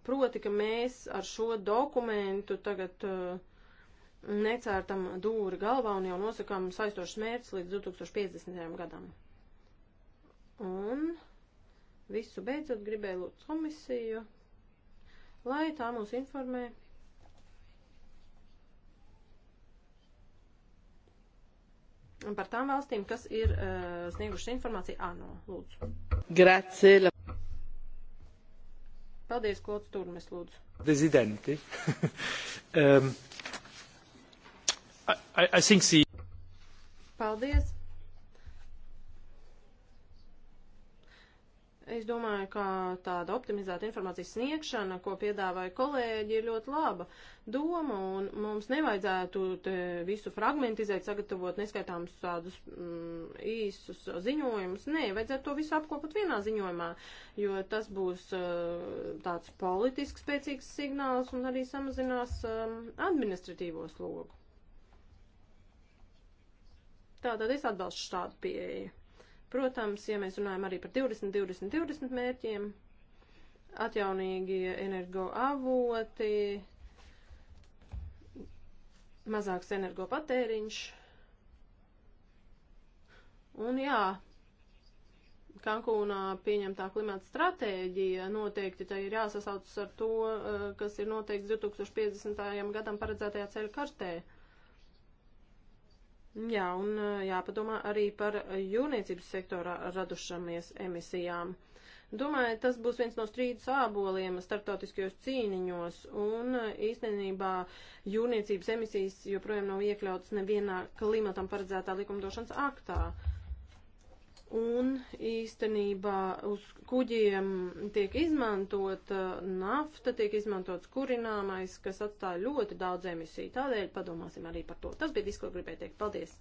Proti, ka mēs ar šo dokumentu tagad. Uh, Necērtam dūri galvā un jau nosakām saistošas mērķus līdz 2050. gadam. Un visu beidzot gribēju lūgt komisiju, lai tā mūs informē. Un par tām valstīm, kas ir uh, sniegušas informāciju ANO, lūdzu. Grazie. Paldies, Klots Turmes, lūdzu. Prezidenti. um, I, I think the... Paldies. Es domāju, ka tāda optimizēta informācijas sniegšana, ko piedāvāja kolēģi, ir ļoti laba doma, un mums nevajadzētu visu fragmentizēt, sagatavot neskaitāmus tādus mm, īsus ziņojumus. Nē, vajadzētu to visu apkopot vienā ziņojumā, jo tas būs eh, tāds politisks spēcīgs signāls un arī samazinās eh, administratīvo slogu. Tātad es atbalstu šādu pieeju. Protams, ja mēs runājam arī par 20, 20, 20 mērķiem, atjaunīgi energoavoti, mazāks energopatēriņš. Un jā, Kankūnā pieņemtā klimata stratēģija noteikti tai ir jāsasaucas ar to, eh, kas ir noteikts 2050. gadam paredzētajā ceļu kartē. Jā, un e, jāpadomā arī par jūrniecības sektorā radušamies emisijām. Domāju, tas būs viens no strīdus āboliem starptautiskajos cīniņos, un e, īstenībā jūrniecības emisijas joprojām nav iekļautas nevienā klimatam paredzētā likumdošanas aktā. Uh, Un īstenībā uz kuģiem tiek izmantota uh, nafta, tiek izmantots kurināmais, kas atstāja ļoti daudz emisiju. Tādēļ padomāsim arī par to. Tas bija viss, ko gribēju teikt. Paldies!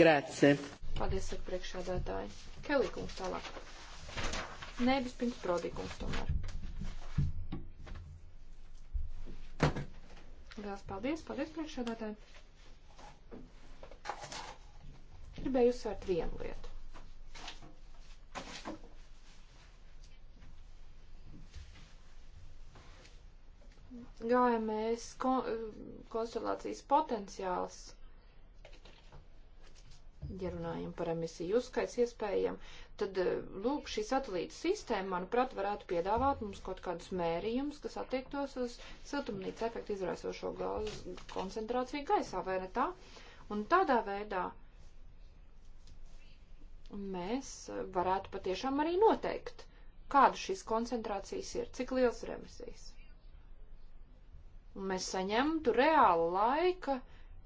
Grāce! Paldies, saka priekšādātāji. Kelikums tālāk. Nē, vispirms prodikums tomēr. Lielas paldies, paldies priekšādātāji. Gribēju uzsvērt vienu lietu. GMS konstelācijas potenciāls, ja runājam par emisiju uzskaits iespējam, tad, eh, lūk, šī satelīta sistēma, manuprāt, varētu piedāvāt mums kaut kādus mērījumus, kas attiektos uz siltumnīca efektu izraisošo gāzu koncentrāciju gaisā, vai ne tā? Un tādā veidā mēs varētu patiešām arī noteikt, kāda šīs koncentrācijas ir, cik liels ir emisijas. Un mēs saņemtu reāla laika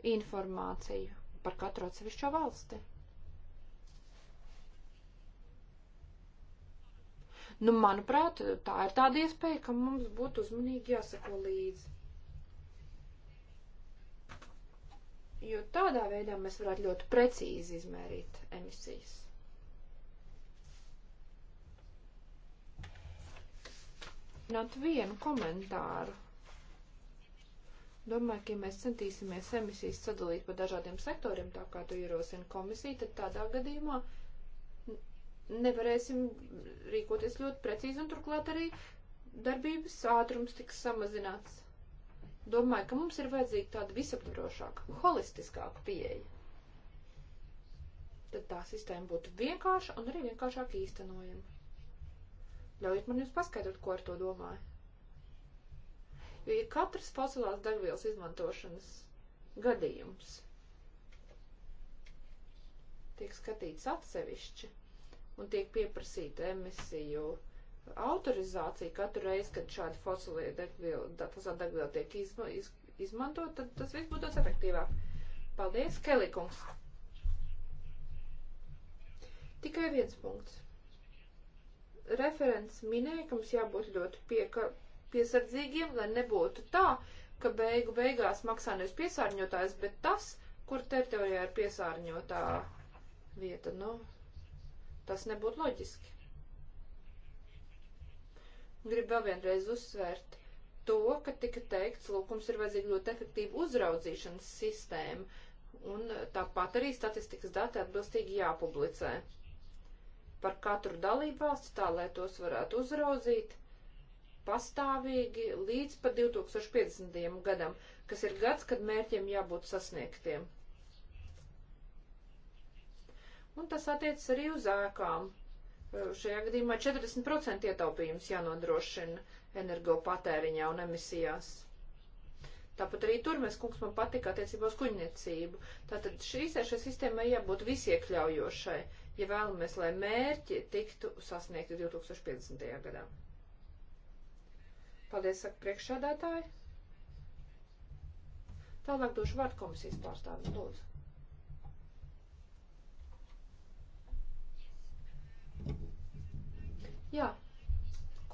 informāciju par katru atsevišķo valsti. Nu, manuprāt, tā ir tāda iespēja, ka mums būtu uzmanīgi jāsako līdzi. Jo tādā veidā mēs varētu ļoti precīzi izmērīt emisijas. Nāt vienu komentāru. Domāju, ka ja mēs centīsimies emisijas sadalīt pa dažādiem sektoriem, tā kā tu ierosini komisiju, tad tādā gadījumā nevarēsim rīkoties ļoti precīzi un turklāt arī darbības ātrums tiks samazināts. Domāju, ka mums ir vajadzīga tāda visaptvarošāka, holistiskāka pieeja. Tad tā sistēma būtu vienkārša un arī vienkāršāk īstenojama. Ļaujiet man jums paskaidrot, ko ar to domāju. Jo ir katrs fosilās degvielas izmantošanas gadījums tiek skatīts atsevišķi un tiek pieprasīta emisiju autorizācija katru reizi, kad šāda fosilie degviela, degviela tiek izma, iz, izmantot, tad tas viss būtu efektīvāk. Paldies, Kelikungs! Tikai viens punkts referents minēja, ka mums jābūt ļoti pieka, piesardzīgiem, lai nebūtu tā, ka beigu beigās maksā nevis piesārņotājs, bet tas, kur teritorijā ir piesārņotā vieta. Nu, tas nebūtu loģiski. Gribu vēl vienreiz uzsvērt to, ka tika teikts, lūk, mums ir vajadzīga ļoti efektīva uzraudzīšanas sistēma, un tāpat arī statistikas dati atbilstīgi jāpublicē par katru dalību valsti, tā lai tos varētu uzraudzīt pastāvīgi līdz pat 2050. gadam, kas ir gads, kad mērķiem jābūt sasniegtiem. Un tas attiecas arī uz ēkām. Šajā gadījumā 40% ietaupījums jānodrošina energopatēriņā un emisijās. Tāpat arī tur mēs, kungs, man patika attiecībā uz kuģniecību. Tātad šīs ēšai sistēmai jābūt visiekļaujošai ja vēlamies, lai mērķi tiktu sasniegti 2050. gadā. Paldies, saka priekšsādātāji. Tālāk došu vārdu komisijas pārstāvim, lūdzu. Jā,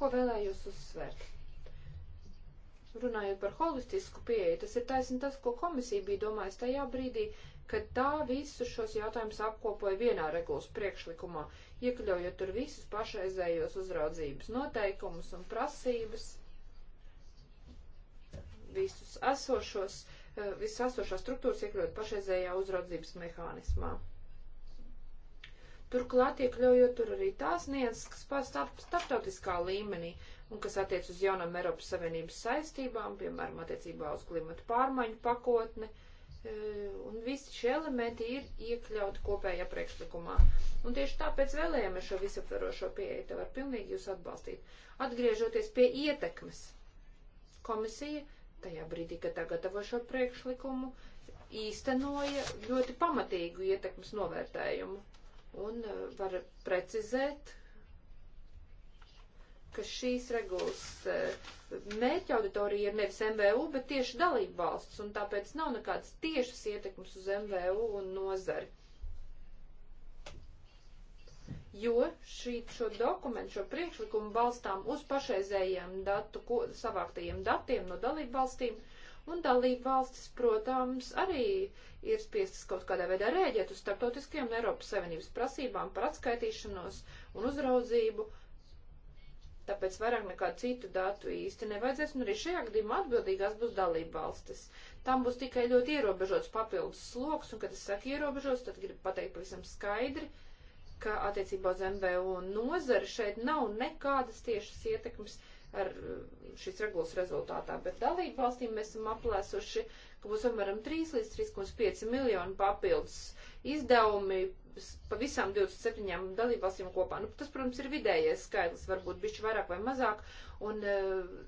ko vēlējos uzsvērt? Runājot par holistisku pieeju, tas ir taisni tas, ko komisija bija domājusi tajā brīdī, ka tā visus šos jautājumus apkopoja vienā regulas priekšlikumā, iekļaujot tur visus pašreizējos uzraudzības noteikumus un prasības, visus esošos, eh, visas esošās struktūras iekļaut pašreizējā uzraudzības mehānismā. Turklāt iekļaujot tur arī tās nianses, kas pastāv starptautiskā līmenī un kas attiec uz jaunām Eiropas Savienības saistībām, piemēram, attiecībā uz klimatu pārmaiņu pakotni, uh, Eh, un visi šie elementi ir iekļauti kopējā priekšlikumā. Un tieši tāpēc vēlējāmies šo visaptverošo pieeju. Te var pilnīgi jūs atbalstīt. Atgriežoties pie ietekmes, komisija tajā brīdī, kad tā gatavo šo priekšlikumu, īstenoja ļoti pamatīgu ietekmes novērtējumu un eh, var precizēt, ka šīs regulas eh, mērķa auditorija ir nevis MVU, bet tieši dalība valsts, un tāpēc nav nekādas tiešas ietekmes uz MVU un nozari. Jo šī, šo dokumentu, šo priekšlikumu balstām uz pašreizējiem datu, ko, savāktajiem datiem no dalību valstīm, un dalību valstis, protams, arī ir spiestas kaut kādā veidā rēģēt uz starptautiskajām Eiropas Savienības prasībām par atskaitīšanos un uzraudzību tāpēc vairāk nekā citu datu īsti nevajadzēs, un arī šajā gadījumā atbildīgās būs dalība valstis. Tam būs tikai ļoti ierobežots papildus sloks, un, kad es saku ierobežots, tad gribu pateikt pavisam skaidri, ka attiecībā uz MVU nozari šeit nav nekādas tiešas ietekmes ar uh, šīs regulas rezultātā, bet dalību valstīm mēs esam aplēsuši uh, ka būs apmēram 3 līdz 3,5 miljonu papildus izdevumi pavisam 27 dalībvalstīm kopā. Nu, tas, protams, ir vidējais skaidrs, varbūt bišķi vairāk vai mazāk. Un, eh,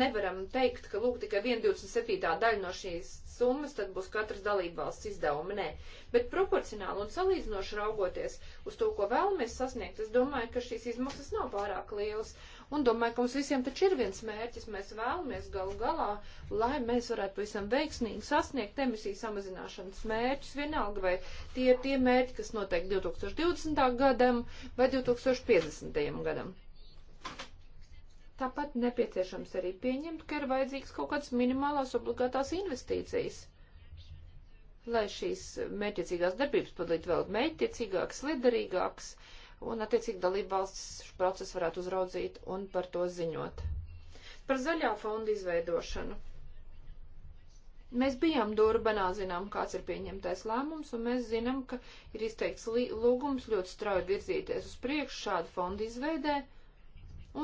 Nevaram teikt, ka lūk tikai 1,27 daļa no šīs summas, tad būs katras dalībvalsts izdevumi. Nē, bet proporcionāli un salīdzinoši raugoties uz to, ko vēlamies sasniegt, es domāju, ka šīs izmaksas nav pārāk lielas. Uh, Un domāju, ka mums visiem taču ir viens mērķis. Mēs vēlamies galu galā, lai mēs varētu pavisam veiksmīgi sasniegt emisiju samazināšanas mērķus. Vienalga, vai tie ir tie mērķi, kas noteikti 2020. gadam vai 2050. gadam. Tāpat nepieciešams arī pieņemt, ka ir vajadzīgs kaut kāds minimālās obligātās investīcijas, lai šīs mērķiecīgās darbības padarītu vēl mērķiecīgākas, liederīgākas, un, attiecīgi, dalība valsts procesu varētu uzraudzīt un par to ziņot. Par zaļā fonda izveidošanu. Mēs bijām Durbanā, zinām, kāds ir pieņemtais lēmums, un mēs zinām, ka ir izteikts lūgums ļoti strauji virzīties uz priekšu šādu fondu izveidē,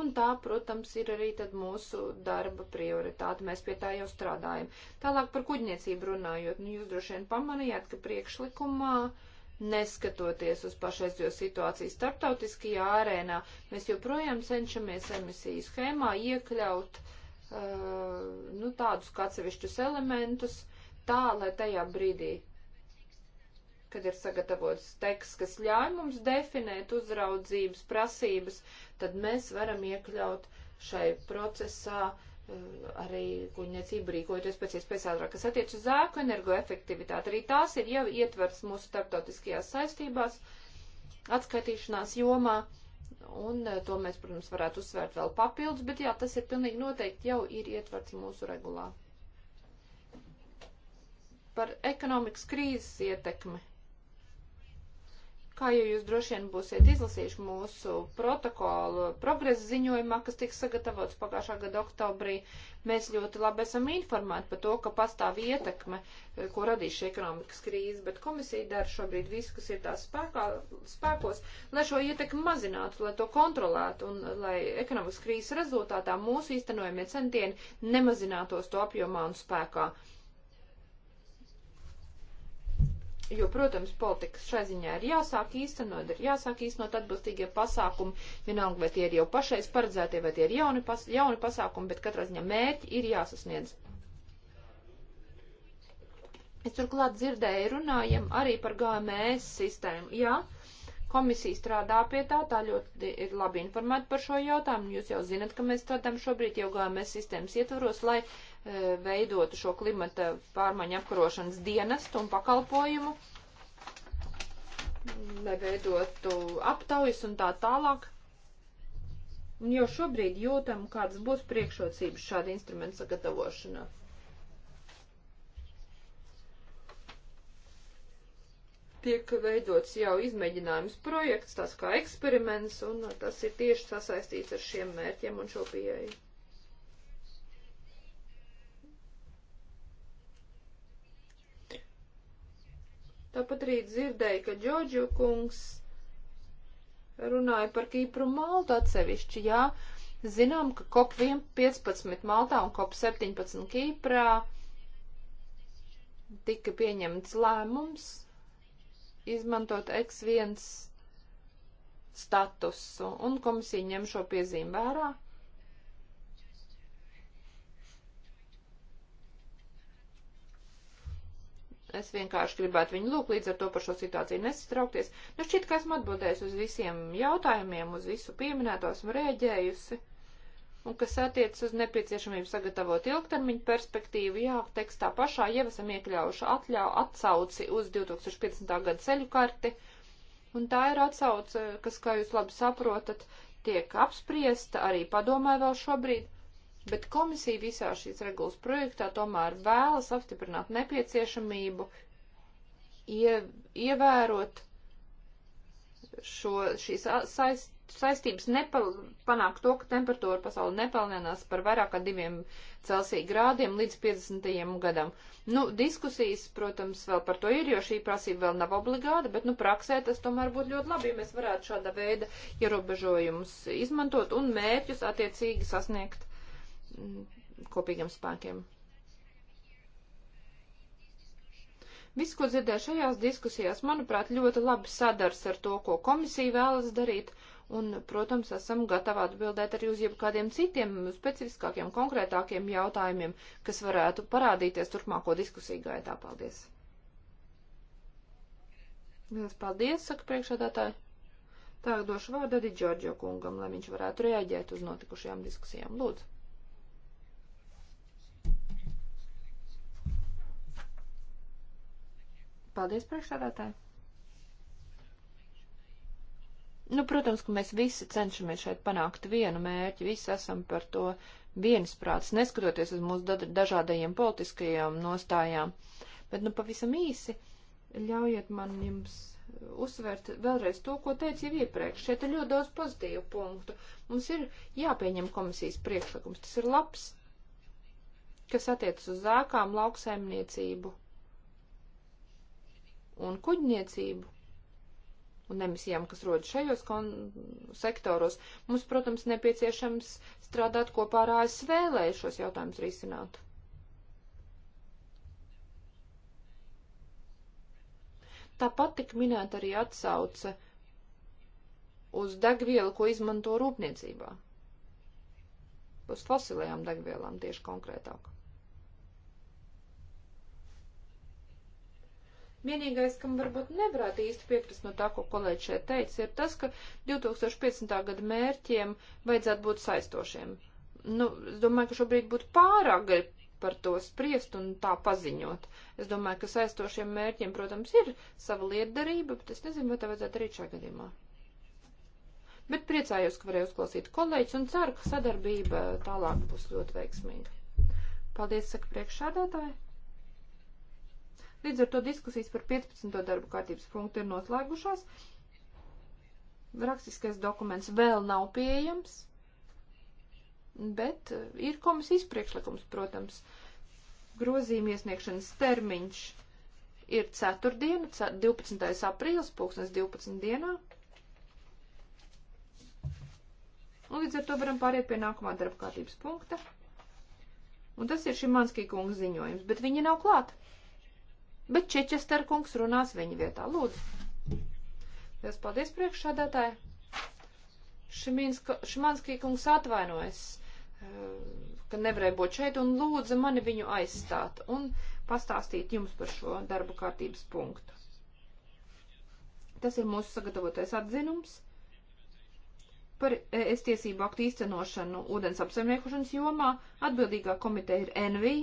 un tā, protams, ir arī tad mūsu darba prioritāte. Mēs pie tā jau strādājam. Tālāk par kuģniecību runājot, nu, jūs droši vien pamanījāt, ka priekšlikumā uh, neskatoties uz pašreizējo situāciju starptautiskajā arēnā, mēs joprojām cenšamies emisiju schēmā iekļaut uh, nu, tādus kā atsevišķus elementus, tā lai tajā brīdī, kad ir sagatavots teksts, kas ļauj mums definēt uzraudzības prasības, tad mēs varam iekļaut šai procesā uh, arī kuģniecību rīkojoties pēc iespējas ātrāk, kas attiec uz zēku energoefektivitāti. Arī tās ir jau ietvers mūsu starptautiskajās saistībās, atskaitīšanās jomā, un eh, to mēs, protams, varētu uzsvērt vēl papildus, bet jā, tas ir pilnīgi noteikti jau ir ietverts mūsu regulā. Par ekonomikas krīzes ietekmi Kā jau jūs droši vien būsiet izlasījuši mūsu protokolu progresa ziņojumā, kas tika sagatavots pagājušā gada oktobrī, mēs ļoti labi esam informēti par to, ka pastāv ietekme, eh, ko radīs šī ekonomikas krīze, bet komisija dara šobrīd visu, kas ir tās spēkā, spēkos, lai šo ietekmi mazinātu, lai to kontrolētu un lai ekonomikas krīzes rezultātā mūsu īstenojumie centieni nemazinātos to apjomā un spēkā. Uh, jo, protams, politikas šai ziņā ir jāsāk īstenot, ir jāsāk īstenot atbilstīgie pasākumi, vienalga, vai tie ir jau pašais paredzētie, vai tie ir jauni, pas, jauni pasākumi, bet katrā ziņā mērķi ir jāsasniedz. Es turklāt dzirdēju runājam arī par GMS sistēmu. Jā, ja? Komisija strādā pie tā, tā ļoti ir labi informēta par šo jautājumu. Jūs jau zinat, ka mēs strādājam šobrīd jau GMS sistēmas ietvaros, lai e, veidotu šo klimata pārmaiņu apkarošanas dienestu un pakalpojumu, lai veidotu aptaujas un tā tālāk. Un jau šobrīd jūtam, kādas būs priekšrocības šāda instrumenta sagatavošanā. tiek veidots jau izmēģinājums projekts, tās kā eksperiments, un tas ir tieši sasaistīts ar šiem mērķiem un šo pieeju. Tāpat arī dzirdēju, ka Džodžu kungs runāja par Kīpru Maltu atsevišķi, jā, zinām, ka kop 15 Maltā un kop 17 Kīprā tika pieņemts lēmums izmantot X1 statusu, un komisija ņem šo piezīmu vērā. Es vienkārši gribētu viņu lūgt līdz ar to par šo situāciju nesatraukties. Nu šķiet, ka esmu atbildējusi uz visiem jautājumiem, uz visu pieminēto esmu rēģējusi. Un kas attiec uz nepieciešamību sagatavot ilgtermiņu perspektīvu, jā, tekstā pašā jau esam iekļaujuši atļau atsauci uz 2015. gada ceļu karti. Un tā ir atsauce, kas, kā jūs labi saprotat, tiek apspriesta arī padomē vēl šobrīd. Bet komisija visā šīs regulas projektā tomēr vēlas apstiprināt nepieciešamību ie, ievērot šo, šīs saist, saistības panāk to, ka temperatūra pasauli nepalielinās par vairāk kā diviem Celsija grādiem līdz 50. gadam. Nu, diskusijas, protams, vēl par to ir, jo šī prasība vēl nav obligāta, bet, nu, praksē tas tomēr būtu ļoti labi, ja mēs varētu šāda veida ierobežojumus izmantot un mērķus attiecīgi sasniegt mm, kopīgiem spēkiem. Viss, ko dzirdēju šajās diskusijās, manuprāt, ļoti labi sadars ar to, ko komisija vēlas darīt, un, protams, esam gatavi atbildēt arī uz jebkādiem citiem specifiskākiem, konkrētākiem jautājumiem, kas varētu parādīties turpmāko diskusiju gaitā. Paldies! Liels paldies, saka priekšādātāji. Tagad došu vārdu arī Džordžo kungam, lai viņš varētu reaģēt uz notikušajām diskusijām. Lūdzu! Paldies, priekšsādātāji! Nu, protams, ka mēs visi cenšamies šeit panākt vienu mērķi, visi esam par to viensprāts, neskatoties uz mūsu dažādajiem politiskajām nostājām. Bet, nu, pavisam īsi, ļaujiet man jums uzsvērt vēlreiz to, ko teicu jau iepriekš. Šeit ir ļoti daudz pozitīvu punktu. Mums ir jāpieņem komisijas priekšlikums. Tas ir labs, kas attiecas uz zākām, lauksaimniecību un kuģniecību un emisijām, kas rodas šajos sektoros, mums, protams, nepieciešams strādāt kopā ar ASV, lai šos jautājumus risinātu. Tāpat tik minēta arī atsauce uz degvielu, ko izmanto rūpniecībā. Uz fosilējām degvielām tieši konkrētāk. Vienīgais, kam varbūt nevarētu īsti piekrist no tā, ko kolēģi šeit teica, ir tas, ka 2015. gada mērķiem vajadzētu būt saistošiem. Nu, es domāju, ka šobrīd būtu pārāk par to spriest un tā paziņot. Es domāju, ka saistošiem mērķiem, protams, ir sava lietdarība, bet es nezinu, vai tā vajadzētu arī šajā gadījumā. Bet priecājos, ka varēju uzklausīt kolēģis un ceru, ka sadarbība tālāk būs ļoti veiksmīga. Paldies, saka priekšsādātāji! Līdz ar to diskusijas par 15. darbu kārtības punktu ir noslēgušās. Rakstiskais dokuments vēl nav pieejams, bet eh, ir komisijas priekšlikums, protams. Grozījuma iesniegšanas termiņš ir ceturtdiena, 12. aprīlis, pulkstens 12. dienā. Un līdz ar to varam pāriet pie nākamā darba kārtības punkta. Un tas ir šī Manskī kunga ziņojums, bet viņa nav klāta bet Čečester kungs runās viņa vietā. Lūdzu. Lielas paldies priekšsādātāji. Šimanskī kungs atvainojas, eh, ka nevarēja būt šeit un lūdza mani viņu aizstāt un pastāstīt jums par šo darbu kārtības punktu. Tas ir mūsu sagatavotais atzinums par es tiesību aktu īstenošanu ūdens apsaimniekošanas jomā. Atbildīgā komiteja ir NVI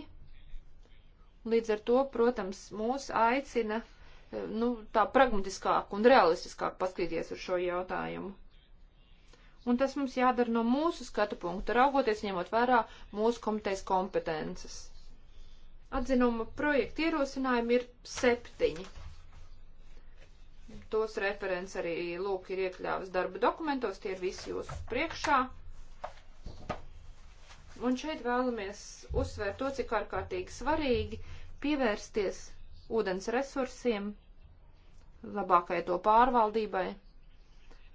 Līdz ar to, protams, mūs aicina eh, nu, tā pragmatiskāk un realistiskāk paskatīties uz šo jautājumu. Un tas mums jādara no mūsu skatu punkta, raugoties ņemot vērā mūsu komitejas kompetences. Atzinuma projekta ierosinājumi ir septiņi. Tos referents arī lūk ir iekļāvis darba dokumentos, tie ir visi jūsu priekšā. Un šeit vēlamies uzsvērt to, cik ārkārtīgi svarīgi pievērsties ūdens resursiem, labākai to pārvaldībai.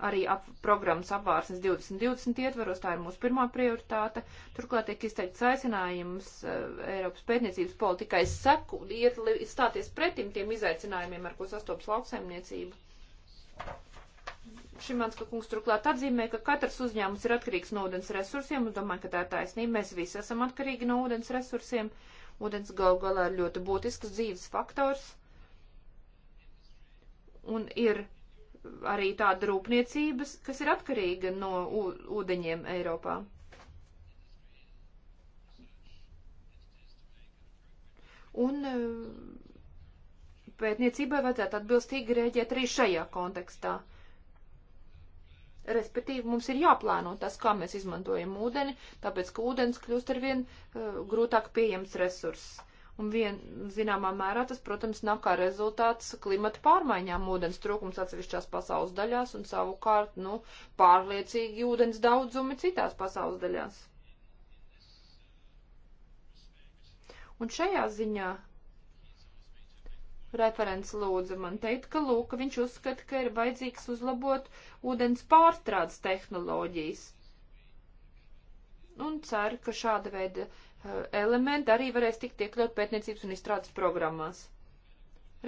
Arī ap, programmas apvārsnes 2020 ietvaros tā ir mūsu pirmā prioritāte. Turklāt tiek izteikts aicinājums uh, Eiropas pētniecības politikai seku, iet, stāties pretim tiem izaicinājumiem, ar ko sastopas lauksaimniecība. Šimanska kungs turklāt atzīmē, ka katrs uzņēmums ir atkarīgs no ūdens resursiem, un domāju, ka tā ir taisnība. Mēs visi esam atkarīgi no ūdens resursiem. Ūdens gal galā ir ļoti būtisks dzīves faktors. Un ir arī tāda rūpniecības, kas ir atkarīga no ūdeņiem Eiropā. Un eh, pētniecībai vajadzētu atbilstīgi rēģēt arī šajā kontekstā. Respektīvi, mums ir jāplāno tas, kā mēs izmantojam ūdeni, tāpēc, ka ūdens kļūst ar vien uh, eh, grūtāk pieejams resurss. Un vien, zināmā mērā tas, protams, nav kā rezultāts klimata pārmaiņām ūdens trūkums atsevišķās pasaules daļās un savukārt, nu, pārliecīgi ūdens daudzumi citās pasaules daļās. Un šajā ziņā referents lūdza man teikt, ka lūk, ka viņš uzskata, ka ir vajadzīgs uzlabot ūdens pārstrādes tehnoloģijas. Un ceru, ka šāda veida eh, elementi arī varēs tikt iekļaut pētniecības un izstrādes programmās.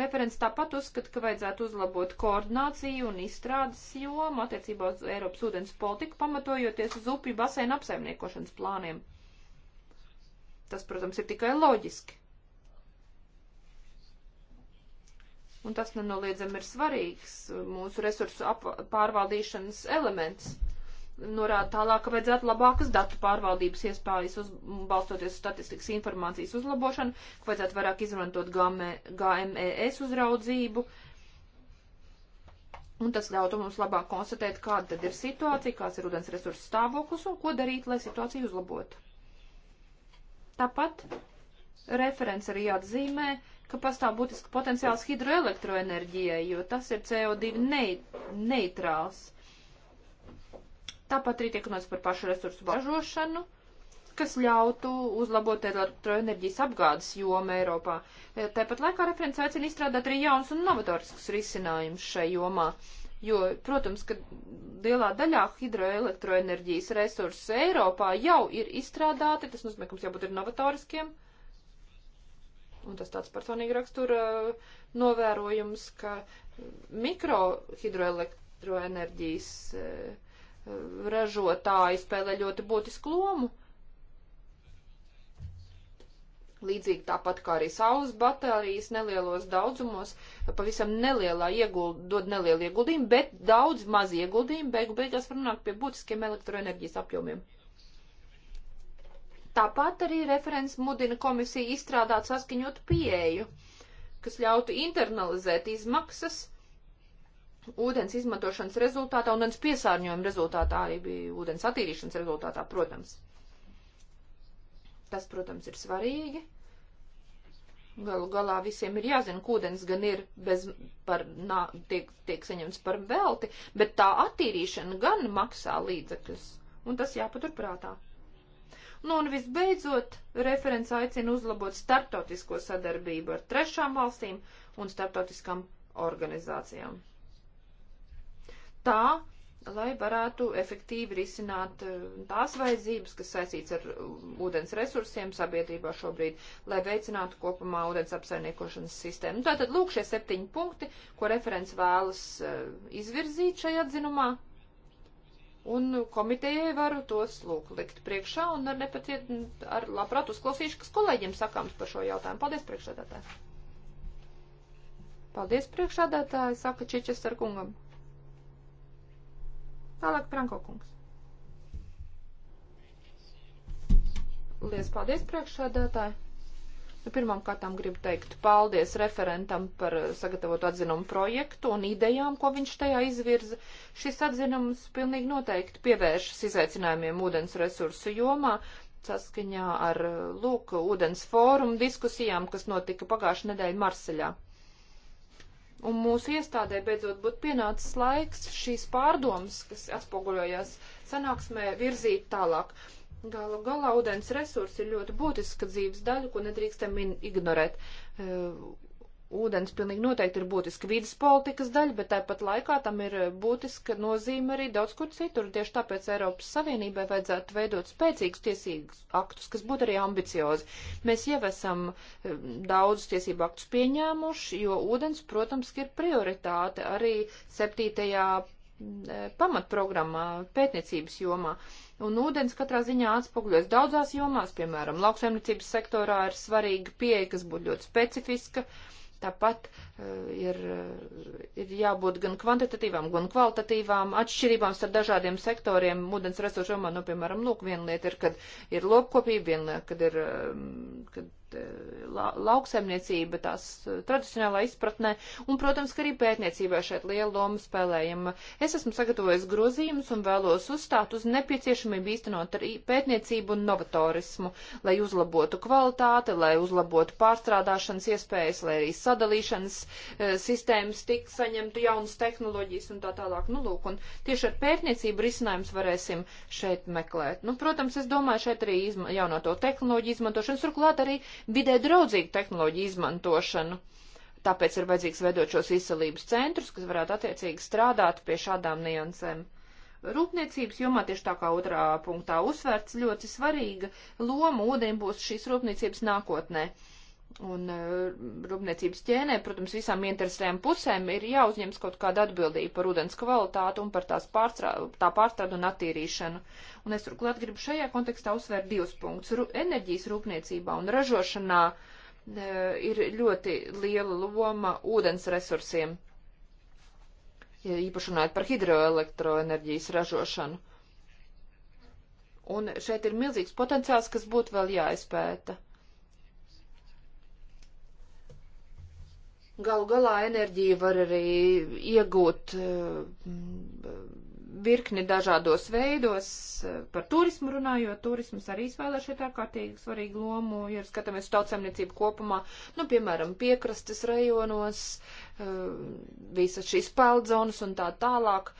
Referents tāpat uzskata, ka vajadzētu uzlabot koordināciju un izstrādes jomu attiecībā uz Eiropas ūdens politiku, pamatojoties uz upju basēnu apsaimniekošanas plāniem. Tas, protams, ir tikai loģiski un tas nenoliedzami ir svarīgs uh, mūsu resursu pārvaldīšanas elements. Norāda tālāk, ka vajadzētu labākas datu pārvaldības iespējas, uz, balstoties uz statistikas informācijas uzlabošanu, ka vajadzētu vairāk izmantot GMES e uzraudzību, Un tas ļautu mums labāk konstatēt, kāda tad ir situācija, kāds ir ūdens resursu stāvoklis un ko darīt, lai situāciju uzlabotu. Tāpat referents arī atzīmē, ka pastāv būtiski potenciāls hidroelektroenerģijai, jo tas ir CO2 neit neitrāls. Tāpat arī tiek runāts par pašu resursu ražošanu, kas ļautu uzlabot elektroenerģijas apgādes jomu Eiropā. E, Tāpat laikā referents aicina izstrādāt arī jauns un novatorisks risinājums šai jomā. Jo, protams, ka lielā daļā hidroelektroenerģijas resursu Eiropā jau ir izstrādāti, tas nozīmē, ka mums jābūt ir novatoriskiem. Un tas tāds personīgi rakstura uh, novērojums, ka mikrohidroelektroenerģijas uh, uh, ražotāji spēlē ļoti būtisku lomu. Līdzīgi tāpat kā arī saules baterijas nelielos daudzumos, pavisam nelielā ieguld, dod nelielu ieguldījumu, bet daudz maz ieguldījumu beigu beigās var nonākt pie būtiskiem elektroenerģijas apjomiem. Tāpat arī referents mudina komisiju izstrādāt saskaņotu pieeju, kas ļautu internalizēt izmaksas ūdens izmantošanas rezultātā, ūdens piesārņojuma rezultātā, arī bija ūdens attīrīšanas rezultātā, protams. Tas, protams, ir svarīgi. Galu galā visiem ir jāzina, ka ūdens gan ir bez, par, nā, tiek, tiek saņemts par velti, bet tā attīrīšana gan maksā līdzekļus, un tas jāpaturprātā. Nu un visbeidzot, referents aicina uzlabot starptautisko sadarbību ar trešām valstīm un starptautiskām organizācijām. Tā, lai varētu efektīvi risināt eh, tās vajadzības, kas saistīts ar uh, ūdens resursiem sabiedrībā šobrīd, lai veicinātu kopumā ūdens apsaimniekošanas sistēmu. Nu, tātad lūk šie septiņi punkti, ko referents vēlas eh, izvirzīt šajā atzinumā. Un komitejai varu tos lūk likt priekšā un ar nepatiet, ar labprāt uzklausīšu, kas kolēģiem sakāms par šo jautājumu. Paldies, priekšādātāji! Paldies, priekšādātāji, saka Čičester kungam. Tālāk, Franko kungs. Lies, paldies, priekšādātāji! Nu, pirmām kārtām gribu teikt paldies referentam par sagatavotu atzinumu projektu un idejām, ko viņš tajā izvirza. Šis atzinums pilnīgi noteikti pievēršas izaicinājumiem ūdens resursu jomā saskaņā ar Lūk ūdens fórumu diskusijām, kas notika pagājušā nedēļa Marseļā. Un mūsu iestādē beidzot būtu pienācis laiks šīs pārdomas, kas atspoguļojās sanāksmē, virzīt tālāk. Galu galā ūdens resursi ir ļoti būtiska dzīves daļa, ko nedrīkstam ignorēt. Ehm, ūdens pilnīgi noteikti ir būtiska vidas politikas daļa, bet tāpat laikā tam ir ehm, būtiska nozīme arī daudz kur citur. Tieši tāpēc Eiropas Savienībai vajadzētu veidot spēcīgus tiesīgus aktus, kas būtu arī ambiciozi. Mēs jau esam ehm, daudzus tiesību aktus pieņēmuši, jo ūdens, protams, ir prioritāte arī septītajā E, pamatprogrammā pētniecības jomā. Un ūdens katrā ziņā atspoguļojas daudzās jomās, piemēram, lauksaimniecības sektorā ir svarīga pieeja, kas būtu ļoti specifiska. Tāpat e, ir, e, ir jābūt gan kvantitatīvām, gan kvalitatīvām atšķirībām starp dažādiem sektoriem ūdens resursu jomā. Nu, piemēram, lūk, viena lieta ir, kad ir lopkopība, viena lieta, kad ir, kad E, la, lauksaimniecība tās e, tradicionālā izpratnē, un, protams, ka arī pētniecībā šeit liela loma spēlējama. Es esmu sagatavojis grozījumus un vēlos uzstāt uz nepieciešamību īstenot arī pētniecību un novatorismu, lai uzlabotu kvalitāti, lai uzlabotu pārstrādāšanas iespējas, lai arī sadalīšanas e, sistēmas tik saņemtu jaunas tehnoloģijas un tā tālāk. Nu, lūk, un tieši ar pētniecību risinājums varēsim šeit meklēt. Nu, protams, es domāju šeit arī izma, jaunoto tehnoloģiju izmantošanas, turklāt arī vidē draudzīgu tehnoloģiju izmantošanu. Tāpēc ir vajadzīgs veidot šos izcelības centrus, kas varētu attiecīgi strādāt pie šādām niansēm. Rūpniecības jomā tieši tā kā otrā punktā uzsvērts ļoti svarīga loma ūdeņ būs šīs rūpniecības nākotnē. Uh, Un e, rūpniecības ķēnē, protams, visām interesēm pusēm ir jāuzņems kaut kāda atbildība par ūdens kvalitātu un par tās pārstrā, tā pārstrādu un attīrīšanu. Un es turklāt gribu šajā kontekstā uzsvērt divus punktus. Ru, enerģijas rūpniecībā un ražošanā e, ir ļoti liela loma ūdens resursiem, ja īpaši runājot par hidroelektroenerģijas ražošanu. Un šeit ir milzīgs potenciāls, kas būtu vēl jāizpēta Galu galā enerģiju var arī iegūt eh, virkni dažādos veidos. Par turismu runājot, turisms arī spēlē šeit ārkārtīgi svarīgu lomu, ja skatāmies tautsemniecību kopumā, nu, piemēram, piekrastes rajonos, eh, visas šīs peldzonas un tā tālāk.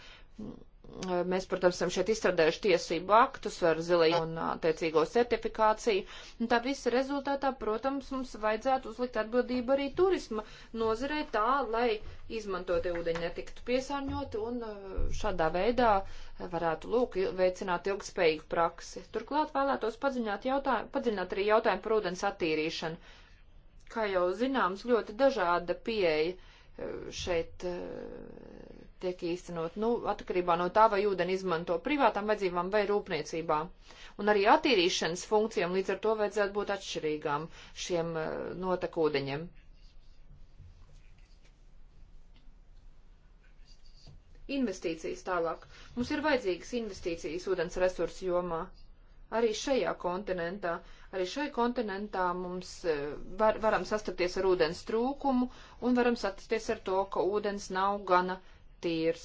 Mēs, protams, esam šeit izstrādājuši tiesību aktus ar zilēju un attiecīgo certifikāciju. Un tā visa rezultātā, protams, mums vajadzētu uzlikt atbildību arī turisma nozarei tā, lai izmantotie ūdeņi netiktu piesārņoti un šādā veidā varētu lūk veicināt ilgspējīgu praksi. Turklāt vēlētos padziļināt, jautājumu, padziļināt arī jautājumu par ūdens attīrīšanu. Kā jau zināms, ļoti dažāda pieeja šeit tiek īstenot, nu, atkarībā no tā, vai ūdeni izmanto privātām vajadzībām vai rūpniecībā. Un arī attīrīšanas funkcijām līdz ar to vajadzētu būt atšķirīgām šiem eh, notekūdeņiem. Investīcijas tālāk. Mums ir vajadzīgas investīcijas ūdens resursu jomā. Arī šajā kontinentā, arī šajā kontinentā mums eh, var, varam sastapties ar ūdens trūkumu un varam sastapties ar to, ka ūdens nav gana uh, tīrs.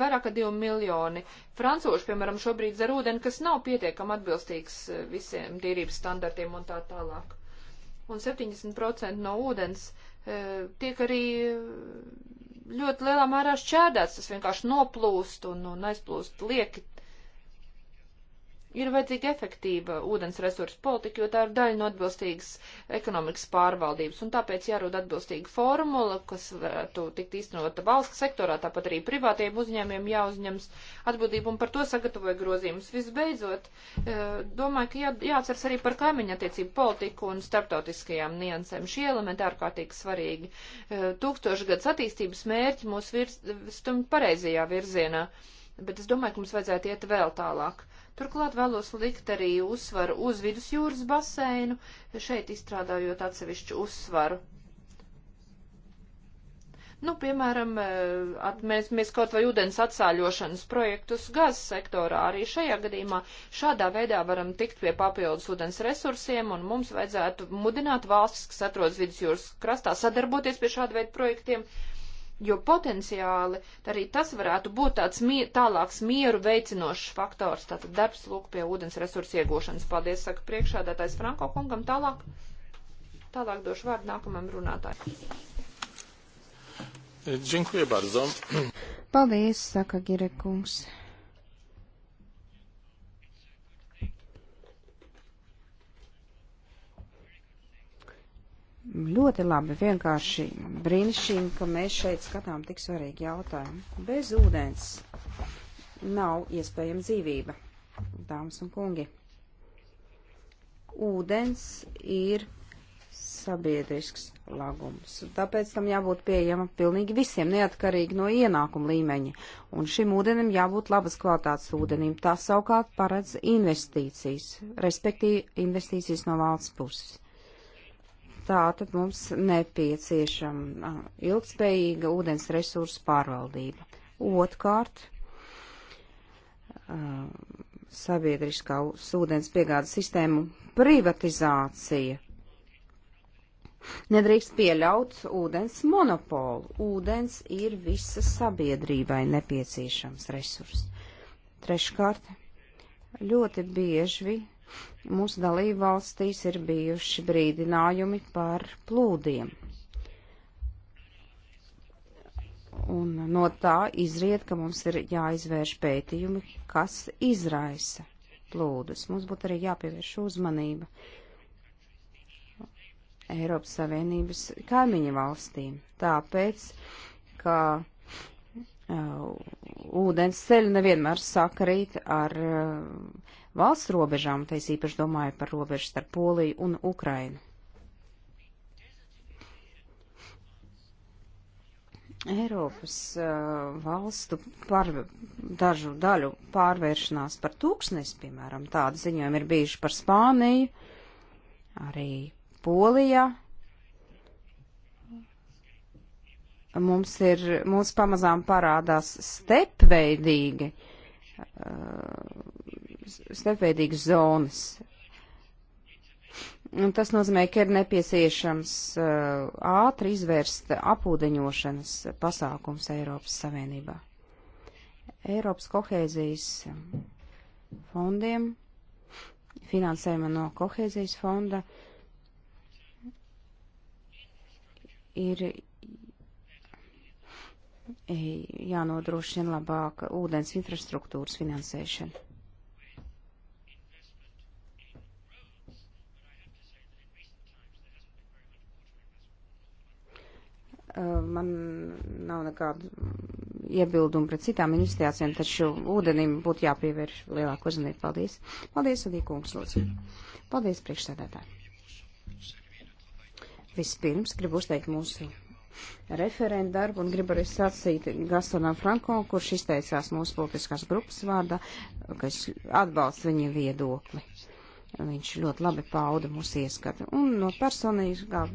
Vairāk kā divi miljoni. Francoši, piemēram, šobrīd dzer ūdeni, kas nav pietiekami atbilstīgs e, visiem tīrības standartiem un tā tālāk. Un 70% no ūdens e, tiek arī ļoti lielā mērā šķērdēts. Tas vienkārši noplūst un, un aizplūst lieki Ir vajadzīga efektīva ūdens resursu politika, jo tā ir daļa no atbilstīgas ekonomikas pārvaldības, un tāpēc jārod atbilstīga formula, kas varētu tikt īstenota valsts sektorā, tāpat arī privātiem uzņēmiem jāuzņems atbildību, un par to sagatavoja grozījumus. Visbeidzot, eh, domāju, ka jā, jāatceras arī par kaimiņa attiecību politiku un starptautiskajām niansēm. Šie elementi ārkārtīgi svarīgi. Eh, tūkstošgads attīstības mērķi mūs virz, stumj pareizajā virzienā, bet es domāju, ka mums vajadzētu iet vēl tālāk Turklāt vēlos likt arī uzsvaru uz vidusjūras baseinu, šeit izstrādājot atsevišķu uzsvaru. Nu, piemēram, e, at, mēs, mēs kaut vai ūdens atsāļošanas projektus gazas sektorā arī šajā gadījumā šādā veidā varam tikt pie papildus ūdens resursiem un mums vajadzētu mudināt valstis, kas atrodas vidusjūras krastā, sadarboties pie šāda veida projektiem. Uh, jo potenciāli arī tas varētu būt tāds mie tālāks mieru veicinošs faktors. Tātad darbs lūk pie ūdens resursu iegūšanas. Paldies, saka priekšādātājs Franko kungam. Tālāk, tālāk došu vārdu nākamajam runātājam. Dziękuję bardzo. Paldies, saka Girekungs. kungs. Ļoti labi, vienkārši brīnišķīgi, ka mēs šeit skatām tik svarīgi jautājumu. Bez ūdens nav iespējama dzīvība, dāmas un kungi. Ūdens ir sabiedrisks lagums, tāpēc tam jābūt pieejama pilnīgi visiem, neatkarīgi no ienākuma līmeņa. Un šim ūdenim jābūt labas kvalitātes ūdenim. Tā savukārt paredz investīcijas, respektīvi investīcijas no valsts puses. Tātad mums nepieciešama ilgspējīga ūdens resursu pārvaldība. Otkārt, sabiedriskā ūdens piegādes sistēmu privatizācija. Nedrīkst pieļaut ūdens monopolu. Ūdens ir visa sabiedrībai nepieciešams resurs. Treškārt, ļoti bieži mūsu dalību valstīs ir bijuši brīdinājumi par plūdiem. Un no tā izriet, ka mums ir jāizvērš pētījumi, kas izraisa plūdus. Mums būtu arī jāpievērš uzmanība Eiropas Savienības kaimiņu valstīm, tāpēc, ka uh, ūdens ceļi nevienmēr sakarīt ar uh, valsts robežām, un te es īpaši domāju par robežu starp Poliju un Ukrainu. Eiropas uh, valstu par, dažu daļu pārvēršanās par tūkstnesi, piemēram, tāda ziņojuma ir bijuši par Spāniju, arī Polijā. Mums ir, mums pamazām parādās stepveidīgi uh, starpveidīgas zonas. Un tas nozīmē, ka ir nepieciešams uh, ātri izvērst apūdeņošanas pasākums Eiropas Savienībā. Eiropas kohēzijas fondiem, finansējuma no kohēzijas fonda ir jānodrošina labāka ūdens infrastruktūras finansēšana. Eh, man nav nekādu iebildumu pret citām investīcijām, taču ūdenim būtu jāpievērš lielāku uzmanību. Paldies. Paldies, Adī kungs, lūdzu. Paldies, priekšsēdētāji. Vispirms gribu uzteikt mūsu referentu darbu un gribu arī sacīt Gastonam Franko, kurš izteicās mūsu politiskās grupas vārdā, kas atbalsta viņa viedokli. Viņš ļoti labi pauda mūsu ieskatu. Un no personīgā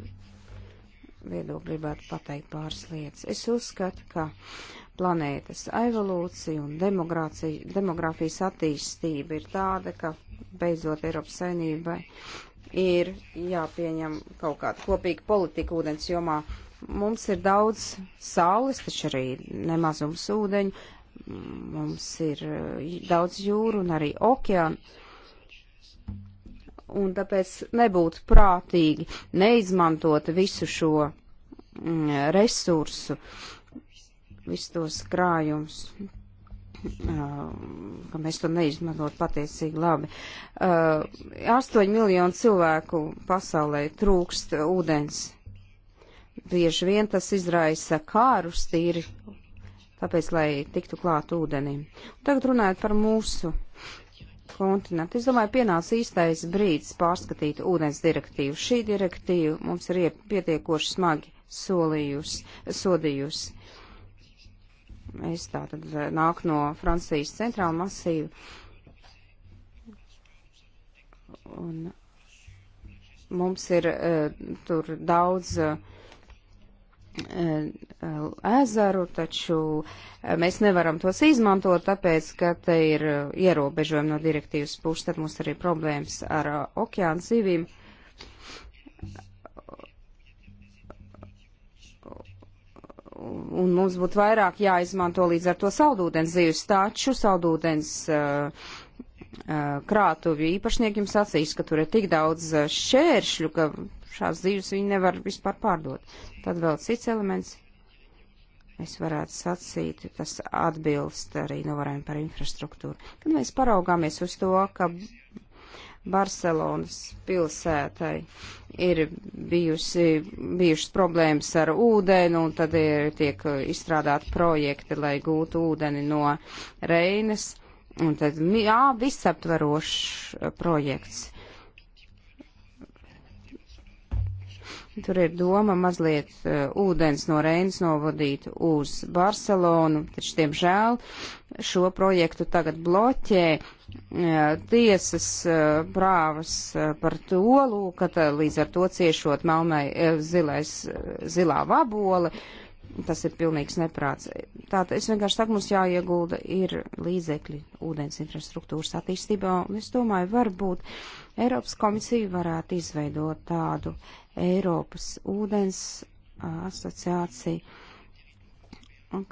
viedokli gribētu pateikt pāris lietas. Es uzskatu, ka planētas evolūcija un demogrāfijas attīstība ir tāda, ka beidzot Eiropas saimnībai ir jāpieņem kaut kāda kopīga politika ūdens jomā. Mums ir daudz saules, taču arī nemazums ūdeņu, mums ir eh, daudz jūru un arī okeānu un tāpēc nebūtu prātīgi neizmantot visu šo mm, resursu, visus tos krājumus, mm, ka mēs to neizmantot patiesīgi labi. Uh, 8 miljonu cilvēku pasaulē trūkst ūdens. Bieži vien tas izraisa kārus tīri, tāpēc, lai tiktu klāt ūdenim. Tagad runājot par mūsu kontinentu. Es domāju, pienāca īstais brīdis pārskatīt ūdens direktīvu. Šī direktīva mums ir pietiekoši smagi solījusi, sodījusi. Es tā tad eh, nāku no Francijas centrāla masīva. Un mums ir uh, tur daudz. Uh, ezeru, taču eh, mēs nevaram tos izmantot, tāpēc, ka te ir eh, ierobežojumi no direktīvas puses, tad mums arī problēmas ar eh, okeāna zivīm. Un mums būtu vairāk jāizmanto līdz ar to saldūdens zivs, taču saldūdens uh, krātuvju īpašniekiem sacīs, ka tur ir tik daudz šķēršļu, ka šās dzīves viņi nevar vispār pārdot. Tad vēl cits elements. Es varētu sacīt, tas atbilst arī novērojumi par infrastruktūru. Kad mēs paraugāmies uz to, ka Barcelonas pilsētai ir bijusi, bijušas problēmas ar ūdeni, un tad ir tiek izstrādāti projekti, lai gūtu ūdeni no Reinas, un tad, jā, visaptverošs projekts. Tur ir doma mazliet uh, ūdens no Reinas novadīt uz Barcelonu, taču, diemžēl, šo projektu tagad bloķē uh, tiesas uh, prāvas uh, par to, lūk, ka tā, līdz ar to ciešot melnai uh, zilais, uh, zilā vabole. Tas ir pilnīgs neprāts. Tātad es vienkārši saku, mums jāiegulda ir līdzekļi ūdens infrastruktūras attīstībā, un es domāju, varbūt. Uh, Eiropas komisija varētu izveidot tādu Eiropas ūdens asociāciju,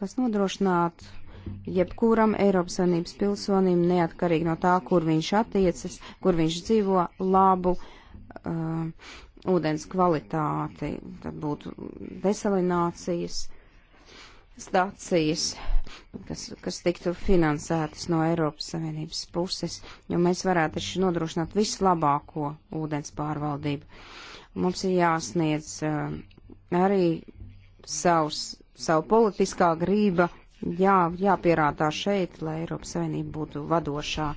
kas nodrošinātu jebkuram Eiropas Savienības pilsonim, neatkarīgi no tā, kur viņš attiecas, kur viņš dzīvo, labu uh, ūdens kvalitāti, tad būtu desalinācijas stācijas, kas, kas tiktu finansētas no Eiropas Savienības puses, jo mēs varētu taču nodrošināt vislabāko ūdens pārvaldību. Mums ir jāsniedz uh, arī savs, savu politiskā grība, jā, jāpierādā šeit, lai Eiropas Savienība būtu vadošā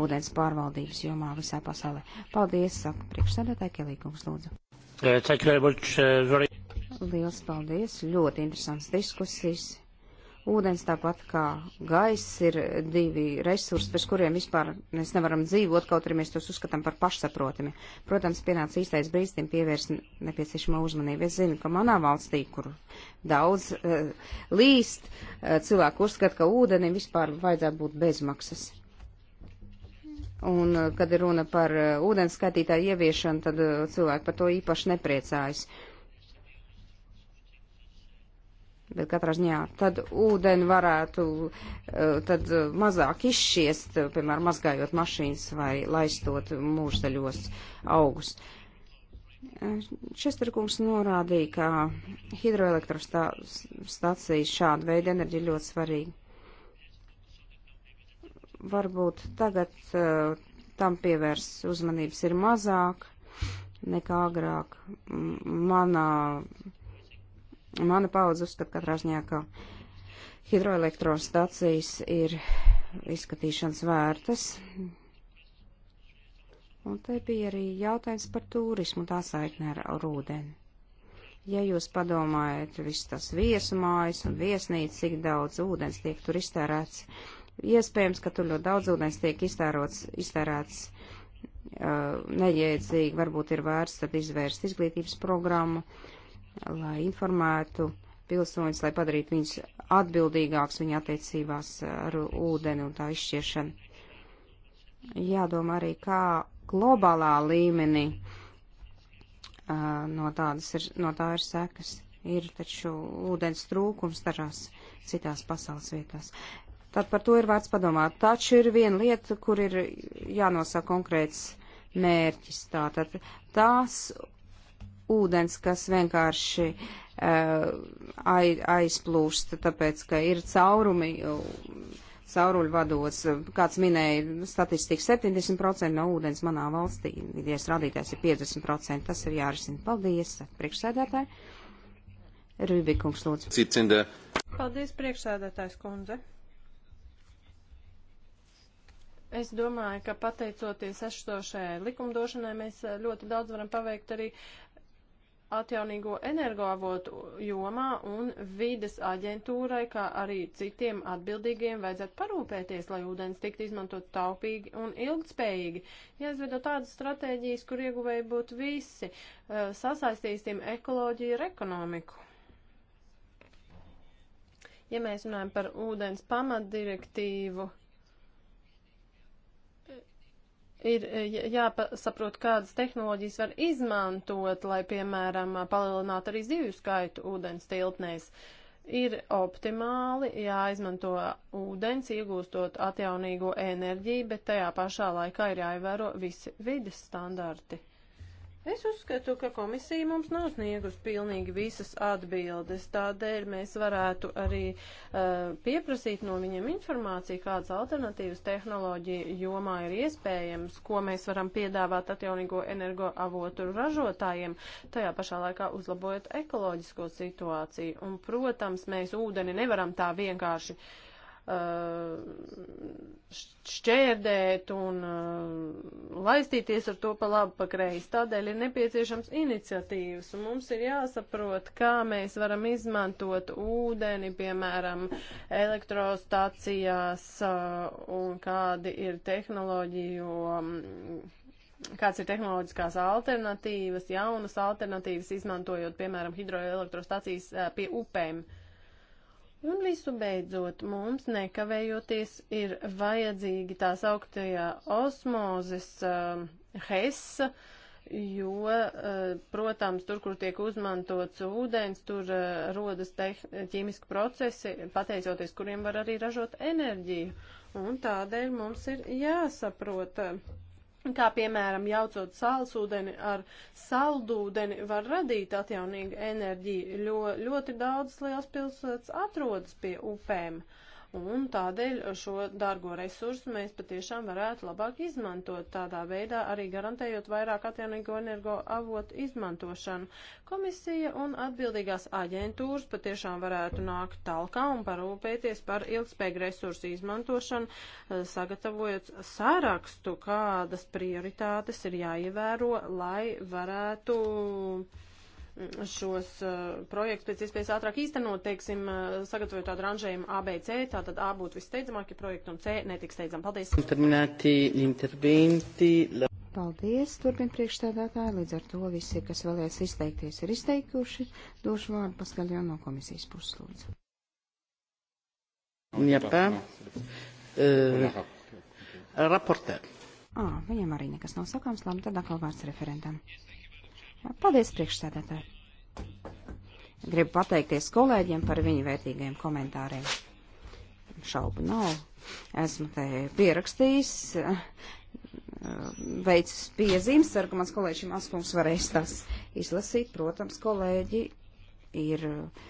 ūdens pārvaldības jomā visā pasaulē. Paldies, saka priekšsēdētāji Kelīgums, lūdzu. Uh, Liels paldies! Ļoti interesants diskusijas. Ūdens tāpat kā gaiss ir divi resursi, bez kuriem vispār mēs nevaram dzīvot, kaut arī mēs tos uzskatām par pašsaprotami. Protams, pienāca īstais brīdis tam pievērst nepieciešamo uzmanību. Es zinu, ka manā valstī, kur daudz uh, līst, uh, cilvēku uzskata, ka ūdenim vispār vajadzētu būt bezmaksas. Un, eh, kad ir runa par ūdens skaitītāju ieviešanu, tad cilvēki par to īpaši nepriecājas. Bet katrā ziņā tad ūdeni varētu eh, tad eh, mazāk izšiest, piemēram, mazgājot mašīnas vai laistot mūžzaļos augus. Česterkungs eh, norādīja, ka hidroelektrostacijas šāda veida enerģija ļoti svarīga. Varbūt tagad uh, tam pievērs uzmanības ir mazāk nekā agrāk. Manā mana paudze uzskata katrā ziņā, ka hidroelektrostacijas ir izskatīšanas vērtas. Un te bija arī jautājums par turismu, tā saiknē ar, ar ūdeni. Ja jūs padomājat, viss tas viesumājas un viesnīca, cik daudz ūdens tiek tur iztērēts, iespējams, ka tur ļoti daudz ūdens tiek iztērots, iztērēts uh, neļiedzīgi, varbūt ir vērts tad izvērst izglītības programmu, uh, lai informētu pilsoņus, lai padarītu viņus atbildīgāks viņa attiecībās ar ūdeni un tā izšķiešanu. Jādomā arī, kā globālā līmenī no, tādas ir, no tā ir sekas. Ir taču ūdens trūkums dažās citās pasaules vietās. Tad par to ir vērts padomāt. Taču ir viena lieta, kur ir jānosaka konkrēts mērķis. Tātad tās ūdens, kas vienkārši eh, aizplūst, tāpēc, ka ir caurumi, cauruļu vados. Kāds minēja statistiku, 70% no ūdens manā valstī, vidies rādītājs ir 50%, tas ir jārisina. Paldies, priekšsēdētāji. Rībikungs, lūdzu. Cicinda. Paldies, priekšsēdētājs kundze. Es domāju, ka pateicoties esošajai likumdošanai, mēs eh, ļoti daudz varam paveikt arī uh, atjaunīgo energoavotu jomā un vides aģentūrai, kā arī citiem atbildīgiem vajadzētu parūpēties, lai ūdens tiktu izmantot taupīgi un ilgtspējīgi. Jāizveido tādas stratēģijas, kur ieguvēji būtu visi, eh, sasaistīsim ekoloģiju ar ekonomiku. Ja mēs runājam par ūdens pamatdirektīvu, ir e, jāsaprot, kādas tehnoloģijas var izmantot, lai, piemēram, palielinātu arī zivju skaitu ūdens tilpnēs. Ir optimāli jāizmanto ūdens, iegūstot atjaunīgo enerģiju, bet tajā pašā laikā ir jāievēro visi vides standarti. Es uzskatu, ka komisija mums nav sniegusi pilnīgi visas atbildes, tādēļ mēs varētu arī uh, pieprasīt no viņiem informāciju, kādas alternatīvas tehnoloģija jomā ir iespējams, ko mēs varam piedāvāt atjaunīgo energoavotu ražotājiem, tajā pašā laikā uzlabojot ekoloģisko situāciju. Un, protams, mēs ūdeni nevaram tā vienkārši uh, Uh, šķērdēt un uh, laistīties ar to pa labu, pa kreisi. Tādēļ ir nepieciešams iniciatīvas, un mums ir jāsaprot, kā mēs varam izmantot ūdeni, piemēram, elektrostacijās, uh, un kādi ir tehnoloģiju um, kāds ir tehnoloģiskās alternatīvas, jaunas alternatīvas, izmantojot, piemēram, hidroelektrostacijas pie upēm. Uh, Un visu beidzot, mums nekavējoties ir vajadzīgi tās augtajā osmozes uh, um, hessa, jo, uh, protams, tur, kur tiek uzmantots ūdens, tur uh, rodas ķīmiski procesi, pateicoties kuriem var arī ražot enerģiju. Un tādēļ mums ir jāsaprot. Uh, kā piemēram jaucot sālsūdeni ar saldūdeni var radīt atjaunīgu enerģiju, jo ļoti daudzas liels pilsētas atrodas pie upēm. Uh, Un tādēļ šo dārgo resursu mēs patiešām varētu labāk izmantot, tādā veidā arī garantējot vairāk atjaunīgo energo avotu izmantošanu. Komisija un atbildīgās aģentūras patiešām varētu nākt talkā un parūpēties par ilgspējīgu resursu izmantošanu, eh, sagatavojot sārakstu, kādas prioritātes ir jāievēro, lai varētu šos uh, projektus pēc iespējas ātrāk īstenot, teiksim, uh, sagatavojot tādu ranžējumu ABC, tātad A būtu visteidzamākie projekti un C netiks steidzam. Paldies. Paldies, turpin priekšstādātāji, līdz ar to visi, kas vēlēs izteikties, ir izteikuši. Došu vārdu paskaļ jau no komisijas puses, lūdzu. Jāpā. Uh, eh, raportē. Ā, viņam arī nekas nav sakāms, labi, tad atkal vārds referentam. Yes, Paldies, priekšsēdētāji! Gribu pateikties kolēģiem par viņu vērtīgiem komentāriem. Šaubu nav. Esmu te pierakstījis, eh, veicis piezīmes, ceru, ka mans kolēģis Maskums varēs tās izlasīt. Protams, kolēģi ir eh,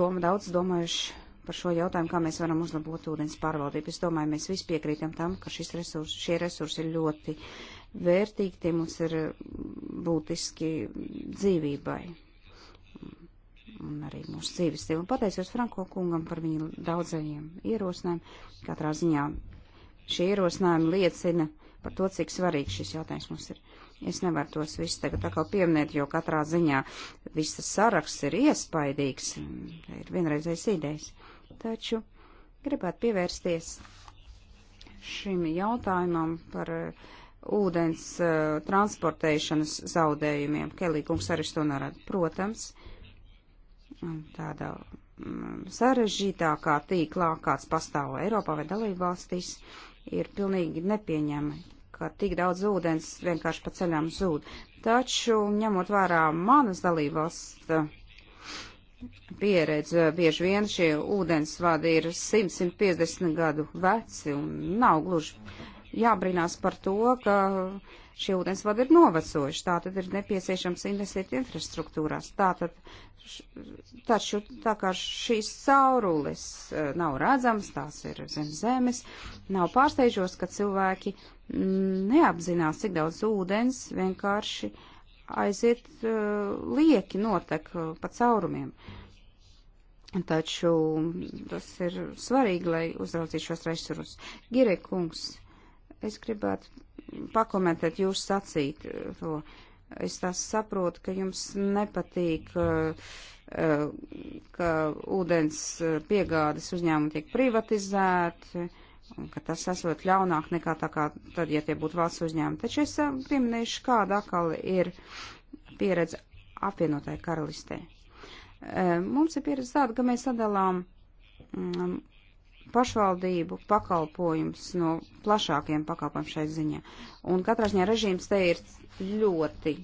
doma daudz domājuši par šo jautājumu, kā mēs varam uzlabot ūdens pārvaldību. Es domāju, mēs visi piekrītam tam, ka resurs, šie resursi ir ļoti uh, vērtīgi, tie mums ir mm, būtiski dzīvībai un arī mūsu dzīves stilam. Pateicos Franko kungam par viņu daudzajiem ierosinājumiem. Katrā ziņā šie ierosinājumi liecina par to, cik svarīgs šis jautājums mums ir. Es nevaru tos visus tagad atkal pieminēt, jo katrā ziņā visas saraksts ir iespaidīgs, ir vienreizais idejas. Taču gribētu pievērsties šim jautājumam par uh, ūdens uh, transportēšanas zaudējumiem. Kelīgums arī to norāda. Protams, mm, tādā mm, sarežģītākā tīklā, kāds pastāv Eiropā vai dalībvalstīs, ir pilnīgi nepieņemami, ka tik daudz ūdens vienkārši pa ceļām zūd. Taču, ņemot vērā manas dalībvalsts uh, pieredze, bieži vien šie ūdensvadi ir 100-150 gadu veci un nav gluži jābrīnās par to, ka šie ūdensvadi ir novecojuši. Tā tad ir nepieciešams investēt infrastruktūrās. Tā tad, taču tā kā šīs caurules eh, nav redzams, tās ir zem zemes, nav pārsteižos, ka cilvēki mm, neapzinās, cik daudz ūdens vienkārši aiziet eh, lieki notek eh, pa caurumiem. Taču tas ir svarīgi, lai uzraudzītu šos resursus. Girē kungs Es gribētu pakomentēt jūs sacīt eh, to. Es tās saprotu, ka jums nepatīk, eh, eh, ka ūdens piegādes uzņēmumi tiek privatizēti, un ka tas esot ļaunāk nekā tā kā tad, ja tie būtu valsts uzņēmumi. Taču es pieminēšu, kāda akali ir pieredze apvienotāji karalistē. Mums ir pieredze tāda, ka mēs sadalām mm, pašvaldību pakalpojums no plašākiem pakalpojumu šai ziņā. Un katrā ziņā režīms te ir ļoti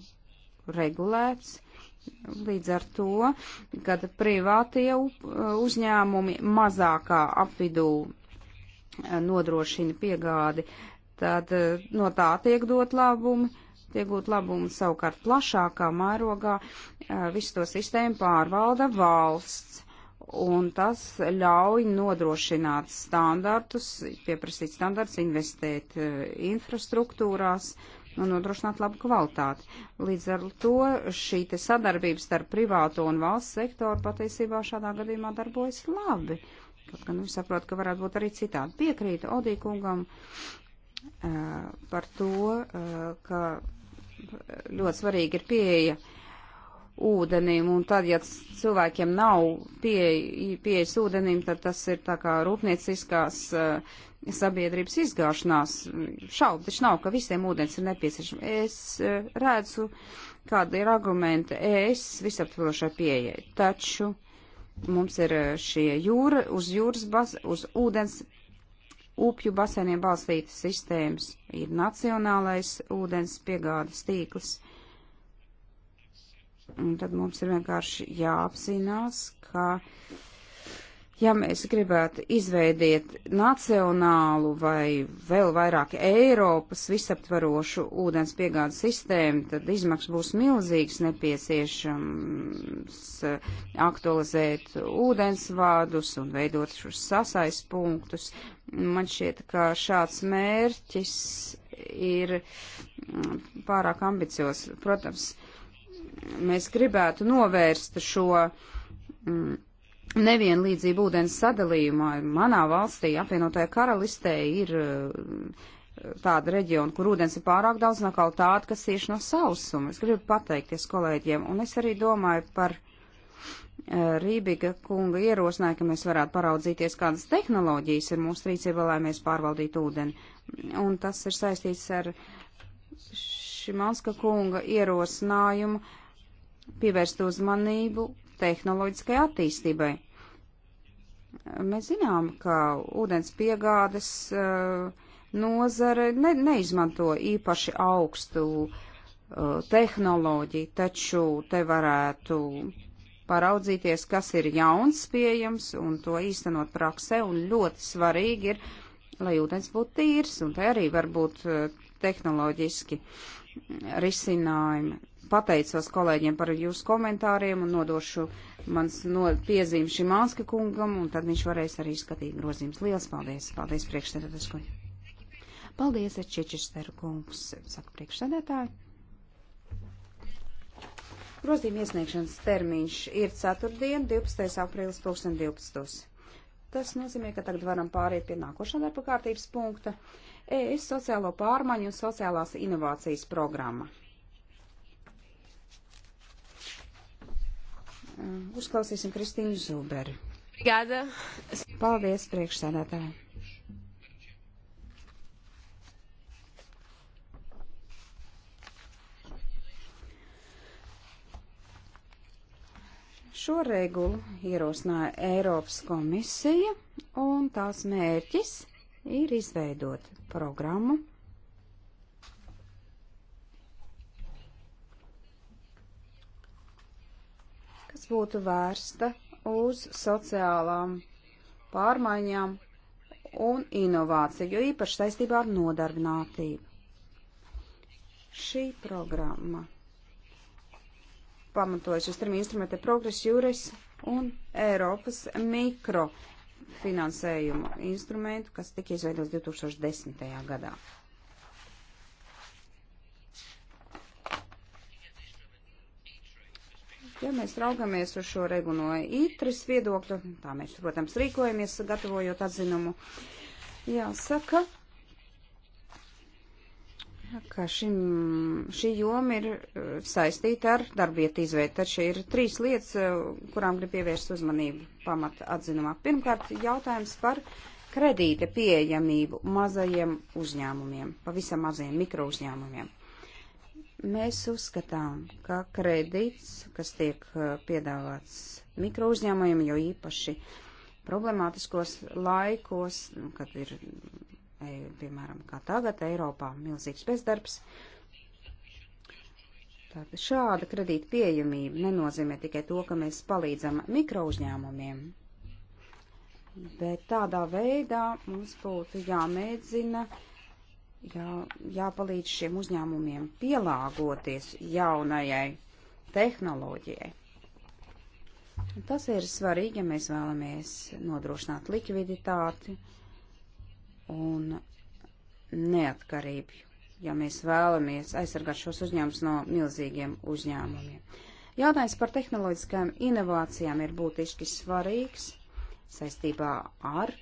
regulēts. Līdz ar to, kad privātie uzņēmumi mazākā apvidū e, nodrošina piegādi, tad e, no tā tiek dot labumi, tiek gūt labumi savukārt plašākā mērogā. E, visu to sistēmu pārvalda valsts un tas ļauj nodrošināt standartus, pieprasīt standartus, investēt e, infrastruktūrās un nodrošināt labu kvalitāti. Līdz ar to šī te sadarbības starp privāto un valsts sektoru patiesībā šādā gadījumā darbojas labi. Kaut gan es saprotu, ka varētu būt arī citādi. Piekrītu Odīkungam uh, e, par to, uh, ka ļoti svarīgi ir pieeja uh, ūdenim, un tad, ja cilvēkiem nav pieejas pie ūdenim, tad tas ir tā kā rūpnieciskās uh, sabiedrības izgāšanās. Šaubu taču nav, ka visiem ūdens ir nepieciešams. Es uh, redzu, kāda ir argumenta es visaptvarošai pieejai, taču mums ir eh, šie jūra, uz jūras, bas, uz ūdens upju basēniem balstītas sistēmas, ir nacionālais ūdens piegādes tīkls Un tad mums ir vienkārši jāapzinās, ka ja mēs gribētu izveidiet nacionālu vai vēl vairāk Eiropas visaptvarošu ūdens piegādes sistēmu, tad izmaksas būs milzīgas nepieciešams eh, aktualizēt ūdens vādus un veidot šos sasais punktus. Man šķiet, ka šāds mērķis ir mm, pārāk ambicios. Protams, mēs gribētu novērst šo mm, nevienlīdzību ūdens sadalījumā. Manā valstī, apvienotajā karalistē, ir eh, tāda reģiona, kur ūdens ir pārāk daudz, nav kaut tāda, kas cieši no sausuma. Es gribu pateikties kolēģiem, un es arī domāju par eh, Rībiga kunga ierosināja, ka mēs varētu paraudzīties, kādas tehnoloģijas ir mūsu rīcībā, lai mēs pārvaldītu ūdeni. Un tas ir saistīts ar Šimanska kunga ierosinājumu pievērst uzmanību tehnoloģiskai attīstībai. Mēs zinām, ka ūdens piegādes uh, nozare ne, neizmanto īpaši augstu uh, tehnoloģiju, taču te varētu paraudzīties, kas ir jauns pieejams un to īstenot praksē, un ļoti svarīgi ir, lai ūdens būtu tīrs, un te arī var būt uh, tehnoloģiski risinājumi pateicos kolēģiem par jūsu komentāriem un nodošu mans no, piezīmes šim Anska kungam, un tad viņš varēs arī skatīt grozījums. Lielas paldies! Paldies, priekšsēdētājs kuņi! Paldies, ir Čečisteru kungs, saka priekšsēdētāji. Grozījuma iesniegšanas termiņš ir ceturtdien, 12. aprīlis 2012. Tas nozīmē, ka tagad varam pāriet pie nākošā darba kārtības punkta. ES sociālo pārmaiņu un sociālās inovācijas programma. Uh, uzklausīsim Kristīnu Zūberi. Gada. Paldies, priekšsēdētāji. Šo regulu ierosināja Eiropas komisija, un tās mērķis ir izveidot programmu kas būtu vērsta uz sociālām pārmaiņām un inovāciju, jo īpaši saistībā ar nodarbinātību. Šī programma pamatojas uz trim instrumentiem progress jūres un Eiropas mikrofinansējumu instrumentu, kas tika izveidots 2010. gadā. Ja mēs raugamies uz šo regulu no itris viedokļa, tā mēs, protams, rīkojamies, gatavojot atzinumu, jāsaka, ka šim, šī joma ir eh, saistīta ar darbvietu izveidu. Taču ir trīs lietas, eh, kurām grib pievērst uzmanību pamata atzinumā. Pirmkārt, jautājums par kredīta pieejamību mazajiem uzņēmumiem, pavisam mazajiem mikrouzņēmumiem. Mēs uzskatām, ka kredīts, kas tiek uh, piedāvāts mikrouzņēmumiem, jo īpaši problemātiskos laikos, nu, kad ir, e, piemēram, kā tagad Eiropā, milzīgs bezdarbs, Tātad šāda kredīta pieejamība nenozīmē tikai to, ka mēs palīdzam mikrouzņēmumiem, bet tādā veidā mums būtu jāmēģina uh, jā, jāpalīdz šiem uzņēmumiem pielāgoties jaunajai tehnoloģijai. Un tas ir svarīgi, ja mēs vēlamies nodrošināt likviditāti un neatkarību, ja mēs vēlamies aizsargāt šos uzņēmumus no milzīgiem uzņēmumiem. Jautājums par tehnoloģiskajām inovācijām ir būtiski svarīgs saistībā ar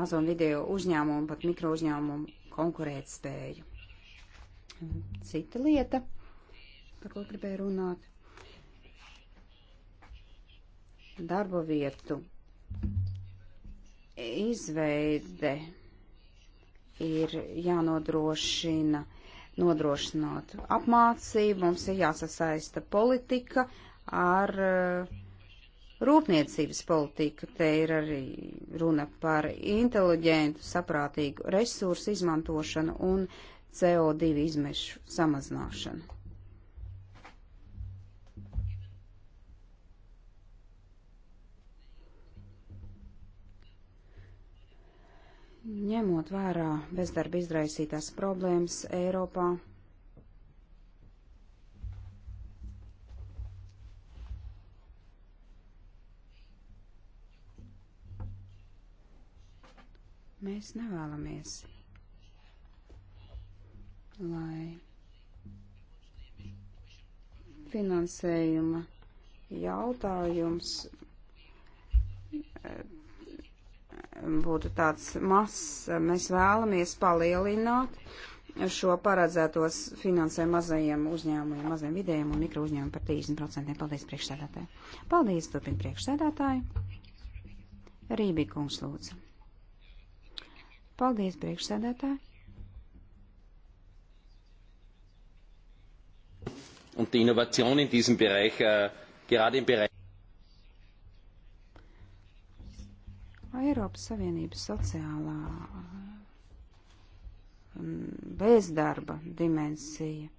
mazo un video uzņēmumu, pat mikro uzņēmumu konkurētspēju. Cita lieta, par ko gribēju runāt, darba vietu izveide ir jānodrošina, nodrošināt apmācību, mums ir jāsasaista politika ar uh, rūpniecības politika. Te ir arī runa par inteliģentu, saprātīgu resursu izmantošanu un CO2 izmešu samazināšanu. Ņemot vērā bezdarba izraisītās problēmas Eiropā, Mēs nevēlamies, lai finansējuma jautājums eh, būtu tāds mazs. Mēs vēlamies palielināt šo paredzētos finansējumu mazajiem uzņēmumiem, mazajiem vidējiem un mikro uzņēmumiem par 30%. Paldies priekšsēdētāji. Paldies, turpin priekšsēdētāji. Rībīkungs lūdzu. Paldies, priekšsēdētāji! Und die Innovation in diesem Bereich, äh, gerade im Bereich. Eiropas Savienības sociālā mm, bezdarba dimensija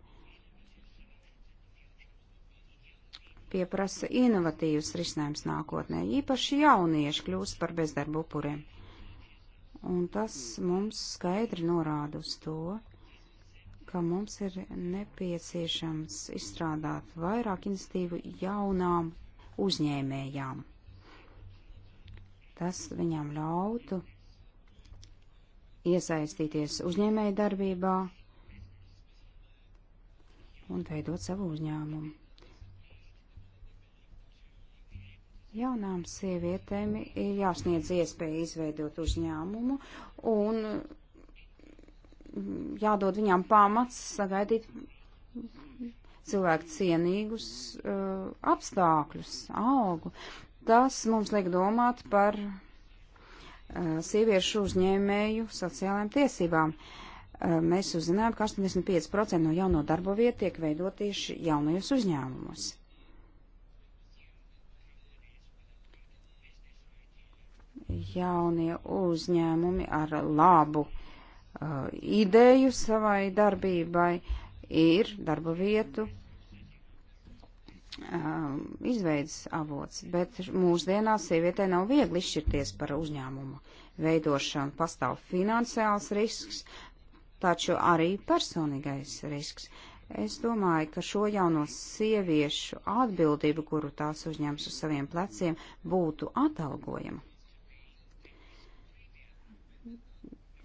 pieprasa inovatīvas risinājums nākotnē, īpaši jaunieši kļūst par bezdarbu upuriem. Un tas mums skaidri norāda uz to, ka mums ir nepieciešams izstrādāt vairāk institīvu jaunām uzņēmējām. Tas viņām ļautu iesaistīties uzņēmēju darbībā un veidot savu uzņēmumu. Jaunām sievietēm ir jāsniedz iespēja izveidot uzņēmumu un mm, jādod viņām pamats sagaidīt cilvēku cienīgus uh, apstākļus, algu. Tas mums liek domāt par uh, sieviešu uzņēmēju sociālajām tiesībām. Uh, mēs uzzinājām, ka 85% no jauno darbo vietu tiek veidot tieši jaunajos uzņēmumos. jaunie uzņēmumi ar labu uh, ideju savai darbībai ir darba vietu uh, um, izveids avots, bet mūsdienās sievietē nav viegli izšķirties par uzņēmumu veidošanu. Pastāv finansiāls risks, taču arī personīgais risks. Es domāju, ka šo jauno sieviešu atbildību, kuru tās uzņems uz saviem pleciem, būtu atalgojama.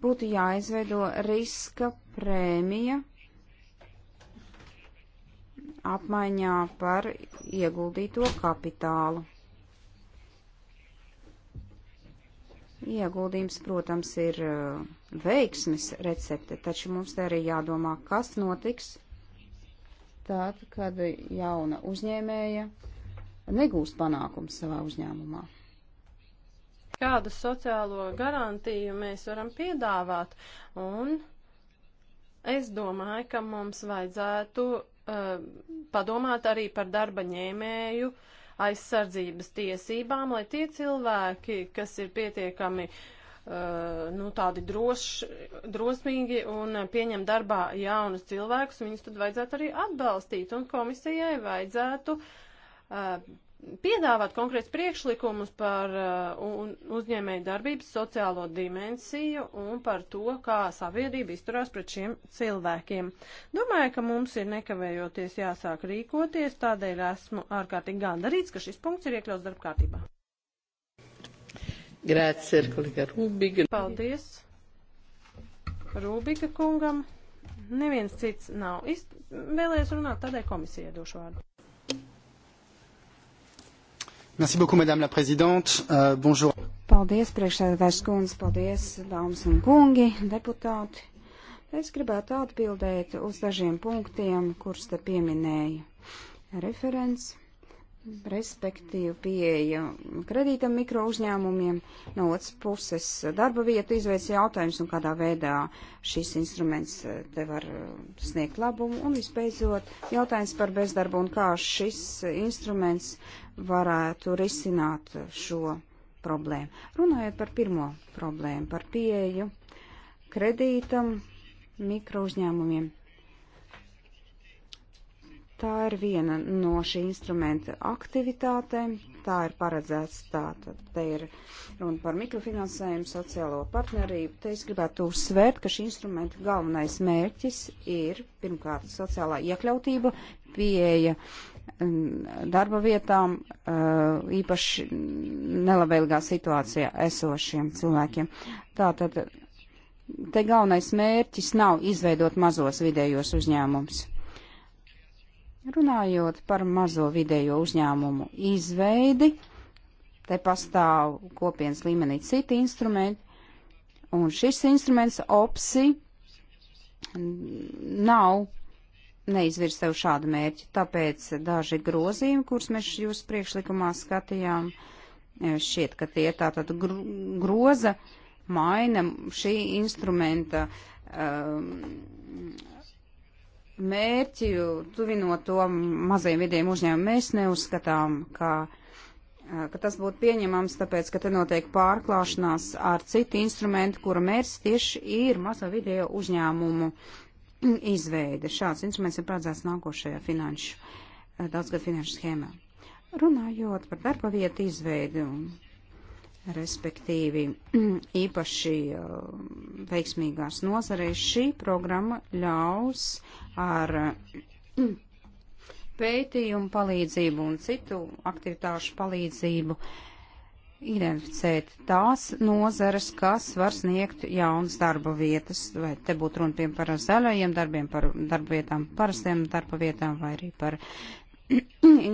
būtu jāizveido riska prēmija apmaiņā par ieguldīto kapitālu. Ieguldījums, protams, ir uh, veiksmes recepte, taču mums te arī jādomā, kas notiks tad, kad jauna uzņēmēja negūst panākumu savā uzņēmumā kādu sociālo garantiju mēs varam piedāvāt. Un es domāju, ka mums vajadzētu uh, padomāt arī par darba ņēmēju aizsardzības tiesībām, lai tie cilvēki, kas ir pietiekami uh, Uh, nu, tādi droši, drosmīgi un pieņem darbā jaunus cilvēkus, viņus tad vajadzētu arī atbalstīt, un komisijai vajadzētu uh, piedāvāt konkrēts priekšlikumus par uh, uzņēmēju darbības sociālo dimensiju un par to, kā sabiedrība izturās pret šiem cilvēkiem. Domāju, ka mums ir nekavējoties jāsāk rīkoties, tādēļ esmu ārkārtīgi gandarīts, ka šis punkts ir iekļauts darbkārtībā. Grāci ir kolēģa Rūbiga. Paldies Rūbiga kungam. Neviens cits nav. Es vēlējos runāt, tādēļ komisijai došu vārdu. Merci beaucoup, Madame la Présidente. Uh, bonjour. Paldies, priekšsēdētājs kundze, paldies, dāmas un kungi, deputāti. Es gribētu atbildēt uz dažiem punktiem, kurus te pieminēja referents respektīvi pieeja kredītam mikro uzņēmumiem, no otras puses darba vietu izveids jautājums un kādā veidā šis instruments eh, te var eh, sniegt labumu, un visbeidzot jautājums par bezdarbu un kā šis instruments varētu risināt šo problēmu. Runājot par pirmo problēmu, par pieeju kredītam mikro uzņēmumiem Tā ir viena no šī instrumenta aktivitātēm. Tā ir paredzēts tātad. Te ir runa par mikrofinansējumu, sociālo partnerību. Te es gribētu uzsvērt, ka šī instrumenta galvenais mērķis ir pirmkārt sociālā iekļautība, pieeja mm, darba vietām, īpaši nelabvēlīgā situācijā esošiem cilvēkiem. Tātad te galvenais mērķis nav izveidot mazos vidējos uzņēmumus Runājot par mazo vidējo uzņēmumu izveidi, te pastāv kopienas līmenī citi instrumenti, un šis instruments OPSI nav neizvirs sev šādu mērķi, tāpēc daži grozījumi, kurus mēs jūsu priekšlikumā skatījām, eh, šķiet, ka tie tātad groza, maina šī instrumenta um, mērķi, tuvinot to mazajiem vidiem uzņēmumiem, mēs neuzskatām, ka, eh, ka tas būtu pieņemams, tāpēc, ka te notiek pārklāšanās ar citu instrumentu, kura mērķis tieši ir mazo video uzņēmumu izveide. Šāds instruments ir paredzēts nākošajā finanšu, eh, daudzgad finanšu schēmā. Runājot par darba vietu izveidu un respektīvi īpaši um, veiksmīgās nozarēs, šī programma ļaus ar pētījumu palīdzību un citu aktivitāšu palīdzību identificēt tās nozares, kas var sniegt jaunas darba vietas, vai te būtu runa piemēram par zaļajiem darbiem, par darba vietām, parastiem darba vietām, vai arī par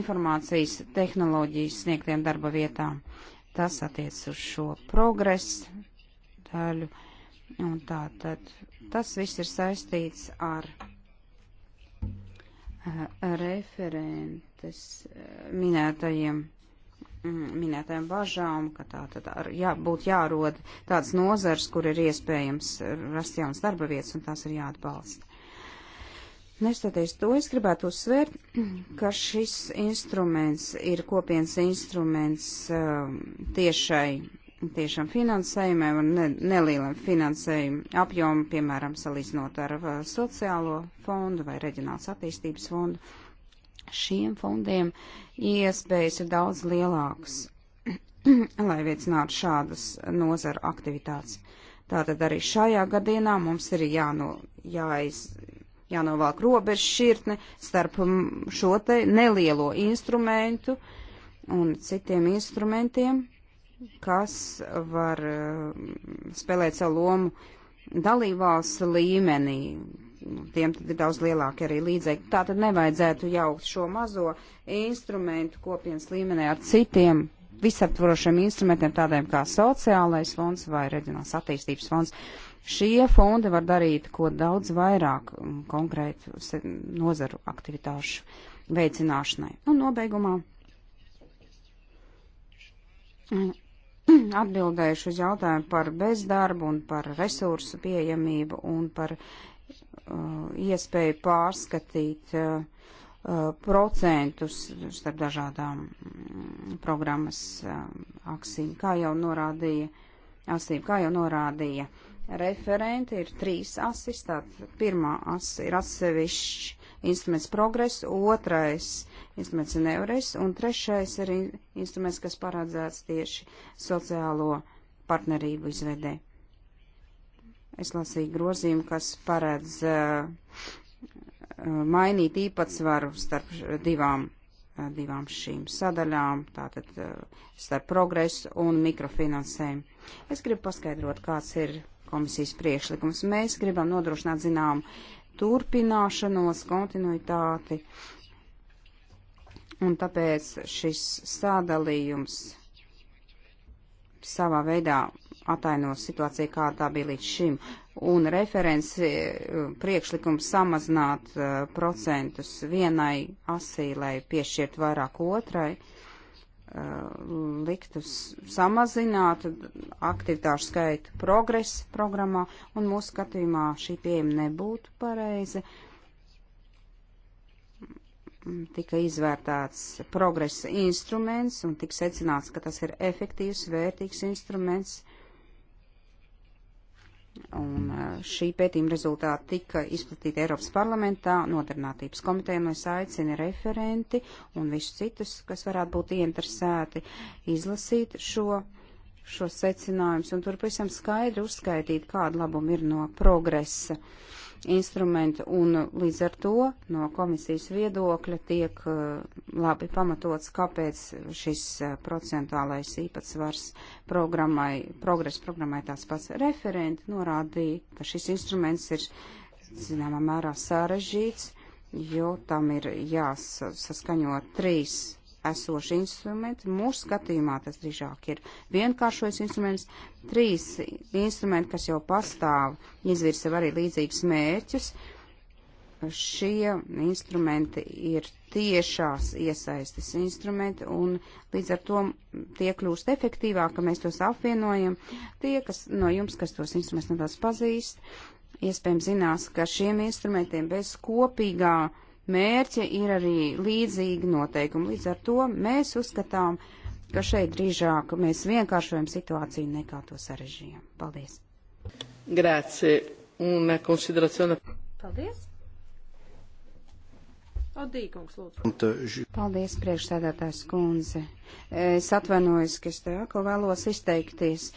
informācijas tehnoloģijas sniegtiem darba vietām. Uh, Tas attiec uz šo progresu daļu. Un tā tad tas viss ir saistīts ar eh, referentes eh, minētajiem mm, minētajām bažām, ka tā tad ar, jā, būtu jārod tāds nozars, kur ir iespējams rast jaunas darba vietas, un tās ir jāatbalsta. Nestoties to, es gribētu uzsvērt, ka šis instruments ir kopienas instruments um, tiešai, tiešām finansējumai un ne, nelielam finansējumu apjomu, piemēram, salīdzinot ar uh, sociālo fondu vai reģionāls attīstības fondu. Šiem fondiem iespējas ir daudz lielākas, lai veicinātu šādas nozaru aktivitātes. Tātad arī šajā gadienā mums ir jāno, jāiz, jānovāk robežšķirtne starp mm, šo te nelielo instrumentu un citiem instrumentiem, kas var mm, spēlēt savu lomu dalībvalsts līmenī. Nu, tiem tad ir daudz lielāki arī līdzekļi. Tā tad nevajadzētu jaukt šo mazo instrumentu kopienas līmenī ar citiem visaptvarošiem instrumentiem, tādiem kā sociālais fonds vai reģionāls attīstības fonds. Uh, Šie fondi var darīt ko daudz vairāk um, konkrētu nozaru aktivitāšu veicināšanai. Un nobeigumā atbildējuši uz jautājumu par bezdarbu un par resursu pieejamību un par uh, iespēju pārskatīt uh, uh procentus starp dažādām mm, programmas uh, aksīm, kā jau norādīja, asīm, kā jau norādīja referenti, ir trīs asis. Tātad pirmā asis ir atsevišķi instruments progress, otrais instruments ir neures, un trešais ir instruments, kas parādzēts tieši sociālo partnerību izvedē. Es lasīju grozījumu, kas paredz uh, mainīt īpatsvaru starp divām, uh, divām šīm sadaļām, tātad uh, starp progresu un mikrofinansēm. Es gribu paskaidrot, kāds ir komisijas priekšlikums. Mēs gribam nodrošināt zinām turpināšanos, kontinuitāti, un tāpēc šis sādalījums savā veidā ataino situāciju, kā tā bija līdz šim, un referenci e, priekšlikums samazināt e, procentus vienai asī, lai piešķirt vairāk otrai. Uh, liktu samazināt aktivitāšu skaitu progresa programmā, un mūsu skatījumā šī pieejama nebūtu pareiza. Tika izvērtāts progresa instruments, un tika secināts, ka tas ir efektīvs, vērtīgs instruments. Uh, Un šī pētījuma rezultāti tika izplatīti Eiropas parlamentā, nodarbinātības komiteja, un es aicinu referenti un visus citus, kas varētu būt ieinteresēti, izlasīt šo, šo secinājumus un tur pavisam skaidri uzskaitīt, kāda labuma ir no progresa. Uh, instrumentu, un līdz ar to no komisijas viedokļa tiek uh, labi pamatots, kāpēc šis uh, procentuālais īpatsvars programmai, progresa programmai tās pats referenti norādīja, ka šis instruments ir, zināmā mērā, sarežģīts, jo tam ir jāsaskaņo trīs esoši instrumenti. Mūsu skatījumā tas drīzāk ir vienkāršojas instruments. Trīs instrumenti, kas jau pastāv, izvirsa arī līdzīgus mērķus. Šie instrumenti ir tiešās iesaistes instrumenti, un līdz ar to tie kļūst efektīvāk, ka mēs tos apvienojam. Tie, kas no jums, kas tos instrumentus nedaudz pazīst, iespējams zinās, ka šiem instrumentiem bez kopīgā uh, mērķi ir arī līdzīgi noteikumi. Līdz ar to mēs uzskatām, ka šeit drīzāk mēs vienkāršojam situāciju nekā to sarežģījām. Paldies! Grācie un konsideraciona. Paldies! Odīgums, lūdzu. Paldies, priekšsēdētājs kundze. Es atvainojos, ka es te atkal vēlos izteikties,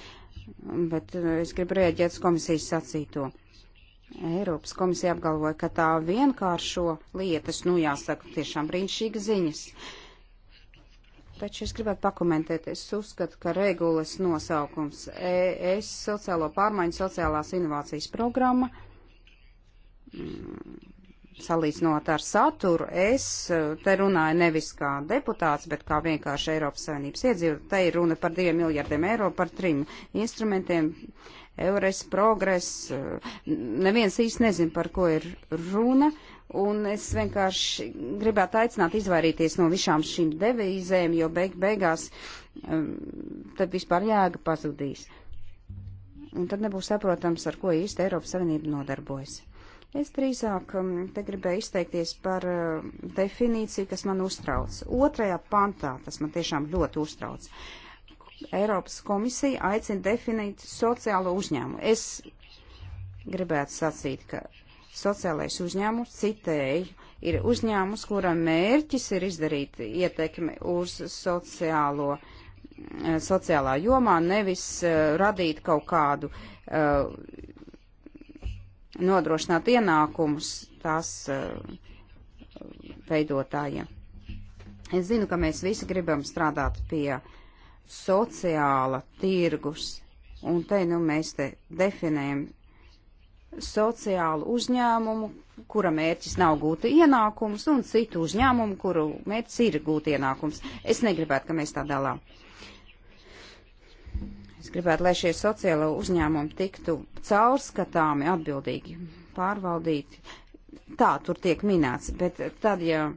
bet eh, es gribu rēģēt komisijas sacīto. Eiropas komisija apgalvoja, ka tā vienkāršo lietas, nu jāsaka, tiešām brīnišķīga ziņas. Taču es gribētu pakomentēt, es uzskatu, ka regulas nosaukums ES sociālo pārmaiņu sociālās inovācijas programma, mm, salīdzinot ar saturu, es te runāju nevis kā deputāts, bet kā vienkārši Eiropas Savienības iedzīvotāji, te ir runa par diviem miljardiem eiro, par trim instrumentiem. Uh, Eures progress, eh, neviens īsti nezin, par ko ir runa, un es vienkārši gribētu aicināt izvairīties no visām šīm devīzēm, jo beig beigās eh, tad vispār jēga pazudīs. Un tad nebūs saprotams, ar ko īsti Eiropas Savienība nodarbojas. Es drīzāk mm, te gribēju izteikties par eh, definīciju, kas man uztrauc. Otrajā pantā tas man tiešām ļoti uztrauc. Eiropas komisija aicina definēt sociālo uzņēmumu. Es gribētu sacīt, ka sociālais uzņēmums citēji ir uzņēmums, kura mērķis ir izdarīt ietekmi uz sociālo, eh, sociālā jomā, nevis uh, radīt kaut kādu uh, nodrošināt ienākumus tās uh, veidotājiem. Es zinu, ka mēs visi gribam strādāt pie uh, sociāla tirgus. Un te nu mēs te definējam sociālu uzņēmumu, kura mērķis nav gūt ienākums, un citu uzņēmumu, kuru mērķis ir gūt ienākums. Es negribētu, ka mēs tā dalām. Es gribētu, lai šie sociālo uzņēmumi tiktu caurskatāmi, atbildīgi pārvaldīti. Tā tur tiek minēts, bet tad, ja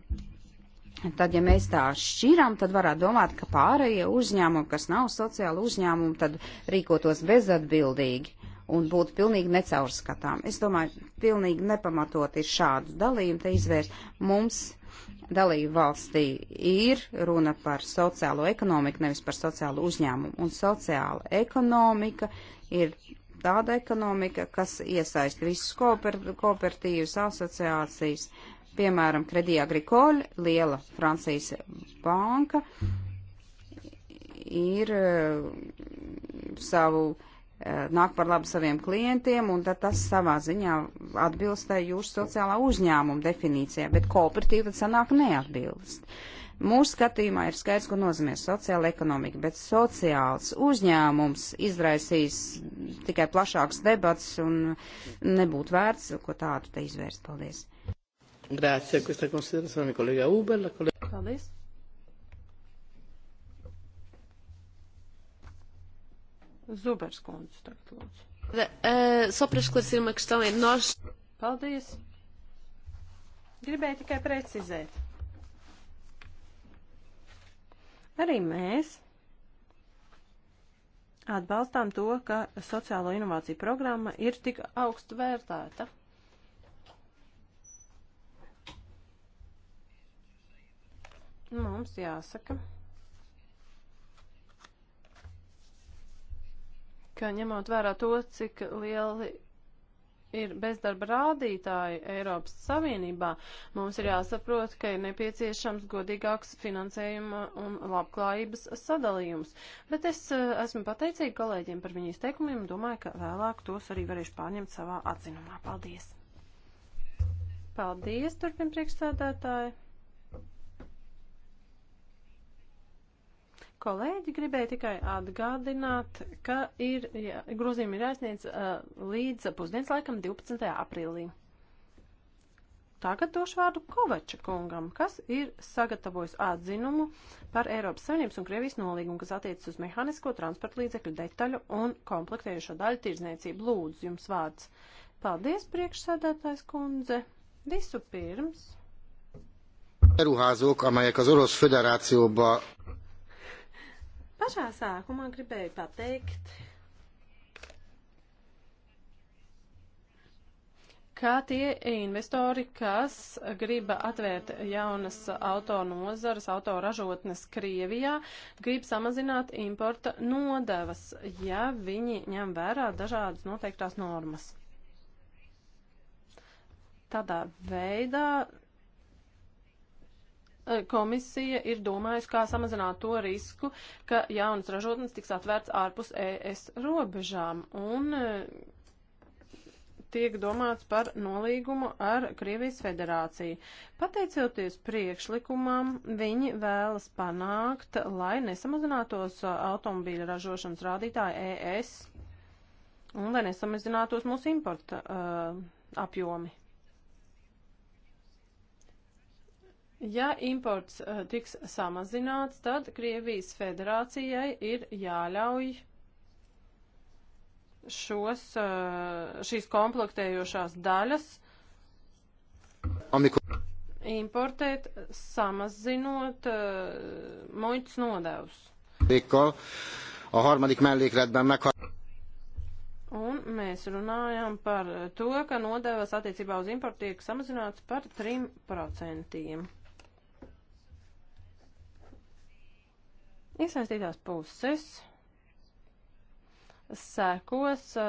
Tad, ja mēs tā šķiram, tad varētu domāt, ka pārējie uzņēmumi, kas nav sociāli uzņēmumi, tad rīkotos bezatbildīgi un būtu pilnīgi necaurskatām. Es domāju, pilnīgi nepamatot ir šādu dalījumu te izvērst. Mums dalību valstī ir runa par sociālo ekonomiku, nevis par sociālu uzņēmumu. Un sociāla ekonomika ir tāda ekonomika, kas iesaist visus kooper, kooperatīvas asociācijas. Uh, Piemēram, Credit Agricole, liela Francijas banka, ir eh, savu eh, nāk par labu saviem klientiem, un tad tas savā ziņā atbilst jūsu sociālā uzņēmuma definīcijā, bet kooperatīva tad sanāk neatbilst. Mūsu skatījumā ir skaidrs, ko nozīmē sociāla ekonomika, bet sociāls uzņēmums izraisīs tikai plašāks debats un nebūtu vērts, ko tādu te izvērst. Paldies! Grazie a questa considerazione, collega Uber. La collega... Paldies. Zubers kundze, tagad lūdzu. Uh, só para esclarecer uma questão, é nós. Paldies. Gribēju tikai precizēt. Arī mēs atbalstām to, ka sociālo inovāciju programma ir tik augstu vērtēta. mums jāsaka, ka ņemot vērā to, cik lieli ir bezdarba rādītāji Eiropas Savienībā, mums ir jāsaprot, ka ir nepieciešams godīgāks finansējuma un labklājības sadalījums. Bet es eh, esmu pateicīga kolēģiem par viņu izteikumiem un domāju, ka vēlāk tos arī varēšu pārņemt savā atzinumā. Paldies! Paldies, turpin priekšsēdētāji! Kolēģi gribēja tikai atgādināt, ka ir, jā, grozījumi ir jāsniedz uh, līdz pusdienas laikam 12. aprīlī. Tagad došu vārdu Kovača kungam, kas ir sagatavojis atzinumu par Eiropas Savienības un Krievijas nolīgumu, kas attiecas uz mehānisko transporta līdzekļu detaļu un komplektējušo daļu tirdzniecību. Lūdzu, jums vārds. Paldies, priekšsēdētājs kundze. Visu pirms. Beruházók, amelyek az Orosz Föderációba Pašā sākumā gribēju pateikt, kā tie investori, kas grib atvērt jaunas auto nozares, auto ražotnes Krievijā, grib samazināt importa nodevas, ja viņi ņem vērā dažādas noteiktās normas. Tādā veidā Eh, komisija ir domājusi, kā samazināt to risku, ka jaunas ražotnes tiks atvērts ārpus ES robežām. Un eh, tiek domāts par nolīgumu ar Krievijas federāciju. Pateicoties priekšlikumam, viņi vēlas panākt, lai nesamazinātos eh, automobīļa ražošanas rādītāji ES un lai nesamazinātos mūsu importa uh, apjomi. Ja imports uh, tiks samazināts, tad Krievijas federācijai ir jāļauj šos, uh, šīs komplektējošās daļas importēt, samazinot uh, muitas nodevus. A harmadik mellékletben meghal. Un mēs runājam par to, ka nodevas attiecībā uz importu tiek samazināts par 3%. Iesaistītās puses sekos uh,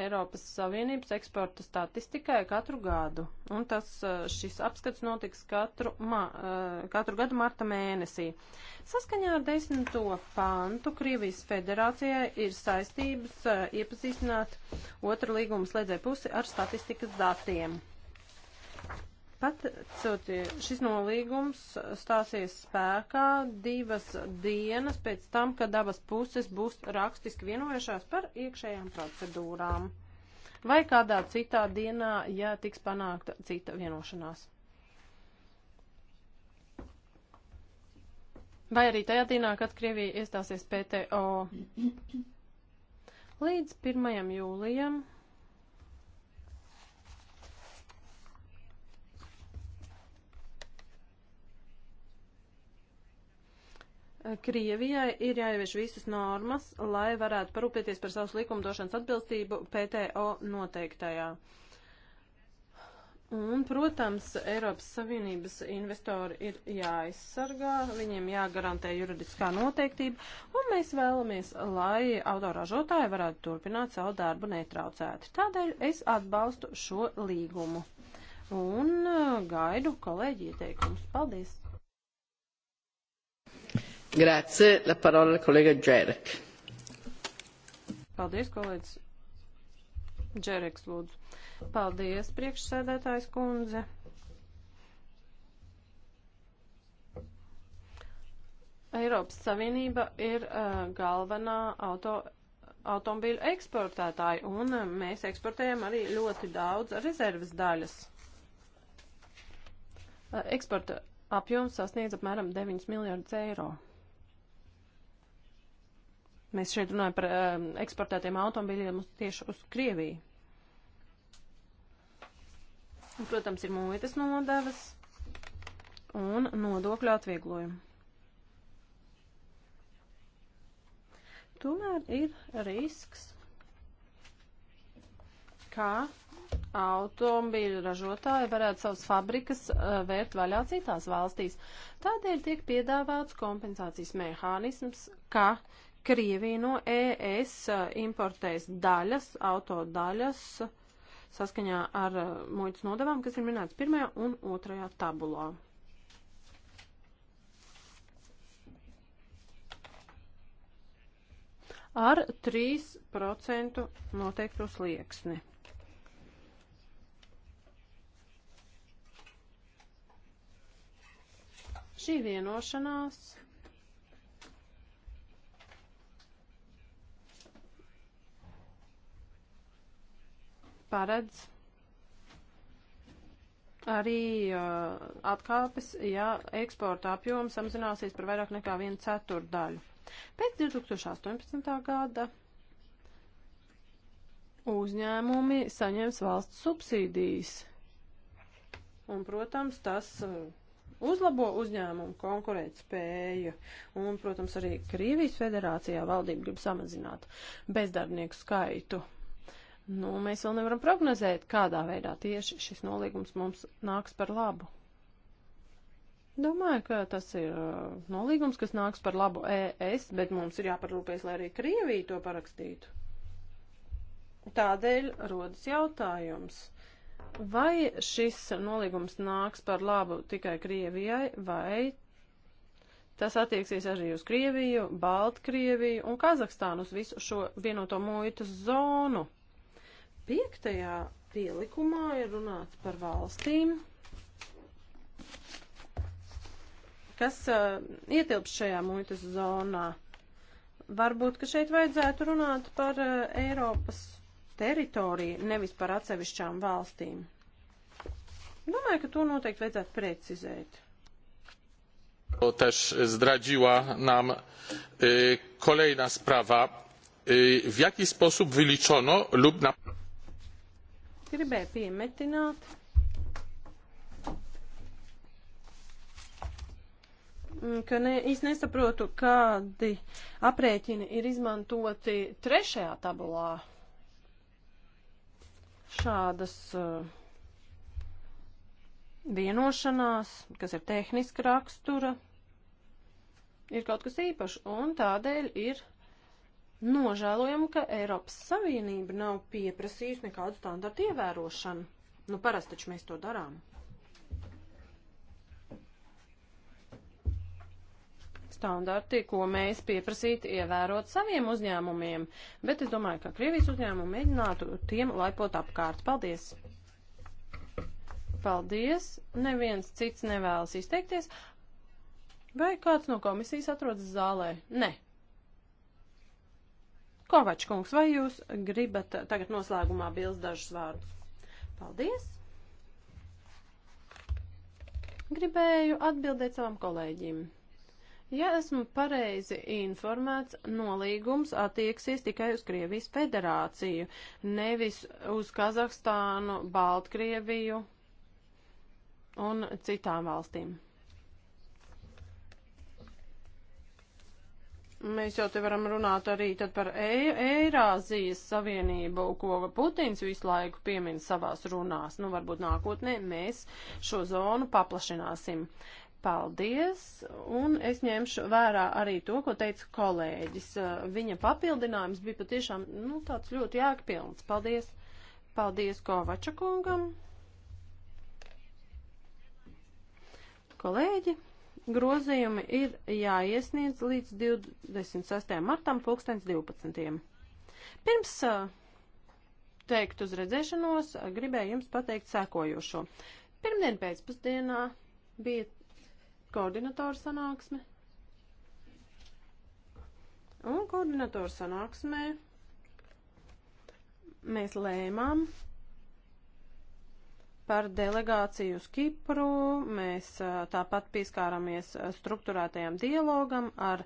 Eiropas Savienības eksporta statistikai katru gadu. Un tas, uh, šis apskats notiks katru, ma, uh, katru gadu marta mēnesī. Saskaņā ar desmito pantu Krievijas federācijai ir saistības uh, iepazīstināt otru līgumu slēdzē pusi ar statistikas datiem. Pat šis nolīgums stāsies spēkā divas dienas pēc tam, kad abas puses būs rakstiski vienojušās par iekšējām procedūrām vai kādā citā dienā, ja tiks panākta cita vienošanās. Vai arī tajā dienā, kad Krievija iestāsies PTO. Līdz 1. jūlijam Eh, Krievijai ir jāievieš visas normas, lai varētu parūpēties par savas likumdošanas atbilstību PTO noteiktajā. Un, protams, Eiropas Savienības investori ir jāaizsargā, viņiem jāgarantē juridiskā noteiktība, un mēs vēlamies, lai autoražotāji varētu turpināt savu darbu netraucēti. Tādēļ es atbalstu šo līgumu un eh, gaidu kolēģi ieteikumus. Paldies! Grazie, la parola kolega Džerek. Paldies, kolēģis. Džereks, lūdzu. Paldies, priekšsēdētājs kundze. Eiropas Savienība ir uh, galvenā auto, automobīļu eksportētāja, un uh, mēs eksportējam arī ļoti daudz rezerves daļas. Uh, eksporta apjoms sasniedz apmēram 9 miljardus eiro. Mēs šeit runājam par um, eksportētiem automobiļiem tieši uz Krieviju. Un, protams, ir muitas nodevas un nodokļu atvieglojumu. Tomēr ir risks, kā automobīļu ražotāji varētu savas fabrikas uh, vērt vaļā citās valstīs. Tādēļ tiek piedāvāts kompensācijas mehānisms, ka uh, Krievija no ES importēs daļas, autodaļas saskaņā ar muitas nodevām, kas ir minēts pirmajā un otrajā tabulā. Ar 3% noteiktu slieksni. Šī vienošanās paredz arī uh, atkāpes, ja eksporta apjoms samazināsies par vairāk nekā 1 ceturdaļu. Pēc 2018. gada uzņēmumi saņems valsts subsīdijas. Un, protams, tas uh, uzlabo uzņēmumu konkurētspēju. Un, protams, arī Krievijas federācijā valdība grib samazināt bezdarbnieku skaitu. Nu, mēs vēl nevaram prognozēt, kādā veidā tieši šis nolīgums mums nāks par labu. Domāju, ka tas ir uh, nolīgums, kas nāks par labu ES, bet mums ir jāparūpēs, lai arī Krievija to parakstītu. Tādēļ rodas jautājums, vai šis nolīgums nāks par labu tikai Krievijai, vai tas attieksies arī uz Krieviju, Baltkrieviju un Kazahstānu uz visu šo vienoto muitas zonu. Piektajā pielikumā ir runāts par valstīm, kas uh, ietilpst šajā muitas zonā. Varbūt, ka šeit vajadzētu runāt par uh, Eiropas teritoriju, nevis par atsevišķām valstīm. Domāju, ka to noteikti vajadzētu precizēt. To też zdradziła nam y, e, kolejna sprawa, y, e, w jaki sposób wyliczono lub na... Gribēju piemetināt, mm, ka ne, es nesaprotu, kādi aprēķini ir izmantoti trešajā tabulā. Šādas uh, vienošanās, kas ir tehniska rakstura, ir kaut kas īpašs, un tādēļ ir Nožēlojam, ka Eiropas Savienība nav pieprasījusi nekādu standartu ievērošanu. Nu, parasti taču mēs to darām. Standarti, ko mēs pieprasītu ievērot saviem uzņēmumiem, bet es domāju, ka Krievijas uzņēmumu mēģinātu tiem laipot apkārt. Paldies! Paldies! Neviens cits nevēlas izteikties. Vai kāds no komisijas atrodas zālē? Nē. Ne. Kovač kungs, vai jūs gribat tagad noslēgumā bilst dažus vārdus? Paldies! Gribēju atbildēt savam kolēģim. Ja esmu pareizi informēts, nolīgums attieksies tikai uz Krievijas federāciju, nevis uz Kazahstānu, Baltkrieviju un citām valstīm. Mēs jau te varam runāt arī tad par e Eirāzijas savienību, ko Putins visu laiku piemin savās runās. Nu, varbūt nākotnē mēs šo zonu paplašināsim. Paldies, un es ņemšu vērā arī to, ko teica kolēģis. Viņa papildinājums bija patiešām, nu, tāds ļoti jēgpilns. Paldies, paldies Kovača kungam. Kolēģi. Grozījumi ir jāiesniedz līdz 26. martam 2012. Pirms teikt uz redzēšanos, gribēju jums pateikt sēkojošo. Pirmdien pēcpusdienā bija koordinatora sanāksme. Un koordinatora sanāksmē mēs lēmām par delegāciju uz Kipru. Mēs tāpat pieskāramies struktūrētajam dialogam ar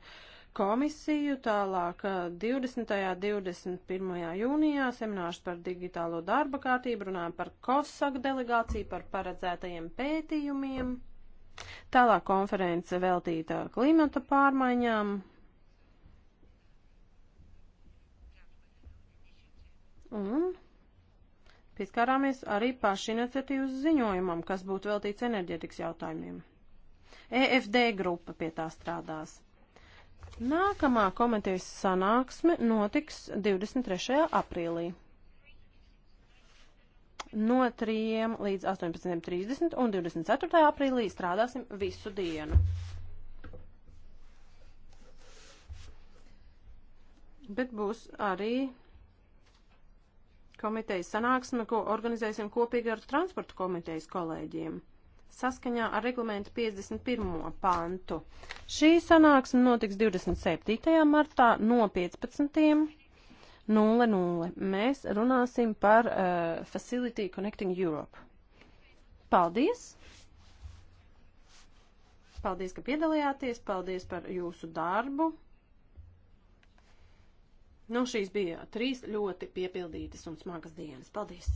komisiju. Tālāk 20. 21. jūnijā seminārs par digitālo darba kārtību runājam par COSAK delegāciju, par paredzētajiem pētījumiem. Tālāk konference veltīta klimata pārmaiņām. Un Pieskārāmies arī pašiniciatīvas ziņojumam, kas būtu veltīts enerģetikas jautājumiem. EFD grupa pie tā strādās. Nākamā komitejas sanāksme notiks 23. aprīlī no 3 līdz 18.30 un 24. aprīlī strādāsim visu dienu. Bet būs arī komitejas sanāksme, ko organizēsim kopīgi ar transporta komitejas kolēģiem saskaņā ar reglamentu 51. pantu. Šī sanāksme notiks 27. martā no 15.00. Mēs runāsim par uh, Facility Connecting Europe. Paldies! Paldies, ka piedalījāties, paldies par jūsu darbu! Nu, šīs bija trīs ļoti piepildītas un smagas dienas. Paldies!